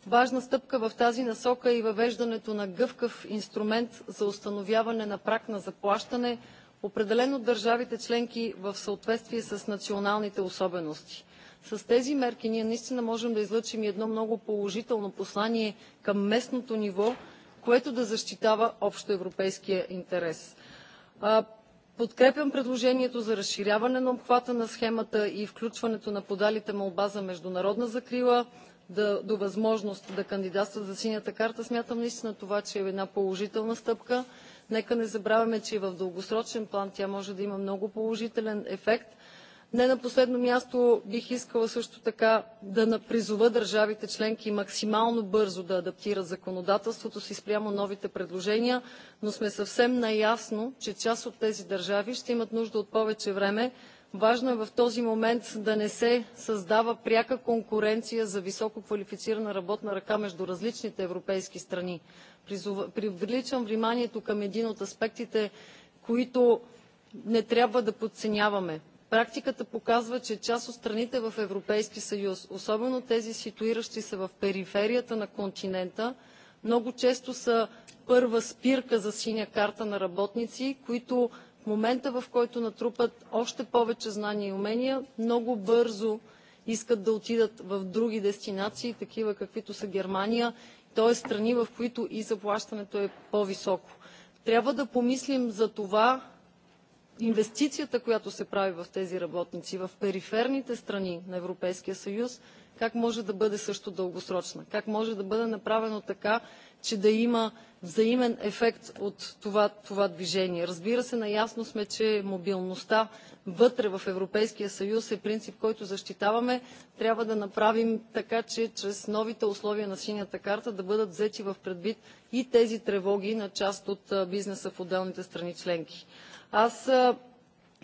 F: Важна стъпка в тази насока е и въвеждането на гъвкав инструмент за установяване на прак на заплащане, определен от държавите членки в съответствие с националните особености. С тези мерки ние наистина можем да излъчим едно много положително послание към местното ниво, което да защитава общоевропейския интерес. Подкрепям предложението за разширяване на обхвата на схемата и включването на подалите молба за международна закрила да, до възможност да кандидатстват за синята карта. Смятам наистина това, че е една положителна стъпка. Нека не забравяме, че и в дългосрочен план тя може да има много положителен ефект не на последно място бих искала също така да призова държавите членки максимално бързо да адаптират законодателството си спрямо новите предложения, но сме съвсем наясно, че част от тези държави ще имат нужда от повече време. Важно е в този момент да не се създава пряка конкуренция за високо квалифицирана работна ръка между различните европейски страни. Привличам вниманието към един от аспектите, които не трябва да подценяваме. Практиката показва, че част от страните в Европейския съюз, особено тези ситуиращи се в периферията на континента, много често са първа спирка за синя карта на работници, които в момента, в който натрупат още повече знания и умения, много бързо искат да отидат в други дестинации, такива каквито са Германия, т.е. страни, в които и заплащането е по-високо. Трябва да помислим за това инвестицията, която се прави в тези работници в периферните страни на Европейския съюз, как може да бъде също дългосрочна? Как може да бъде направено така, че да има взаимен ефект от това, това движение? Разбира се, наясно сме, че мобилността вътре в Европейския съюз е принцип, който защитаваме. Трябва да направим така, че чрез новите условия на синята карта да бъдат взети в предвид и тези тревоги на част от бизнеса в отделните страни членки. Аз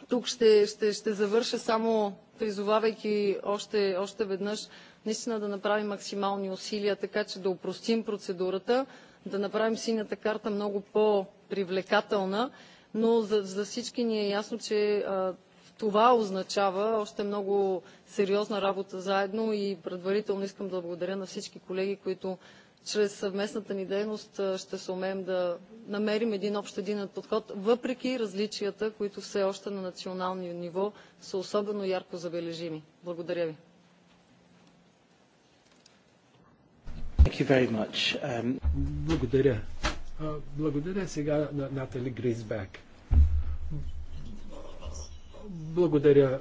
F: тук ще, ще, ще завърша само призовавайки още, още веднъж наистина да направим максимални усилия, така че да упростим процедурата, да направим синята карта много по-привлекателна, но за, за всички ни е ясно, че а, това означава още много сериозна работа заедно и предварително искам да благодаря на всички колеги, които чрез съвместната ни дейност ще се умеем да намерим един общ един подход, въпреки различията, които все още на национално ниво са особено ярко забележими. Благодаря ви.
D: Um... Благодаря. Благодаря сега на Натали Гризбек. Благодаря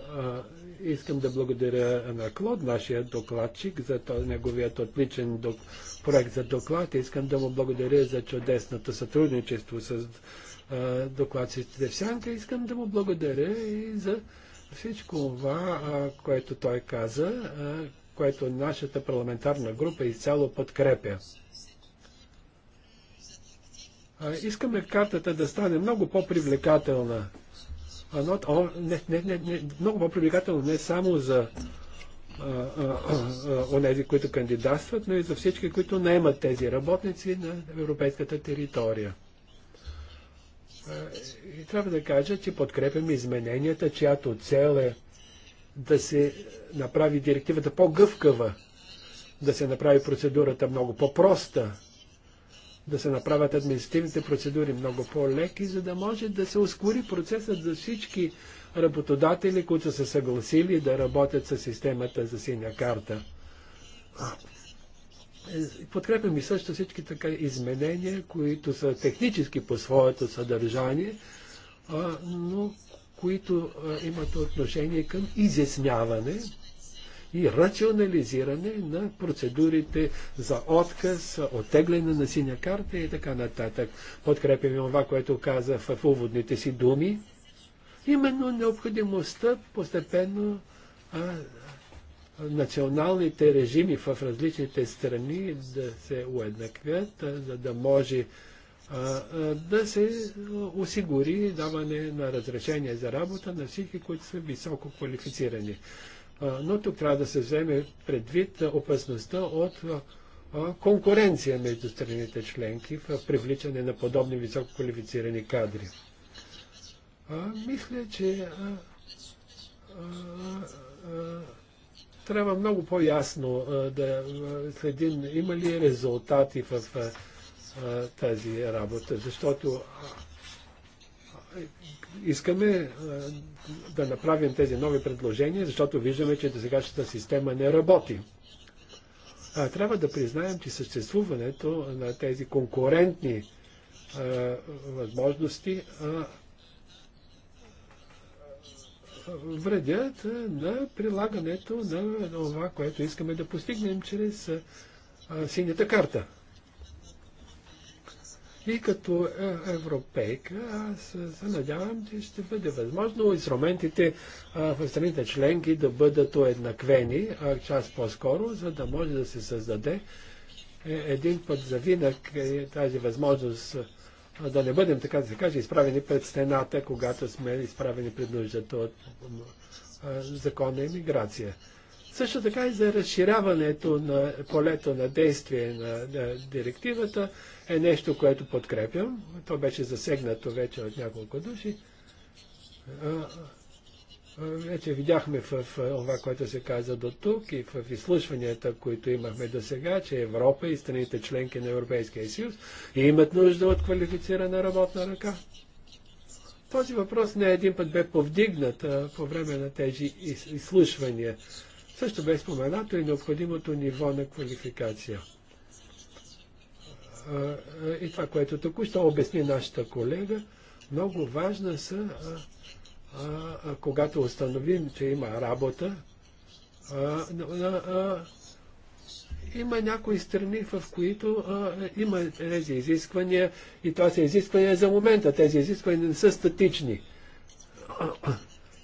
D: Искам да благодаря на Клод, нашия докладчик, за този, неговият отличен док, проект за доклад. Искам да му благодаря за чудесното сътрудничество с докладците в Сянка. Искам да му благодаря и за всичко това, а, което той каза, а, което нашата парламентарна група изцяло подкрепя. А, искаме картата да стане много по-привлекателна но, о, не, не, не, не, много по-привлекателно не само за онези, които кандидатстват, но и за всички, които наемат тези работници на европейската територия. А, и трябва да кажа, че подкрепяме измененията, чиято цел е да се направи директивата по-гъвкава, да се направи процедурата много по-проста, да се направят административните процедури много по-леки, за да може да се ускори процесът за всички работодатели, които са съгласили да работят с системата за синя карта. Е, подкрепям и също всички така изменения, които са технически по своето съдържание, но които имат отношение към изясняване и рационализиране на процедурите за отказ, оттегляне на синя карта и така нататък. Подкрепяме това, което каза в уводните си думи. Именно необходимостта постепенно а, националните режими в различните страни да се уеднаквят, за да може а, да се осигури даване на разрешение за работа на всички, които са високо квалифицирани. Но тук трябва да се вземе предвид опасността от конкуренция между страните членки в привличане на подобни високо квалифицирани кадри. мисля, че трябва много по-ясно да следим има ли резултати в тази работа, защото искаме да направим тези нови предложения, защото виждаме, че сегашната система не работи. Трябва да признаем, че съществуването на тези конкурентни възможности вредят на прилагането на това, което искаме да постигнем чрез синята карта. И като е, европейка, аз се надявам, че ще бъде възможно инструментите е, в страните членки да бъдат уеднаквени, част по-скоро, за да може да се създаде е, един път за винак тази възможност да не бъдем, така да се каже, изправени пред стената, когато сме изправени пред нуждата от закона и миграция. Също така и за разширяването на полето на действие на, на директивата е нещо, което подкрепям. То беше засегнато вече от няколко души. Вече видяхме в, в това, което се каза до тук и в изслушванията, които имахме до сега, че Европа и страните членки на Европейския съюз имат нужда от квалифицирана работна ръка. Този въпрос не един път бе повдигнат а, по време на тези из, изслушвания. Също бе споменато и необходимото ниво на квалификация. И това, което току-що обясни нашата колега, много важна са, когато установим, че има работа, има някои страни, в които а, има тези изисквания и това са изисквания за момента. Тези изисквания не са статични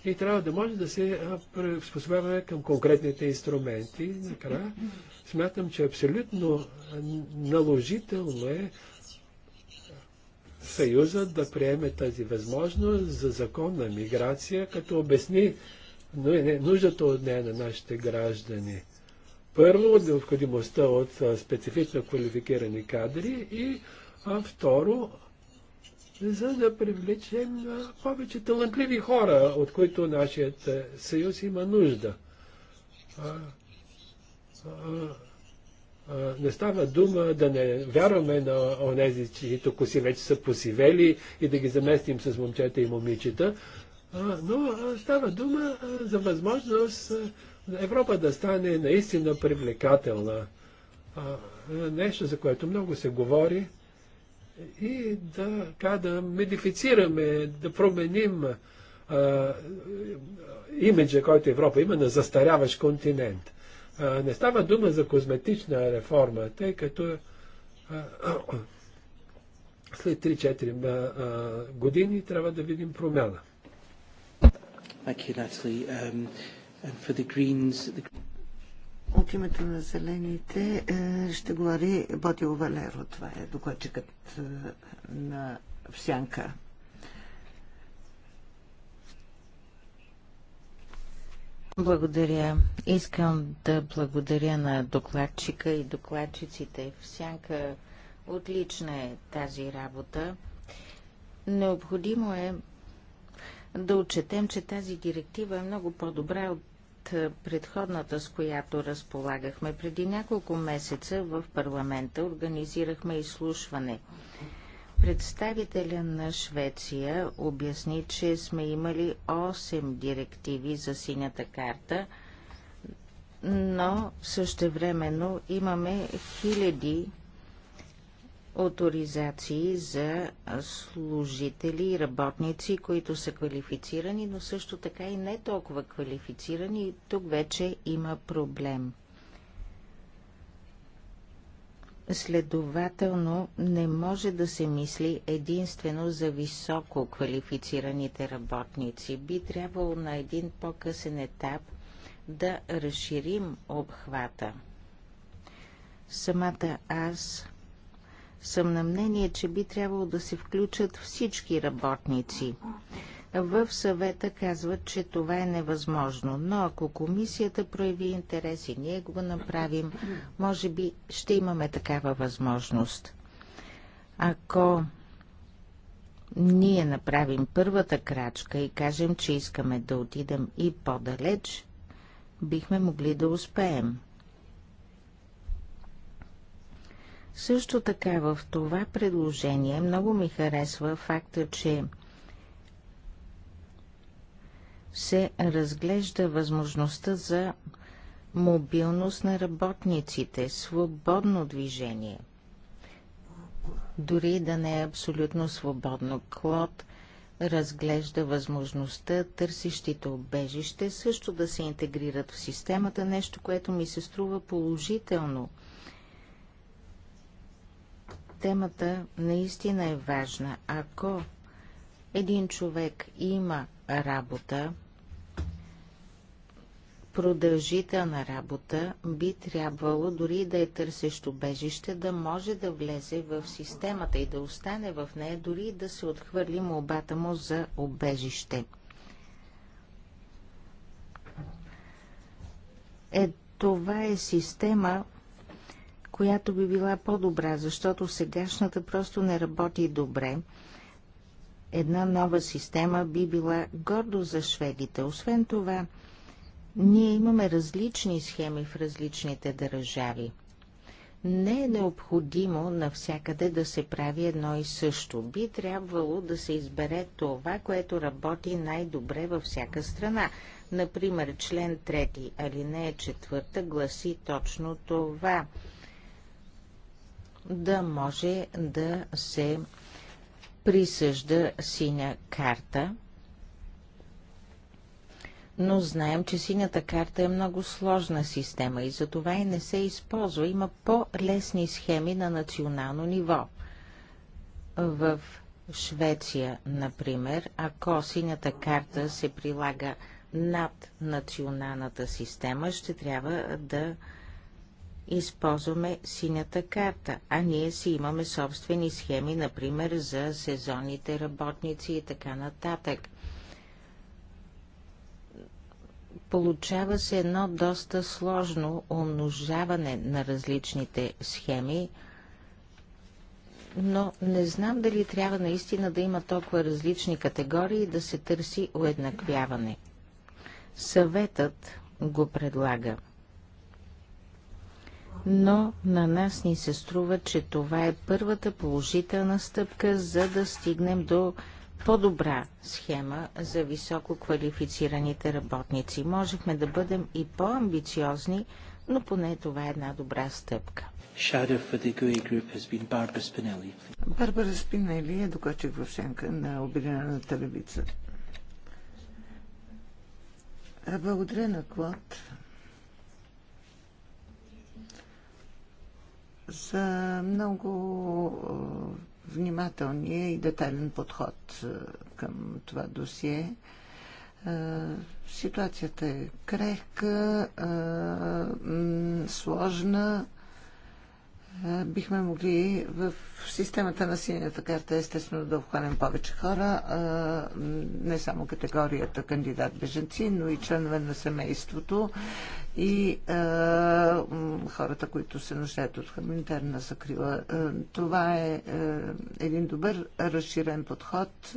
D: и трябва да може да се приспособяваме към конкретните инструменти. Накрая смятам, че е абсолютно наложително е Съюзът да приеме тази възможност за законна миграция, като обясни нуждата от нея на нашите граждани. Първо, необходимостта от специфично квалифицирани кадри и а второ, за да привлечем повече талантливи хора, от които нашият съюз има нужда. А, а, не става дума да не вярваме на онези, чието коси вече са посивели и да ги заместим с момчета и момичета, но става дума за възможност Европа да стане наистина привлекателна. Нещо, за което много се говори и да, така, да модифицираме, да променим а, имиджа, който Европа има на застаряващ континент. А, не става дума за козметична реформа, тъй като а, а, след 3-4 а, години трябва да видим промяна. Thank you, Natalie.
B: Um, and for the Greens, the... От името на зелените е, ще говори Ботил Валеро. Това е докладчикът е, на Всянка.
C: Благодаря. Искам да благодаря на докладчика и докладчиците. Всянка отлична е тази работа. Необходимо е да отчетем, че тази директива е много по-добра от е, предходната, с която разполагахме. Преди няколко месеца в парламента организирахме изслушване. Представителя на Швеция обясни, че сме имали 8 директиви за синята карта, но същевременно имаме хиляди авторизации за служители и работници, които са квалифицирани, но също така и не толкова квалифицирани. Тук вече има проблем. Следователно, не може да се мисли единствено за високо квалифицираните работници. Би трябвало на един по-късен етап да разширим обхвата. Самата аз съм на мнение, че би трябвало да се включат всички работници. В съвета казват, че това е невъзможно, но ако комисията прояви интерес и ние го направим, може би ще имаме такава възможност. Ако ние направим първата крачка и кажем, че искаме да отидем и по-далеч, бихме могли да успеем. Също така в това предложение много ми харесва факта, че се разглежда възможността за мобилност на работниците, свободно движение. Дори да не е абсолютно свободно, Клод разглежда възможността търсещите обежище също да се интегрират в системата, нещо, което ми се струва положително – темата наистина е важна. Ако един човек има работа, продължителна работа, би трябвало дори да е търсещо бежище, да може да влезе в системата и да остане в нея, дори да се отхвърли молбата му за обежище. Е, това е система, която би била по-добра, защото сегашната просто не работи добре. Една нова система би била гордо за шведите. Освен това, ние имаме различни схеми в различните държави. Не е необходимо навсякъде да се прави едно и също. Би трябвало да се избере това, което работи най-добре във всяка страна. Например, член 3, алинея 4 гласи точно това – да може да се присъжда синя карта. Но знаем, че синята карта е много сложна система и затова и не се използва. Има по-лесни схеми на национално ниво. В Швеция, например, ако синята карта се прилага над националната система, ще трябва да използваме синята карта, а ние си имаме собствени схеми, например за сезонните работници и така нататък. Получава се едно доста сложно умножаване на различните схеми, но не знам дали трябва наистина да има толкова различни категории да се търси уеднаквяване. Съветът го предлага – но на нас ни се струва, че това е първата положителна стъпка, за да стигнем до по-добра схема за високо квалифицираните работници. Можехме да бъдем и по-амбициозни, но поне това е една добра стъпка.
B: Барбара Спинели е докачек в сенка на Обединената левица. Благодаря на Клод. за много е, внимателния и детайлен подход е, към това досие. Е, ситуацията е крехка, сложна бихме могли в системата на синята карта естествено да обхванем повече хора, не само категорията кандидат-беженци, но и членове на семейството и хората, които се нуждаят от хуманитарна закрила. Това е един добър разширен подход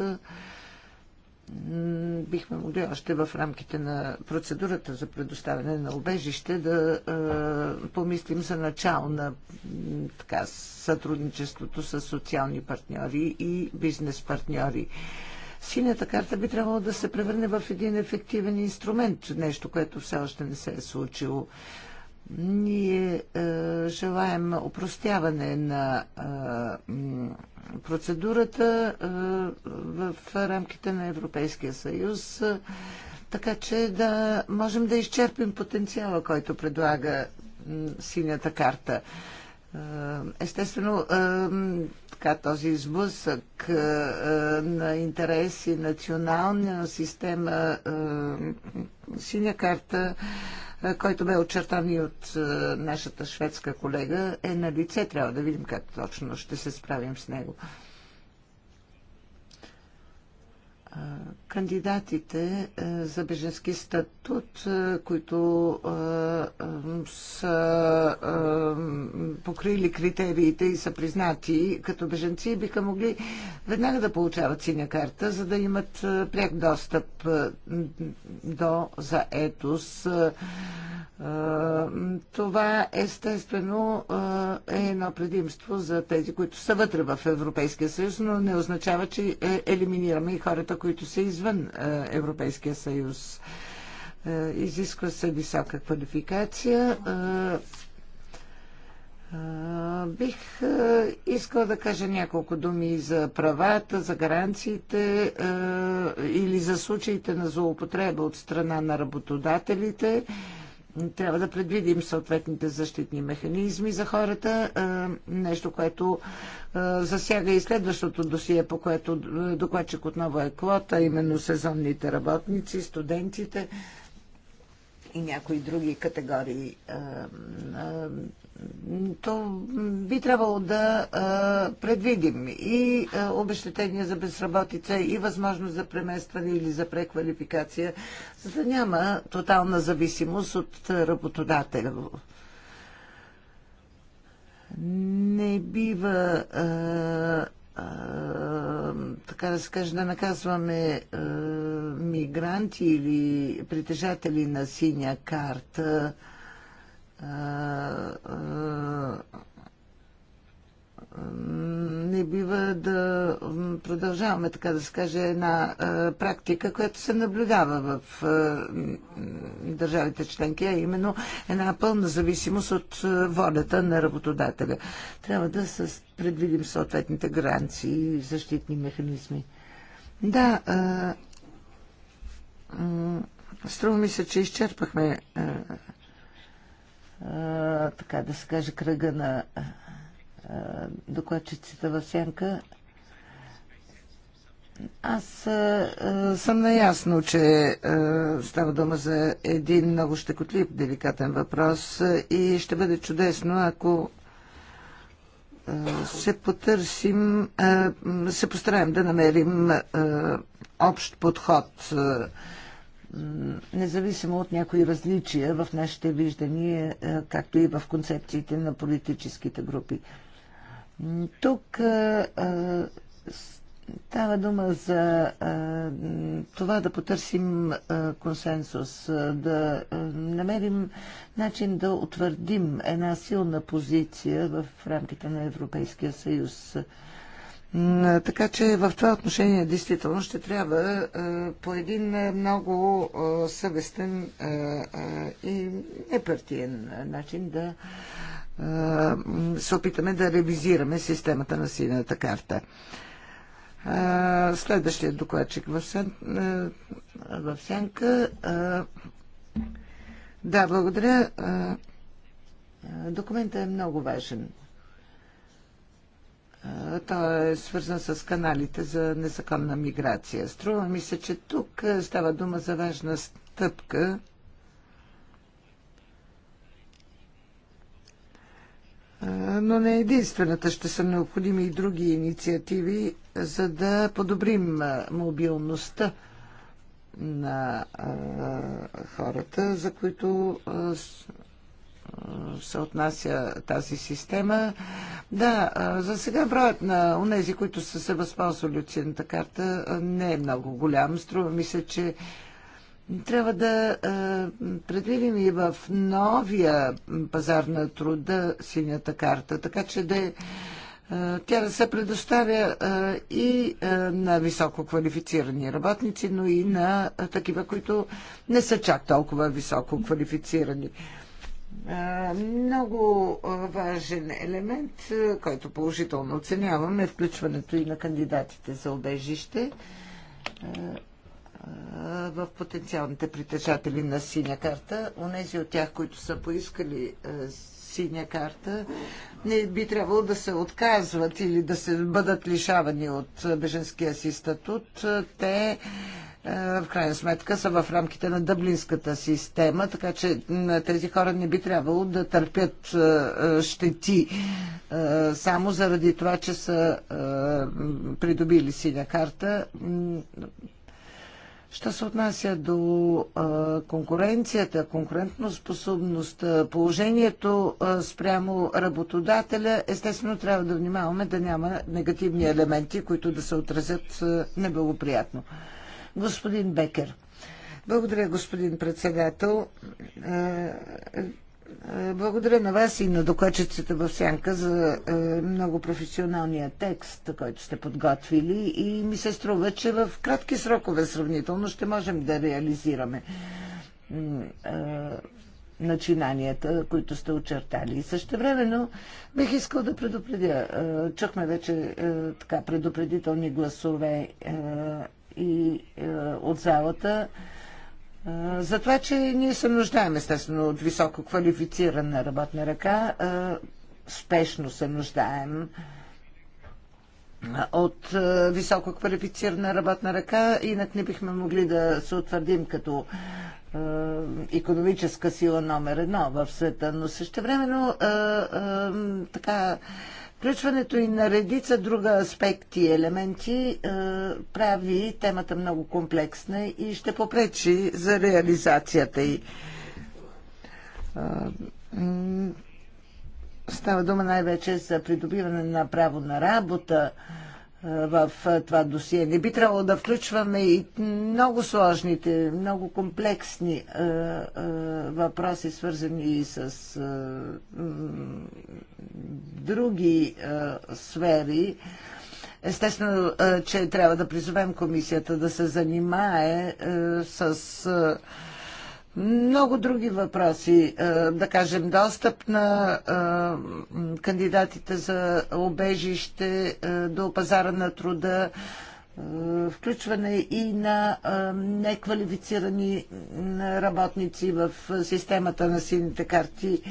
B: бихме могли още в рамките на процедурата за предоставяне на убежище да е, помислим за начало на така, сътрудничеството с социални партньори и бизнес партньори. Синята карта би трябвало да се превърне в един ефективен инструмент, нещо, което все още не се е случило. Е, ние е, желаем опростяване на е, процедурата е, в рамките на Европейския съюз, е, така че да можем да изчерпим потенциала, който предлага синята карта. Е, естествено, е, така, този сблъсък е, на интереси, национална система, синя карта който бе очертан и от нашата шведска колега, е на лице. Трябва да видим как точно ще се справим с него. Кандидатите за беженски статут, които са покрили критериите и са признати като беженци, биха могли веднага да получават синя карта, за да имат пряк достъп до заетост. Това естествено е едно предимство за тези, които са вътре в Европейския съюз, но не означава, че е, елиминираме и хората, които са извън е, Европейския съюз. Е, изисква се висока квалификация. Е, бих искала да кажа няколко думи за правата, за гаранциите или за случаите на злоупотреба от страна на работодателите трябва да предвидим съответните защитни механизми за хората, нещо, което засяга и следващото досие, по което докладчик отново е квота, именно сезонните работници, студентите и някои други категории. То би трябвало да предвидим и обещетения за безработица, и възможност за преместване или за преквалификация, за да няма тотална зависимост от работодателя. Не бива така да се каже, да наказваме а, мигранти или притежатели на синя карта. А, а, не бива да продължаваме, така да се каже, една практика, която се наблюдава в държавите членки, а именно една пълна зависимост от волята на работодателя. Трябва да предвидим съответните гаранции и защитни механизми. Да, струва ми се, че изчерпахме така да се каже кръга на докладчиците в сянка. Аз а, съм наясно, че а, става дума за един много щекотлив, деликатен въпрос и ще бъде чудесно, ако а, се потърсим, а, се постараем да намерим а, общ подход, а, независимо от някои различия в нашите виждания, а, както и в концепциите на политическите групи. А, тук става дума за това да потърсим консенсус, да намерим начин да утвърдим една силна позиция в рамките на Европейския съюз. Така че в това отношение действително ще трябва по един много съвестен и непартиен начин да се опитаме да ревизираме системата на синята карта. Следващия докладчик в, сен... в Да, благодаря. Документът е много важен. Той е свързан с каналите за незаконна миграция. Струва ми се, че тук става дума за важна стъпка Е, но не единствената. Ще са необходими и други инициативи, за да подобрим е, мобилността на е, хората, за които се отнася тази система. Да, за сега броят на онези, които са се възползвали от сината карта, не е много голям. Струва ми се, че трябва да предвидим и в новия пазар на труда синята карта, така че да тя да се предоставя и на високо квалифицирани работници, но и на такива, които не са чак толкова високо квалифицирани. Много важен елемент, който положително оценяваме, е включването и на кандидатите за обежище в потенциалните притежатели на синя карта. Онези от тях, които са поискали е, синя карта, не би трябвало да се отказват или да се бъдат лишавани от е, беженския си статут. Е, те в крайна сметка са в рамките на дъблинската система, така че тези хора не би трябвало да търпят щети само заради това, че са придобили синя карта. Що се отнася до конкуренцията, конкурентноспособността, положението спрямо работодателя, естествено трябва да внимаваме да няма негативни елементи, които да се отразят неблагоприятно. Господин Бекер. Благодаря, господин председател. Е, благодаря на вас и на докладчицата в Сянка за е, много професионалния текст, който сте подготвили и ми се струва, че в кратки срокове сравнително ще можем да реализираме е, начинанията, които сте очертали. И също времено бих искал да предупредя. Чухме вече така предупредителни гласове и от залата за това, че ние се нуждаем естествено от високо квалифицирана работна ръка, спешно се нуждаем от високо квалифицирана работна ръка, инак не бихме могли да се утвърдим като економическа сила номер едно в света, но времено така Включването и на редица друга аспекти и елементи е, прави темата много комплексна и ще попречи за реализацията й. Е, става дума най-вече за придобиване на право на работа, е, в това досие. Не би трябвало да включваме и много сложните, много комплексни въпроси, свързани и с други сфери. Естествено, че трябва да призовем комисията да се занимае с много други въпроси, е, да кажем достъп на е, кандидатите за обежище е, до пазара на труда, включване и на неквалифицирани работници в системата на сините карти,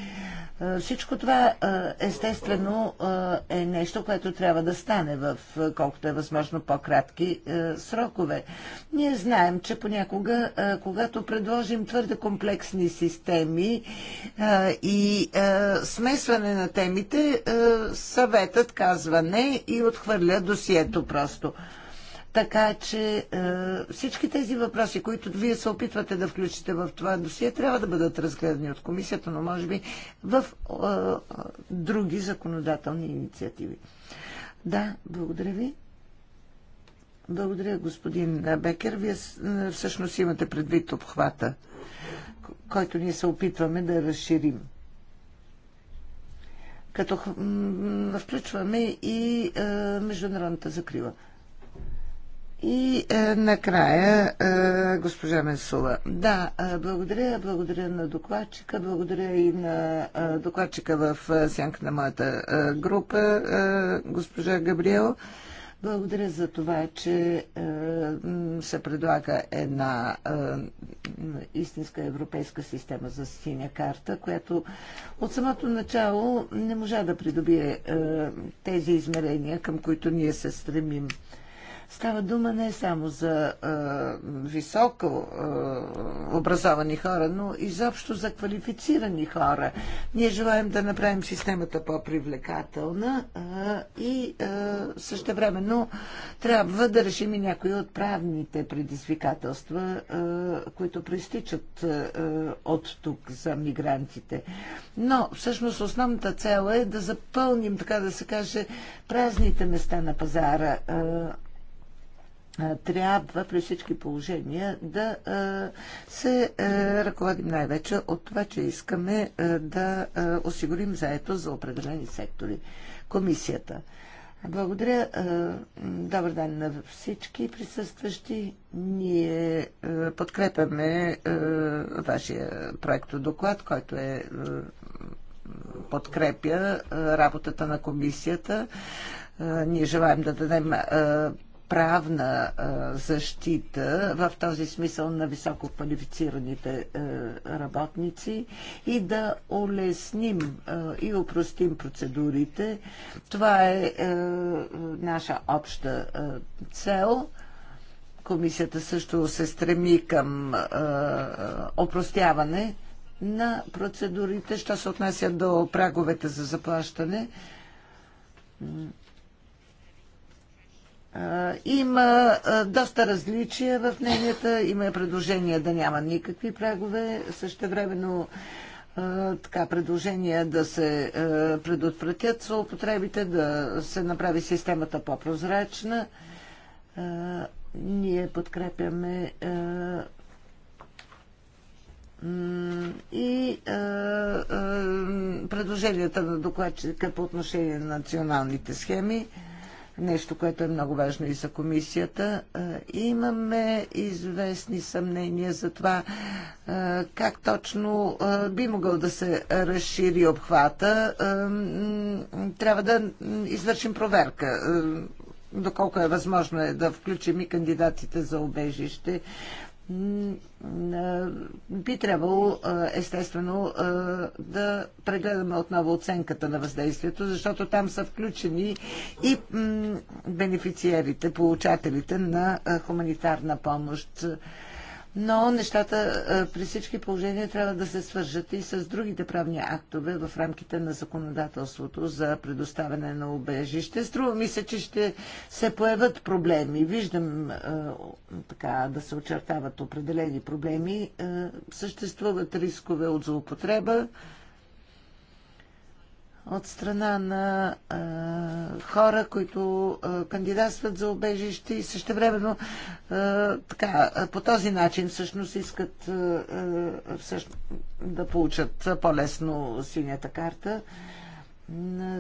B: е, всичко това е, естествено е, е нещо, което трябва да стане в колкото е възможно по-кратки срокове. Ние знаем, че понякога, когато предложим твърде комплексни системи и смесване на темите, съветът казва не и отхвърля досието просто. Така че е, всички тези въпроси, които вие се опитвате да включите в това досие, трябва да бъдат разгледани от комисията, но може би в е, други законодателни инициативи. Да, благодаря ви. Благодаря, господин Бекер. Вие е, всъщност имате предвид обхвата, който ние се опитваме да разширим като включваме и е, международната закрива. И е, накрая е, госпожа Менсула. Да, е, благодаря. Благодаря на докладчика. Благодаря и на е, докладчика в е, сянка на моята е, група, е, госпожа Габриел. Благодаря за това, че е, се предлага една е, истинска европейска система за синя карта, която от самото начало не можа да придобие е, тези измерения, към които ние се стремим. Става дума не само за а, високо а, образовани хора, но и заобщо за квалифицирани хора. Ние желаем да направим системата по-привлекателна а, и е, същевременно трябва да решим и някои от правните предизвикателства, а, които проистичат от тук за мигрантите. Но всъщност основната цел е да запълним, така да се каже, празните места на пазара. А, трябва при всички положения да се ръководим най-вече от това, че искаме да осигурим заето за определени сектори. Комисията. Благодаря. Добър ден на всички присъстващи. Ние подкрепяме вашия проект доклад, който е подкрепя работата на комисията. Ние желаем да дадем правна защита в този смисъл на високо квалифицираните работници и да улесним и упростим процедурите. Това е наша обща цел. Комисията също се стреми към опростяване на процедурите, що се отнася до праговете за заплащане има доста различия в мненията, има предложения да няма никакви прагове, също времено така, предложения да се предотвратят злоупотребите, да се направи системата по-прозрачна. Ние подкрепяме и а, а, предложенията на докладчика по отношение на националните схеми. А, нещо, което е много важно и за комисията. Имаме известни съмнения за това как точно би могъл да се разшири обхвата. Трябва да извършим проверка доколко е възможно е да включим и кандидатите за обежище, би трябвало естествено да прегледаме отново оценката на въздействието, защото там са включени и бенефициерите, получателите на хуманитарна помощ но нещата при всички положения трябва да се свържат и с другите правни актове в рамките на законодателството за предоставяне на убежище. Струва ми се, че ще се появят проблеми. Виждам така да се очертават определени проблеми. Съществуват рискове от злоупотреба от страна на а, хора, които а, кандидатстват за убежище и също времено, по този начин всъщност искат а, всъщност, да получат по-лесно синята карта.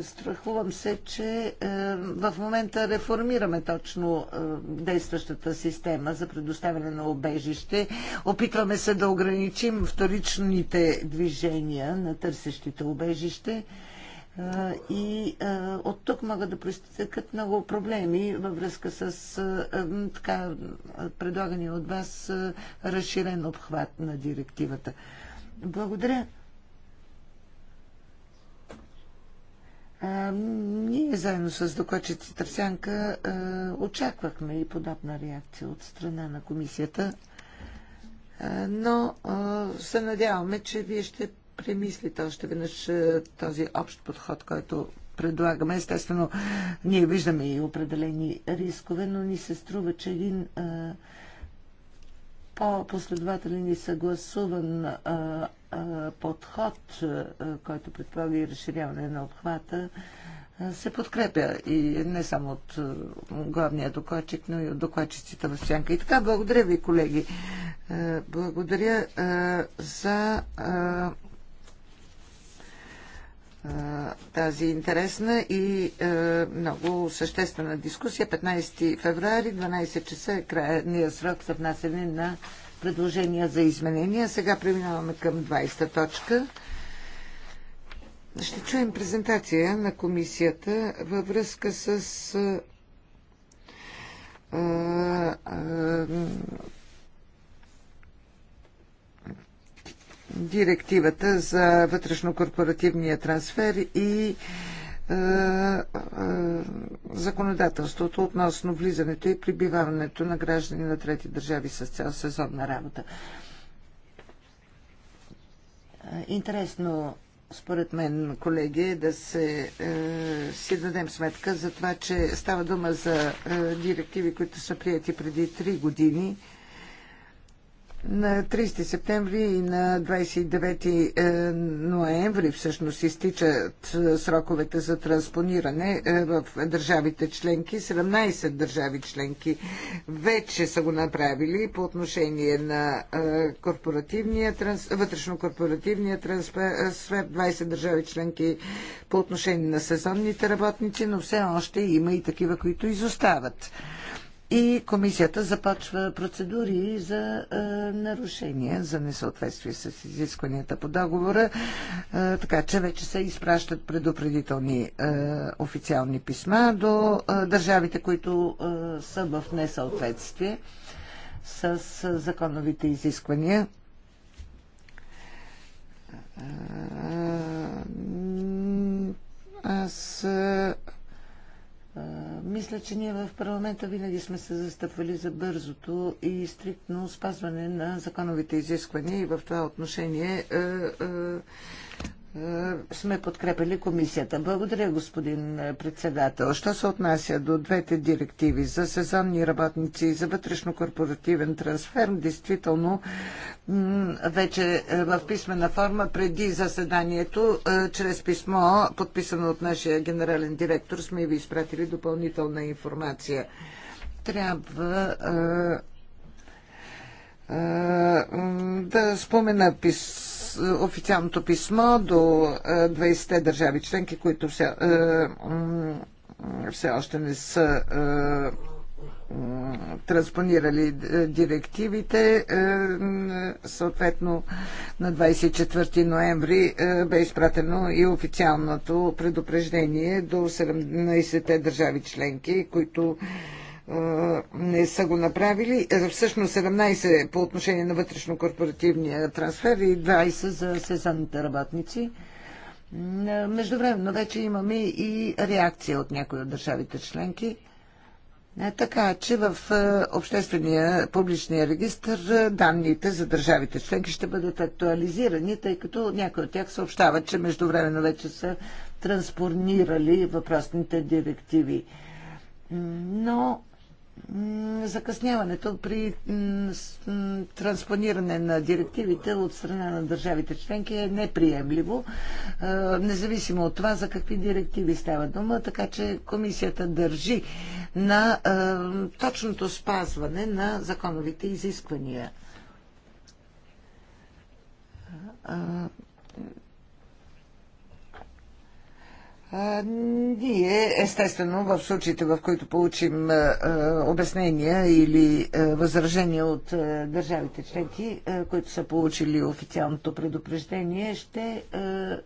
B: Страхувам се, че а, в момента реформираме точно а, действащата система за предоставяне на обежище. Опитваме се да ограничим вторичните движения на търсещите обежище и от тук могат да проистекат много проблеми във връзка с така предлагания от вас разширен обхват на директивата. Благодаря. Ние заедно с докладчици Търсянка очаквахме и подобна реакция от страна на комисията, но се надяваме, че вие ще премислите още веднъж е, този общ подход, който предлагаме. Естествено, ние виждаме и определени рискове, но ни се струва, че един е, по-последователен и съгласуван а, е, а, подход, а, който предполага и разширяване на обхвата, а, се подкрепя и не само от а, главния докладчик, но и от докладчиците в Сянка. И така, благодаря ви, колеги. А, благодаря а, за. А, тази интересна и много съществена дискусия. 15 феврари, 12 часа е крайния срок за внасене на предложения за изменения. Сега преминаваме към 20 та точка. Ще чуем презентация на комисията във връзка с директивата за вътрешно-корпоративния трансфер и е, е, законодателството относно влизането и прибиваването на граждани на трети държави с цял сезонна работа. Интересно, според мен, колеги, е да се, е, си дадем сметка за това, че става дума за е, директиви, които са прияти преди 3 години – на 30 септември и на 29 е, ноември всъщност изтичат е, сроковете за транспониране е, в държавите членки. 17 държави членки вече са го направили по отношение на корпоративния, транс вътрешно-корпоративния трансфер, 20 държави членки по отношение на сезонните работници, но все още има и такива, които изостават и комисията започва процедури за е, нарушения, за несъответствие с изискванията по договора, е, така че вече се изпращат предупредителни е, официални писма до е, държавите, които е, са в несъответствие с е, законовите изисквания. Е, аз мисля, че ние в парламента винаги сме се застъпвали за бързото и стриктно спазване на законовите изисквания и в това отношение е, сме подкрепили комисията. Благодаря, господин председател. Що се отнася до двете директиви за сезонни работници и за вътрешно-корпоративен трансфер, действително вече е, в писмена форма преди заседанието, е, чрез писмо, подписано от нашия генерален директор, сме ви изпратили допълнителна информация. Трябва да спомена пис официалното писмо до 20-те е, държави членки, които все, е, все още не са е, транспонирали директивите. Съответно, на 24 ноември бе изпратено и официалното предупреждение до 17-те държави членки, които не са го направили. Е, всъщност 17 по отношение на вътрешно-корпоративния трансфер и 20 за сезонните работници. Междувременно вече имаме и реакция от някои от държавите членки. Е, така че в е, обществения публичния регистр данните за държавите членки ще бъдат актуализирани, тъй като някои от тях съобщават, че междувременно вече са транспорнирали въпросните директиви. Но закъсняването при транспониране на директивите от страна на държавите членки е неприемливо, независимо от това за какви директиви става дума, така че комисията държи на точното спазване на законовите изисквания Ние, естествено, в случаите, в които получим обяснения или възражения от държавите членки, които са получили официалното предупреждение, ще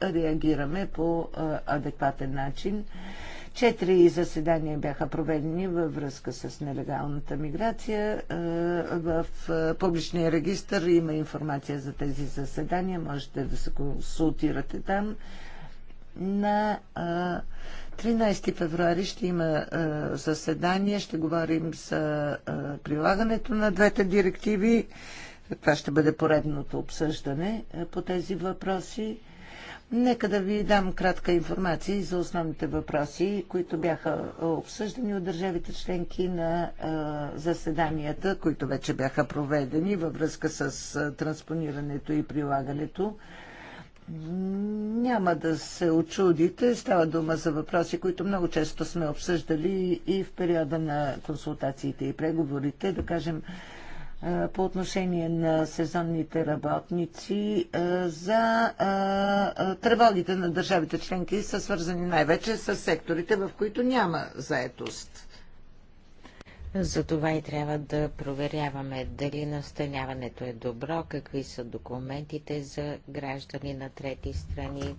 B: реагираме по адекватен начин. Четири заседания бяха проведени във връзка с нелегалната миграция. В публичния регистр има информация за тези заседания. Можете да се консултирате там. На 13 февруари ще има заседание, ще говорим за прилагането на двете директиви. Това ще бъде поредното обсъждане по тези въпроси. Нека да ви дам кратка информация за основните въпроси, които бяха обсъждани от държавите членки на заседанията, които вече бяха проведени във връзка с транспонирането и прилагането няма да се очудите. Става дума за въпроси, които много често сме обсъждали и в периода на консултациите и преговорите. Да кажем, по отношение на сезонните работници за тревогите на държавите членки са свързани най-вече с секторите, в които няма заетост.
C: Затова и трябва да проверяваме дали настаняването е добро, какви са документите за граждани на трети страни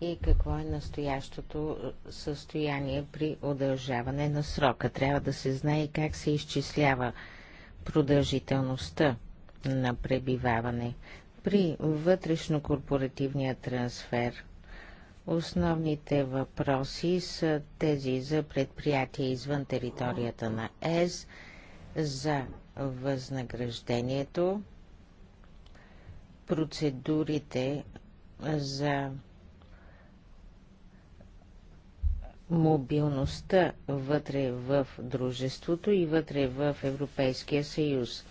C: и какво е настоящото е, състояние при удължаване на срока. Трябва да се знае как се изчислява продължителността на пребиваване при вътрешно-корпоративния трансфер – Основните въпроси са тези за предприятия извън територията на ЕС, за възнаграждението, процедурите за мобилността вътре в дружеството и вътре в Европейския съюз,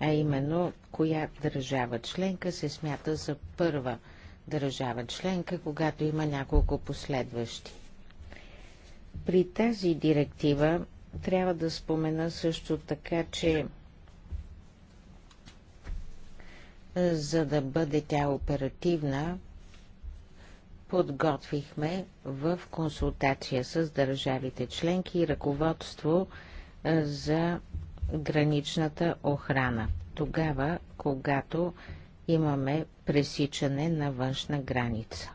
C: а именно коя държава членка се смята за първа – държава членка, когато има няколко последващи. При тази директива трябва да спомена също така, че за да бъде тя оперативна, подготвихме в консултация с държавите членки и ръководство за граничната охрана. Тогава, когато имаме пресичане на външна граница.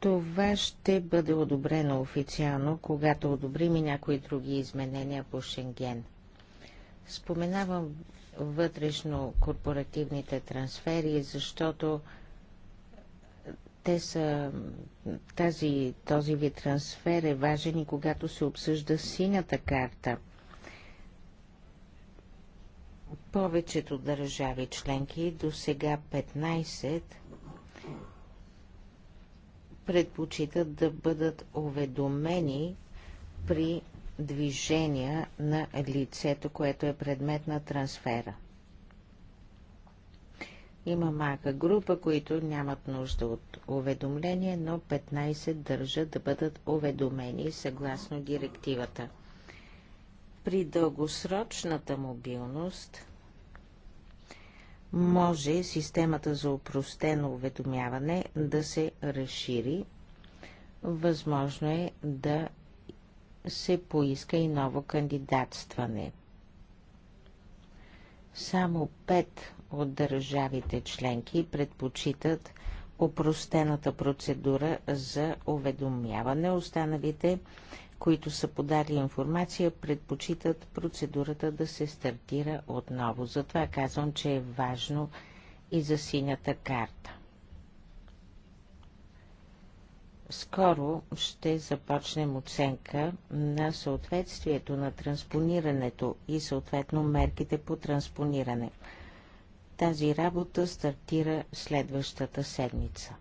C: Това ще бъде одобрено официално, когато одобрим и някои други изменения по Шенген. Споменавам вътрешно корпоративните трансфери, защото те са, тази, този вид трансфер е важен и когато се обсъжда синята карта – повечето държави членки, до сега 15, предпочитат да бъдат уведомени при движения на лицето, което е предмет на трансфера. Има малка група, които нямат нужда от уведомление, но 15 държат да бъдат уведомени съгласно директивата. При дългосрочната мобилност може системата за упростено уведомяване да се разшири. Възможно е да се поиска и ново кандидатстване. Само пет от държавите членки предпочитат опростената процедура за уведомяване. Останалите които са подали информация, предпочитат процедурата да се стартира отново. Затова казвам, че е важно и за синята карта. Скоро ще започнем оценка на съответствието на транспонирането и съответно мерките по транспониране. Тази работа стартира следващата седмица.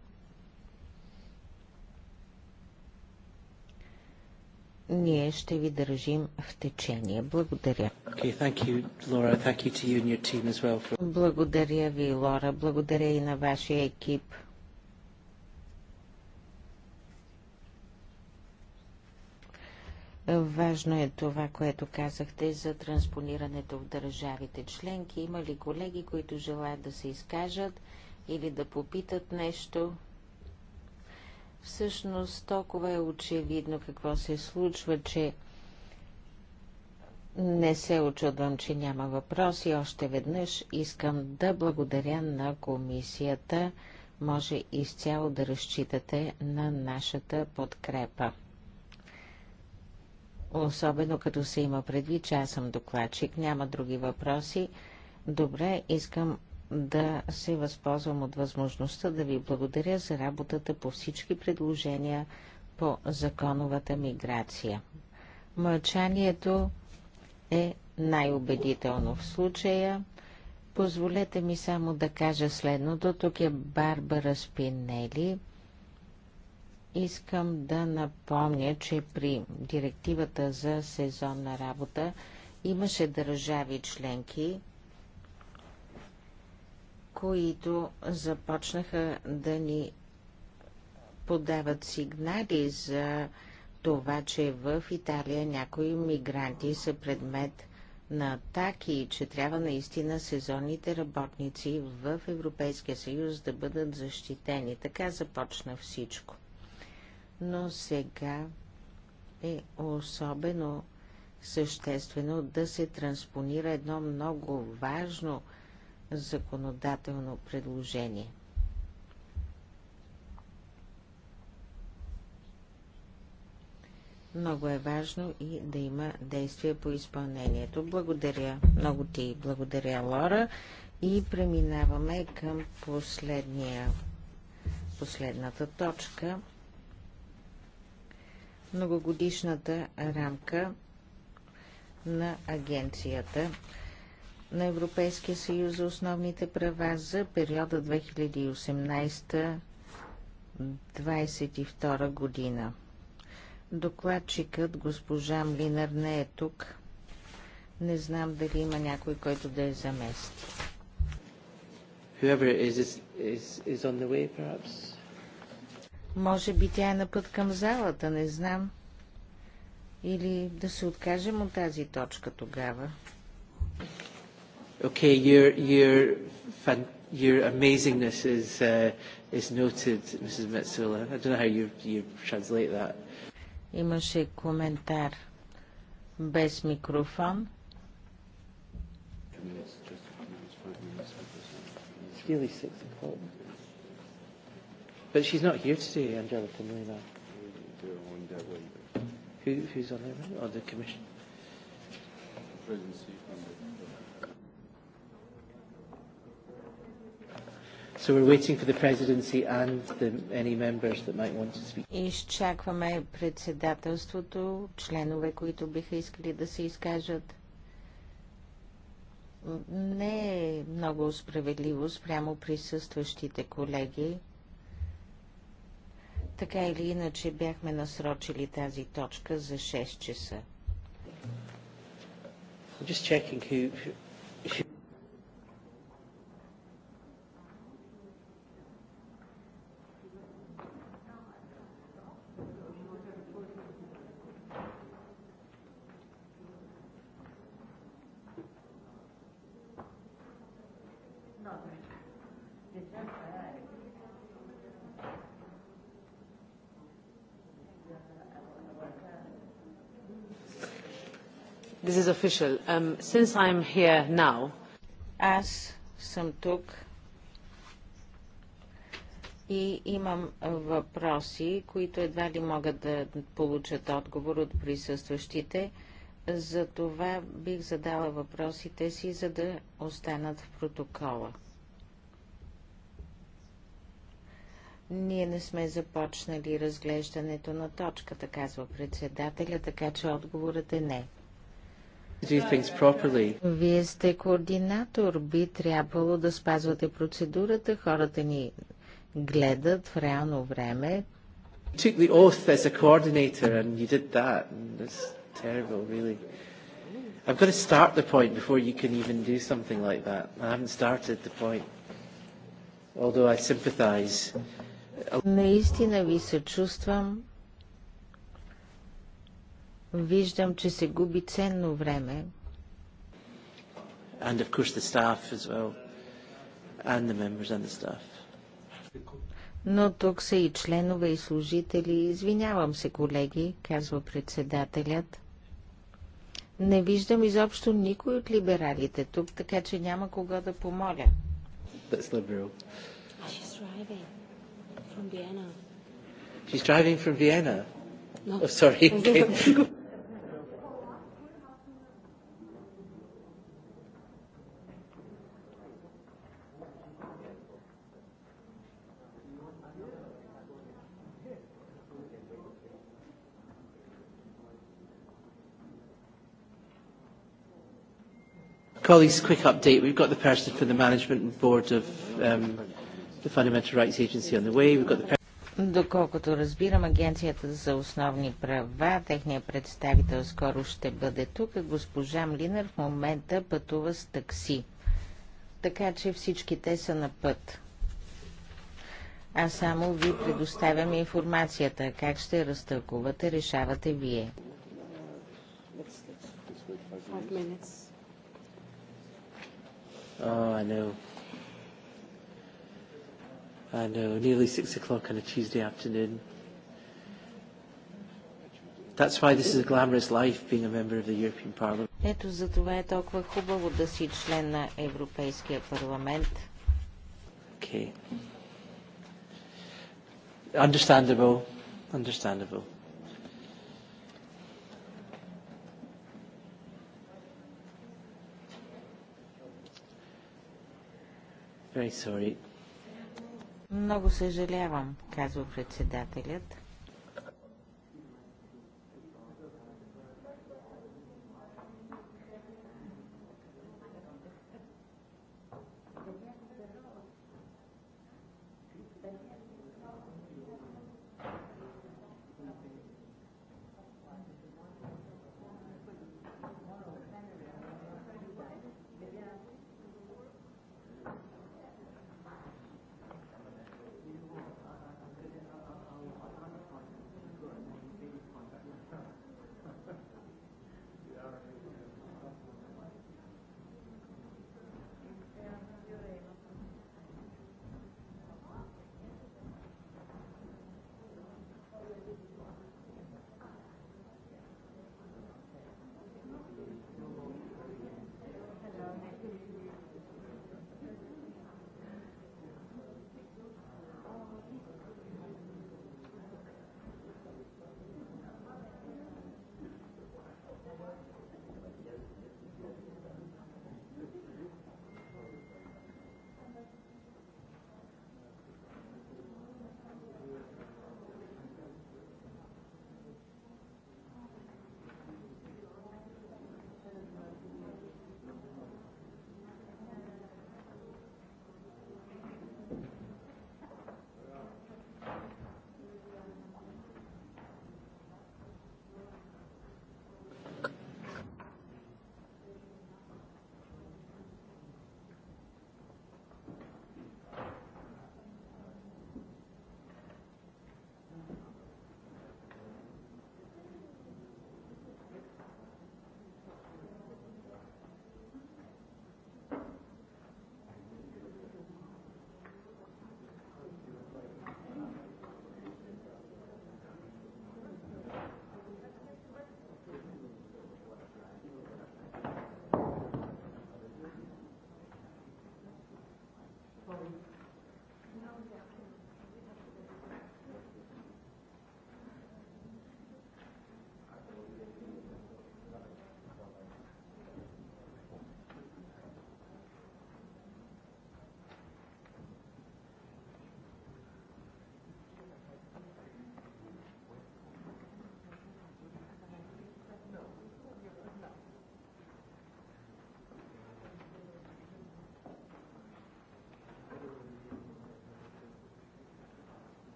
C: ние ще ви държим в течение. Благодаря.
A: Okay, thank you, Laura. Thank you to you and your team as well for...
C: Благодаря ви, Лора. Благодаря и на вашия екип. Важно е това, което казахте за транспонирането в държавите членки. Има ли колеги, които желаят да се изкажат или да попитат нещо? Всъщност толкова е очевидно какво се случва, че не се очудвам, че няма въпроси. Още веднъж искам да благодаря на комисията. Може изцяло да разчитате на нашата подкрепа. Особено като се има предвид, че аз съм докладчик. Няма други въпроси. Добре, искам да се възползвам от възможността да ви благодаря за работата по всички предложения по законовата миграция. Мълчанието е най-убедително в случая. Позволете ми само да кажа следното. Тук е Барбара Спинели. Искам да напомня, че при директивата за сезонна работа имаше държави членки, които започнаха да ни подават сигнали за това, че в Италия някои мигранти са предмет на атаки и че трябва наистина сезонните работници в Европейския съюз да бъдат защитени. Така започна всичко. Но сега е особено съществено да се транспонира едно много важно законодателно предложение. Много е важно и да има действие по изпълнението. Благодаря. Много ти благодаря, Лора. И преминаваме към последния, последната точка. Многогодишната рамка на агенцията на Европейския съюз за основните права за периода 2018-2022 година. Докладчикът госпожа Млинар не е тук. Не знам дали има някой, който да е замести. Може би тя е на път към залата, не знам. Или да се откажем от тази точка тогава.
A: Okay, your your fan, your amazingness is uh, is noted, Mrs. Metsula. I don't know how you you translate that.
C: Имаше коментар без микрофон. It's really six o'clock. But she's not here
A: today, Angelica Molina. Who, who's on there? Or the commission? Presidency. So we're waiting for the presidency and the, any members that might want to speak.
C: Изчакваме председателството, членове, които биха искали да се изкажат. Не е много справедливо спрямо присъстващите колеги. Така или иначе бяхме насрочили тази точка за 6 часа.
A: I'm just checking who, who who...
C: this is official. Um, since I'm here now... Аз съм тук и имам въпроси, които едва ли могат да получат отговор от присъстващите. Затова бих задала въпросите си, за да останат в протокола. Ние не сме започнали разглеждането на точката, казва председателя, така че отговорът е не. Вие сте координатор. Би трябвало да спазвате процедурата. Хората ни гледат в реално време.
A: took the oath as a coordinator and you did that. And that's terrible, really. I've got to start the point before you can even do something like that. I haven't started the point. Although I sympathize.
C: Наистина ви съчувствам. Виждам, че се губи ценно време.
A: And of course the staff as well. And the members and the staff.
C: Но тук са и членове и служители. Извинявам се, колеги, казва председателят. Не виждам изобщо никой от либералите тук, така че няма кого да помоля. That's liberal. She's driving from Vienna.
A: She's driving from Vienna.
E: No. Oh, sorry.
A: Colleagues, quick update. We've got the person for the management board of um, the Fundamental Rights Agency on the way. We've got
C: the Доколкото разбирам, Агенцията за основни права, техния представител скоро ще бъде тук, госпожа Млинар в момента пътува с такси. Така че всички те са на път. А само ви предоставяме информацията. Как ще разтълкувате, решавате вие.
E: Five minutes. Oh, I
A: know. I know, nearly six o'clock on a Tuesday afternoon. That's why this is a glamorous life, being a member of the European Parliament.
C: Ето за това е толкова хубаво да си член на Европейския парламент.
A: Okay. Understandable. Understandable.
C: Много съжалявам, казва председателят.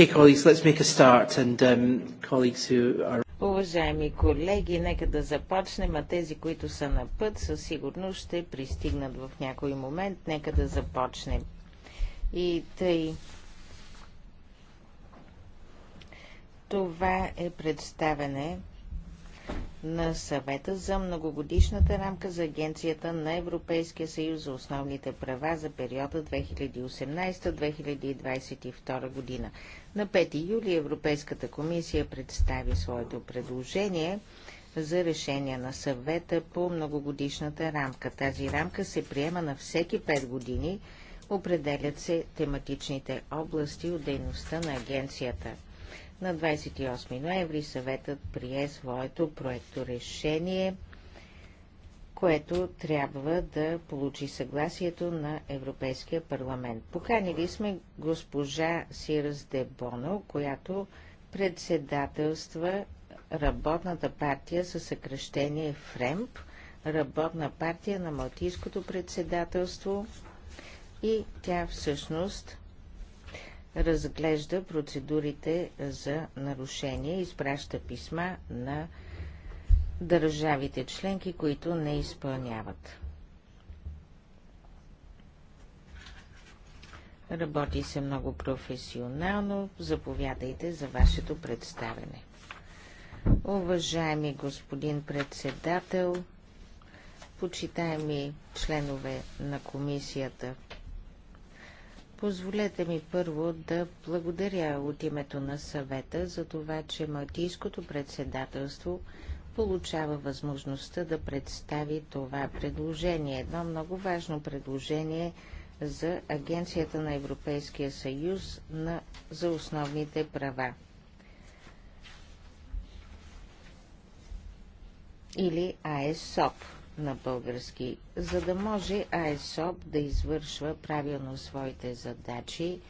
A: Okay, colleagues, let's make a start and um, colleagues who are...
C: Уважаеми колеги, нека да започнем, а тези, които са на път, със сигурност ще пристигнат в някой момент. Нека да започнем. И тъй... Това е представене на съвета за многогодишната рамка за Агенцията на Европейския съюз за основните права за периода 2018-2022 година. На 5 юли Европейската комисия представи своето предложение за решение на съвета по многогодишната рамка. Тази рамка се приема на всеки 5 години, определят се тематичните области от дейността на агенцията – на 28 ноември съветът прие своето проекто решение, което трябва да получи съгласието на Европейския парламент. Поканили сме госпожа Сирас Дебоно, която председателства работната партия със съкръщение ФРЕМП, работна партия на Малтийското председателство и тя всъщност разглежда процедурите за нарушение, и изпраща писма на държавите членки, които не изпълняват. Работи се много професионално. Заповядайте за вашето представене. Уважаеми господин председател, почитаеми членове на комисията, Позволете ми първо да благодаря от името на съвета за това, че Малтийското председателство получава възможността да представи това предложение. Едно много важно предложение за Агенцията на Европейския съюз на, за основните права. Или АЕСОП на български. За да може АЕСОП да извършва правилно своите задачи,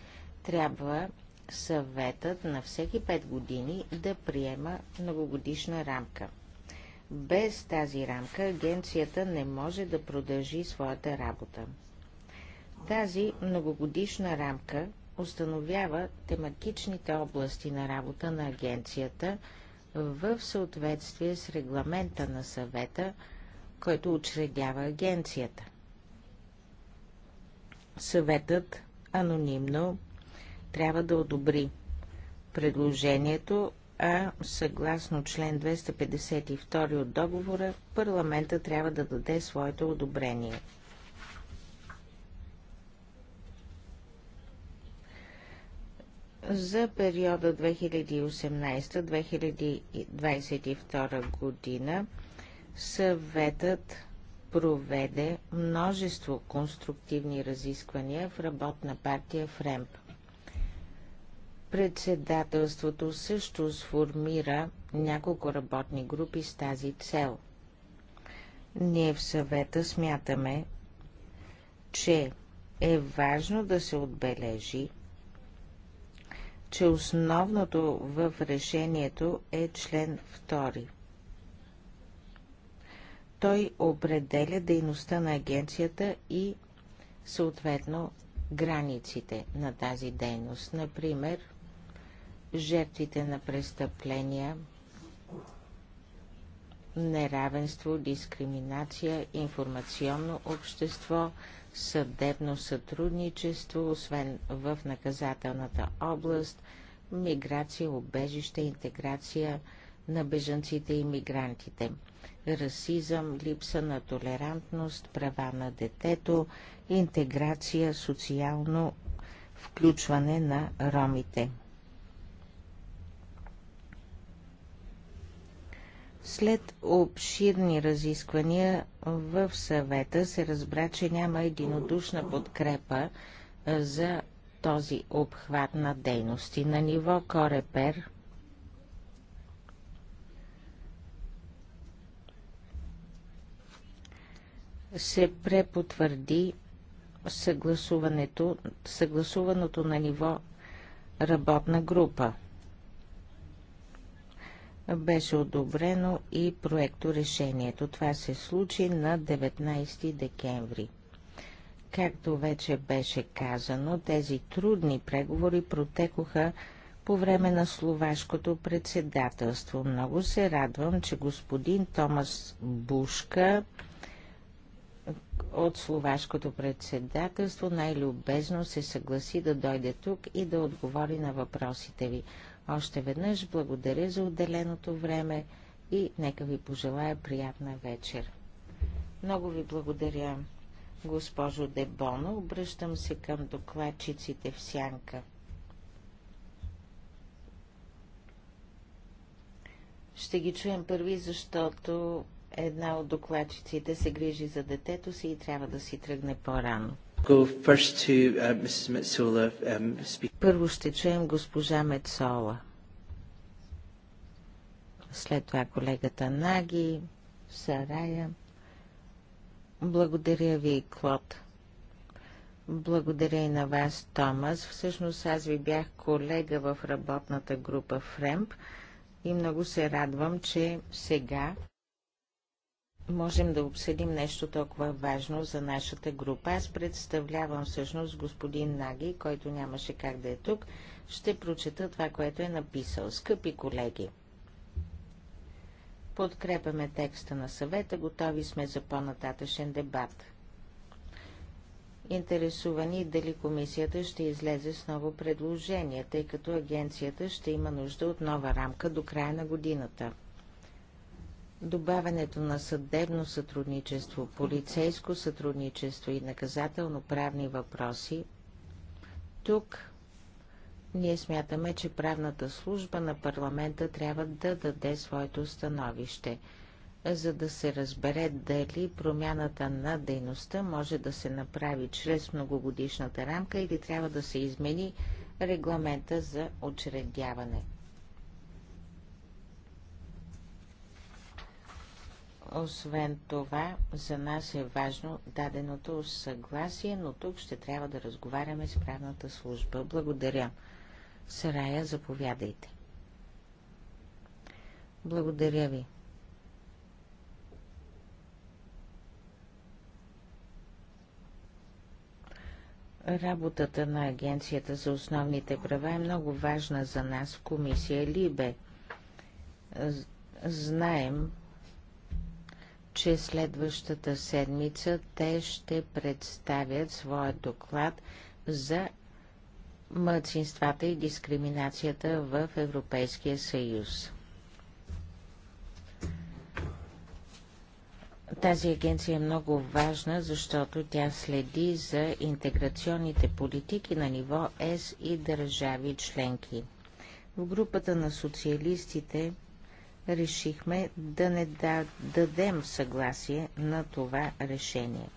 C: трябва съветът на всеки 5 години да приема многогодишна рамка. Без тази рамка агенцията не може да продължи своята работа. Тази многогодишна рамка установява тематичните области на работа на агенцията в съответствие с регламента на съвета – който учредява агенцията. Съветът анонимно трябва да одобри предложението, а съгласно член 252 от договора, парламента трябва да даде своето одобрение. За периода 2018-2022 година Съветът проведе множество конструктивни разисквания в работна партия ФРЕМП. Председателството също сформира няколко работни групи с тази цел. Ние в съвета смятаме, че е важно да се отбележи, че основното в решението е член той определя дейността на агенцията и съответно границите на тази дейност. Например, жертвите на престъпления, неравенство, дискриминация, информационно общество, съдебно сътрудничество, освен в наказателната област, миграция, обежище, интеграция – на бежанците и мигрантите. Расизъм, липса на толерантност, права на детето, интеграция, социално включване на ромите. След обширни разисквания в съвета се разбра, че няма единодушна подкрепа за този обхват на дейности. На ниво Корепер се препотвърди съгласуването, съгласуваното на ниво работна група. Беше одобрено и проекто решението. Това се случи на 19 декември. Както вече беше казано, тези трудни преговори протекоха по време на словашкото председателство. Много се радвам, че господин Томас Бушка от словашкото председателство най-любезно се съгласи да дойде тук и да отговори на въпросите ви. Още веднъж благодаря за отделеното време и нека ви пожелая приятна вечер. Много ви благодаря, госпожо Дебоно. Обръщам се към докладчиците в сянка. Ще ги чуем първи, защото една от докладчиците се грижи за детето си и трябва да си тръгне по-рано. Uh, um, Първо ще чуем госпожа Мецола. След това колегата Наги, Сарая. Благодаря ви, Клод. Благодаря и на вас, Томас. Всъщност аз ви бях колега в работната група ФРЕМП и много се радвам, че сега можем да обсъдим нещо толкова важно за нашата група. Аз представлявам всъщност господин Наги, който нямаше как да е тук. Ще прочета това, което е написал. Скъпи колеги, подкрепяме текста на съвета, готови сме за по-нататъчен дебат. Интересувани дали комисията ще излезе с ново предложение, тъй като агенцията ще има нужда от нова рамка до края на годината. Добавянето на съдебно сътрудничество, полицейско сътрудничество и наказателно-правни въпроси. Тук ние смятаме, че правната служба на парламента трябва да даде своето становище, за да се разбере дали промяната на дейността може да се направи чрез многогодишната рамка или трябва да се измени регламента за учредяване. Освен това, за нас е важно даденото съгласие, но тук ще трябва да разговаряме с правната служба. Благодаря. Сарая, заповядайте. Благодаря ви. Работата на Агенцията за основните права е много важна за нас в комисия Либе. Знаем, че следващата седмица те ще представят своя доклад за мъцинствата и дискриминацията в Европейския съюз. Тази агенция е много важна, защото тя следи за интеграционните политики на ниво ЕС и държави членки. В групата на социалистите – решихме да не дадем съгласие на това решение.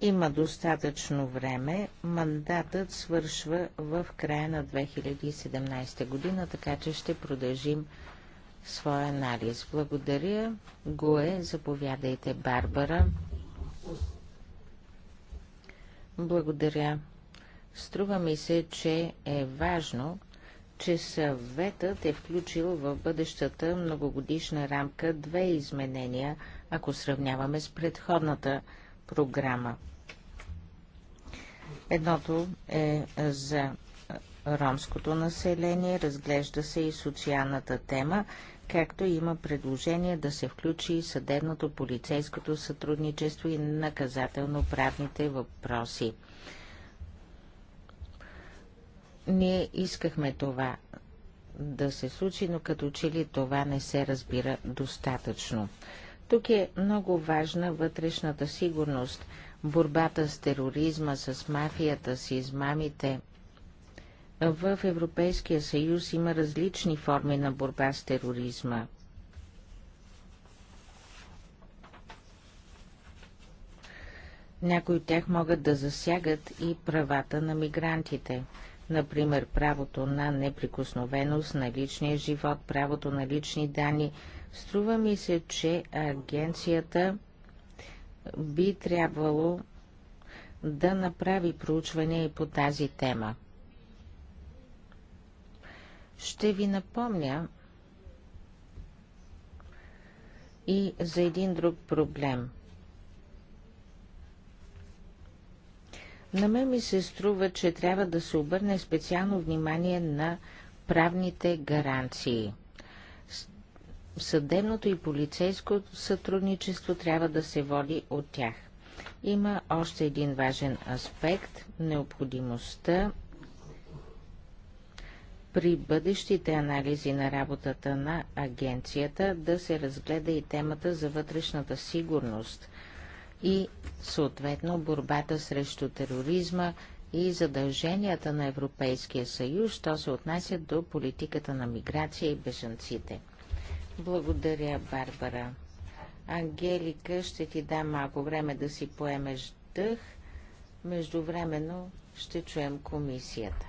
C: Има достатъчно време, мандатът свършва в края на 2017 година, така че ще продължим своя анализ. Благодаря. Гое, заповядайте, Барбара. Благодаря. Струва ми се, че е важно че съветът е включил в бъдещата многогодишна рамка две изменения, ако сравняваме с предходната програма. Едното е за ромското население, разглежда се и социалната тема, както има предложение да се включи и съдебното полицейското сътрудничество и наказателно-правните въпроси. Ние искахме това да се случи, но като че ли това не се разбира достатъчно. Тук е много важна вътрешната сигурност, борбата с тероризма, с мафията, с измамите. В Европейския съюз има различни форми на борба с тероризма. Някои от тях могат да засягат и правата на мигрантите – например правото на неприкосновеност на личния живот, правото на лични данни. Струва ми се, че агенцията би трябвало да направи проучване и по тази тема. Ще ви напомня и за един друг проблем. На мен ми се струва, че трябва да се обърне специално внимание на правните гаранции. Съдебното и полицейско сътрудничество трябва да се води от тях. Има още един важен аспект – необходимостта при бъдещите анализи на работата на агенцията да се разгледа и темата за вътрешната сигурност – и съответно борбата срещу тероризма и задълженията на Европейския съюз, що се отнася до политиката на миграция и бежанците. Благодаря, Барбара. Ангелика, ще ти дам малко време да си поемеш дъх. Междувременно ще чуем комисията.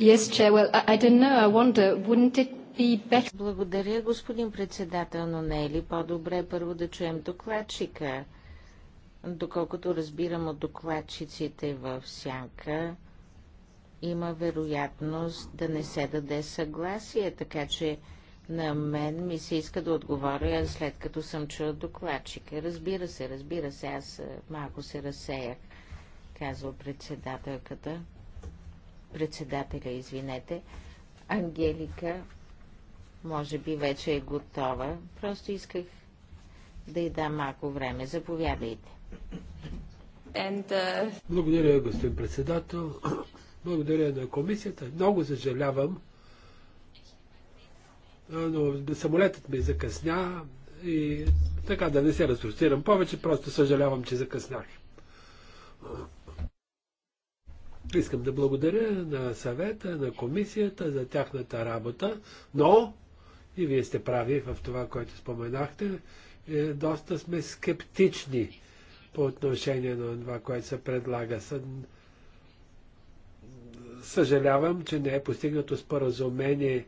C: Yes, Chair. Well, I, I don't know. I wonder, wouldn't it благодаря, господин председател, но не е ли по-добре първо да чуем докладчика? Доколкото разбирам от докладчиците в сянка, има вероятност да не се даде съгласие, така че на мен ми се иска да отговоря, след като съм чула докладчика. Разбира се, разбира се, аз малко се разсеях, казва председателката. Председателя, извинете. Ангелика може би вече е готова. Просто исках да й дам малко време. Заповядайте. And,
D: uh... Благодаря, господин председател. Благодаря на комисията. Много съжалявам, но самолетът ми закъсня и така да не се разпростирам повече, просто съжалявам, че закъснах. Искам да благодаря на съвета, на комисията за тяхната работа, но и вие сте прави в това, което споменахте. Е, доста сме скептични по отношение на това, което се предлага. Съжалявам, че не е постигнато споразумение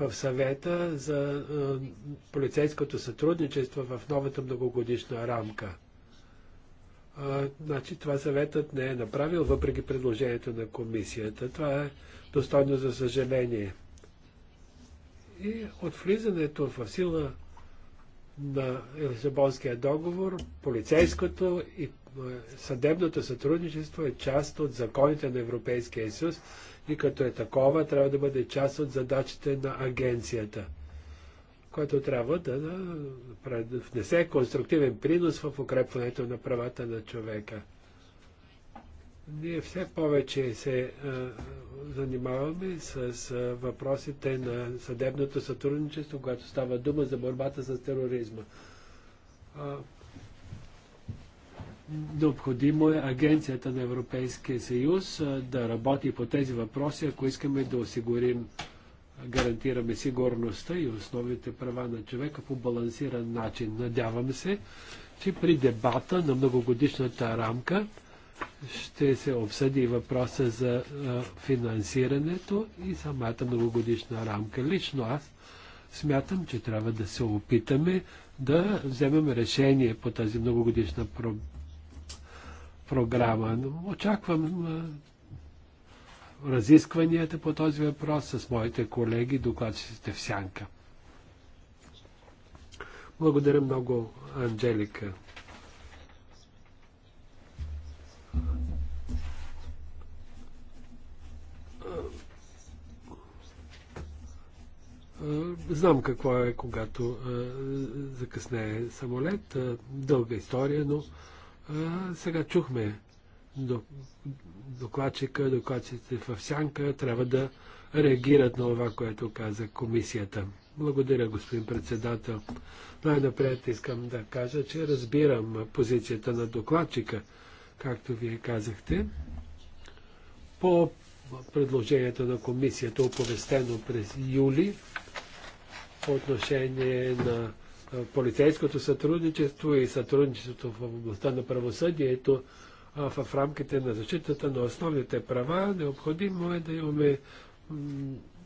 D: в съвета за е, полицейското сътрудничество в новата многогодишна рамка. А, значи това съветът не е направил, въпреки предложението на комисията. Това е достойно за съжаление. И от влизането в сила на Лисабонския договор, полицейското и е, съдебното сътрудничество е част от законите на Европейския съюз и като е такова трябва да бъде част от задачите на агенцията, което трябва да внесе конструктивен принос в укрепването на правата на човека ние все повече се е, занимаваме с, е, въпросите на съдебното сътрудничество, когато става дума за борбата с тероризма. необходимо е Агенцията на Европейския съюз е, да работи по тези въпроси, ако искаме да осигурим, гарантираме сигурността и основните права на човека по балансиран начин. Надявам се, че при дебата на многогодишната рамка ще се обсъди въпроса за финансирането и самата многогодишна рамка. Лично аз смятам, че трябва да се опитаме да вземем решение по тази многогодишна про... програма. Очаквам разискванията по този въпрос с моите колеги, докладчиците в Сянка. Благодаря много, Анджелика. Е, знам какво е, когато е, закъснее самолет. Е, дълга история, но сега чухме докладчика, докладчиците в сянка трябва да реагират на това, което каза комисията. Благодаря, господин председател. Най-напред искам да кажа, че разбирам позицията на докладчика, както вие казахте. По предложението на комисията, оповестено през юли, по отношение на полицейското сътрудничество и сътрудничеството в областта на правосъдието в рамките на защитата на основните права, необходимо е да имаме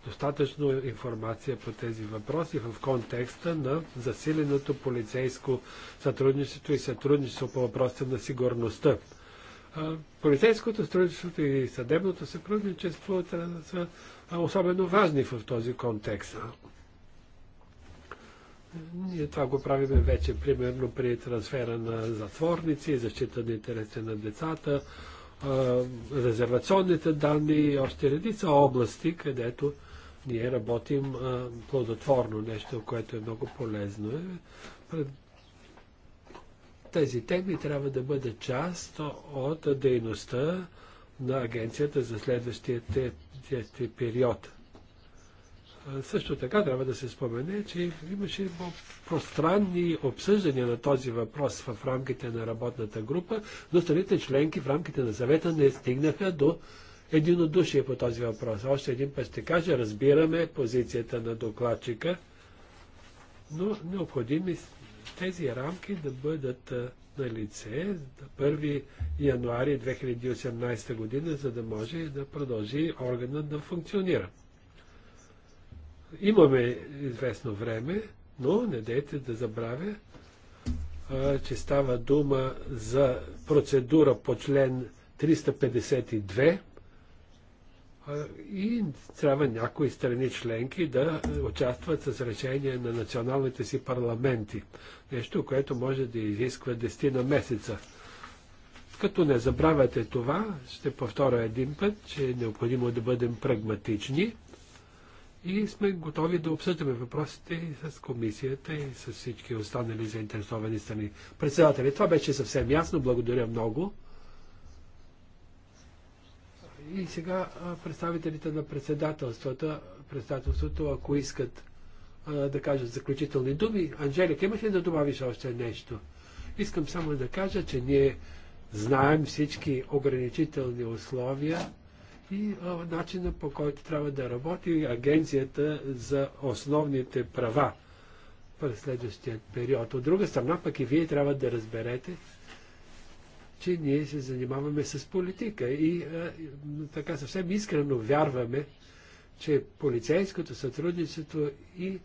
D: достатъчно информация по тези въпроси в контекста на засиленото полицейско сътрудничество и сътрудничество по въпросите на сигурността полицейското строителство и съдебното сътрудничество са особено важни в този контекст. Ние това го правим вече, примерно при трансфера на затворници, защита на интересите на децата, резервационните данни и още редица области, където ние работим плодотворно, нещо, което е много полезно. Е, тези тегли трябва да бъдат част от дейността на агенцията за следващия период. Също така трябва да се спомене, че имаше пространни обсъждания на този въпрос в рамките на работната група, но страните членки в рамките на съвета не стигнаха до единодушие по този въпрос. Още един път ще кажа, разбираме позицията на докладчика, но необходими тези рамки да бъдат на лице 1 януари 2018 година, за да може да продължи органът да функционира. Имаме известно време, но не дейте да забравя, че става дума за процедура по член 352 и трябва някои страни членки да участват с решение на националните си парламенти. Нещо, което може да изисква 10 на месеца. Като не забравяте това, ще повторя един път, че е необходимо да бъдем прагматични и сме готови да обсъждаме въпросите и с комисията и с всички останали заинтересовани страни. Председатели, това беше съвсем ясно. Благодаря много. И сега представителите на председателствата, председателството, ако искат да кажат заключителни думи. Анжелик, имаш ли да добавиш още нещо? Искам само да кажа, че ние знаем всички ограничителни условия и начина по който трябва да работи Агенцията за основните права през следващия период. От друга страна, пък и вие трябва да разберете, че ние се занимаваме с политика и а, е, така съвсем искрено вярваме, че полицейското сътрудничество и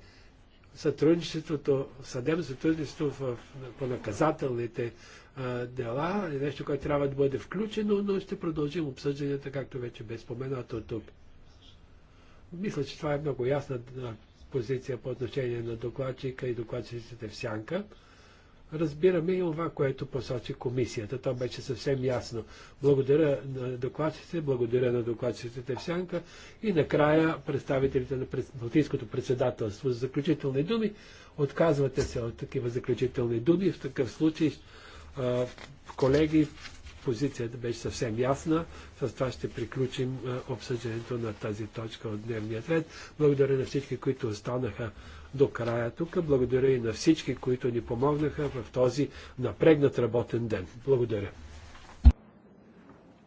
D: сътрудничеството, съдебно сътрудничество в, по наказателните а, е, дела е нещо, което трябва да бъде включено, но ще продължим обсъжданията, както вече бе споменато тук. Мисля, че това е много ясна е, позиция по отношение на докладчика и докладчиците в сянка разбираме и това, което посочи комисията. То беше съвсем ясно. Благодаря на докладчиците, благодаря на докладчиците в Сянка и накрая представителите на Балтийското председателство за заключителни думи. Отказвате се от такива заключителни думи. В такъв случай, колеги, позицията беше съвсем ясна. С това ще приключим обсъждането на тази точка от дневния ред. Благодаря на всички, които останаха до края тук. Благодаря и на всички, които ни помогнаха в този напрегнат работен ден. Благодаря.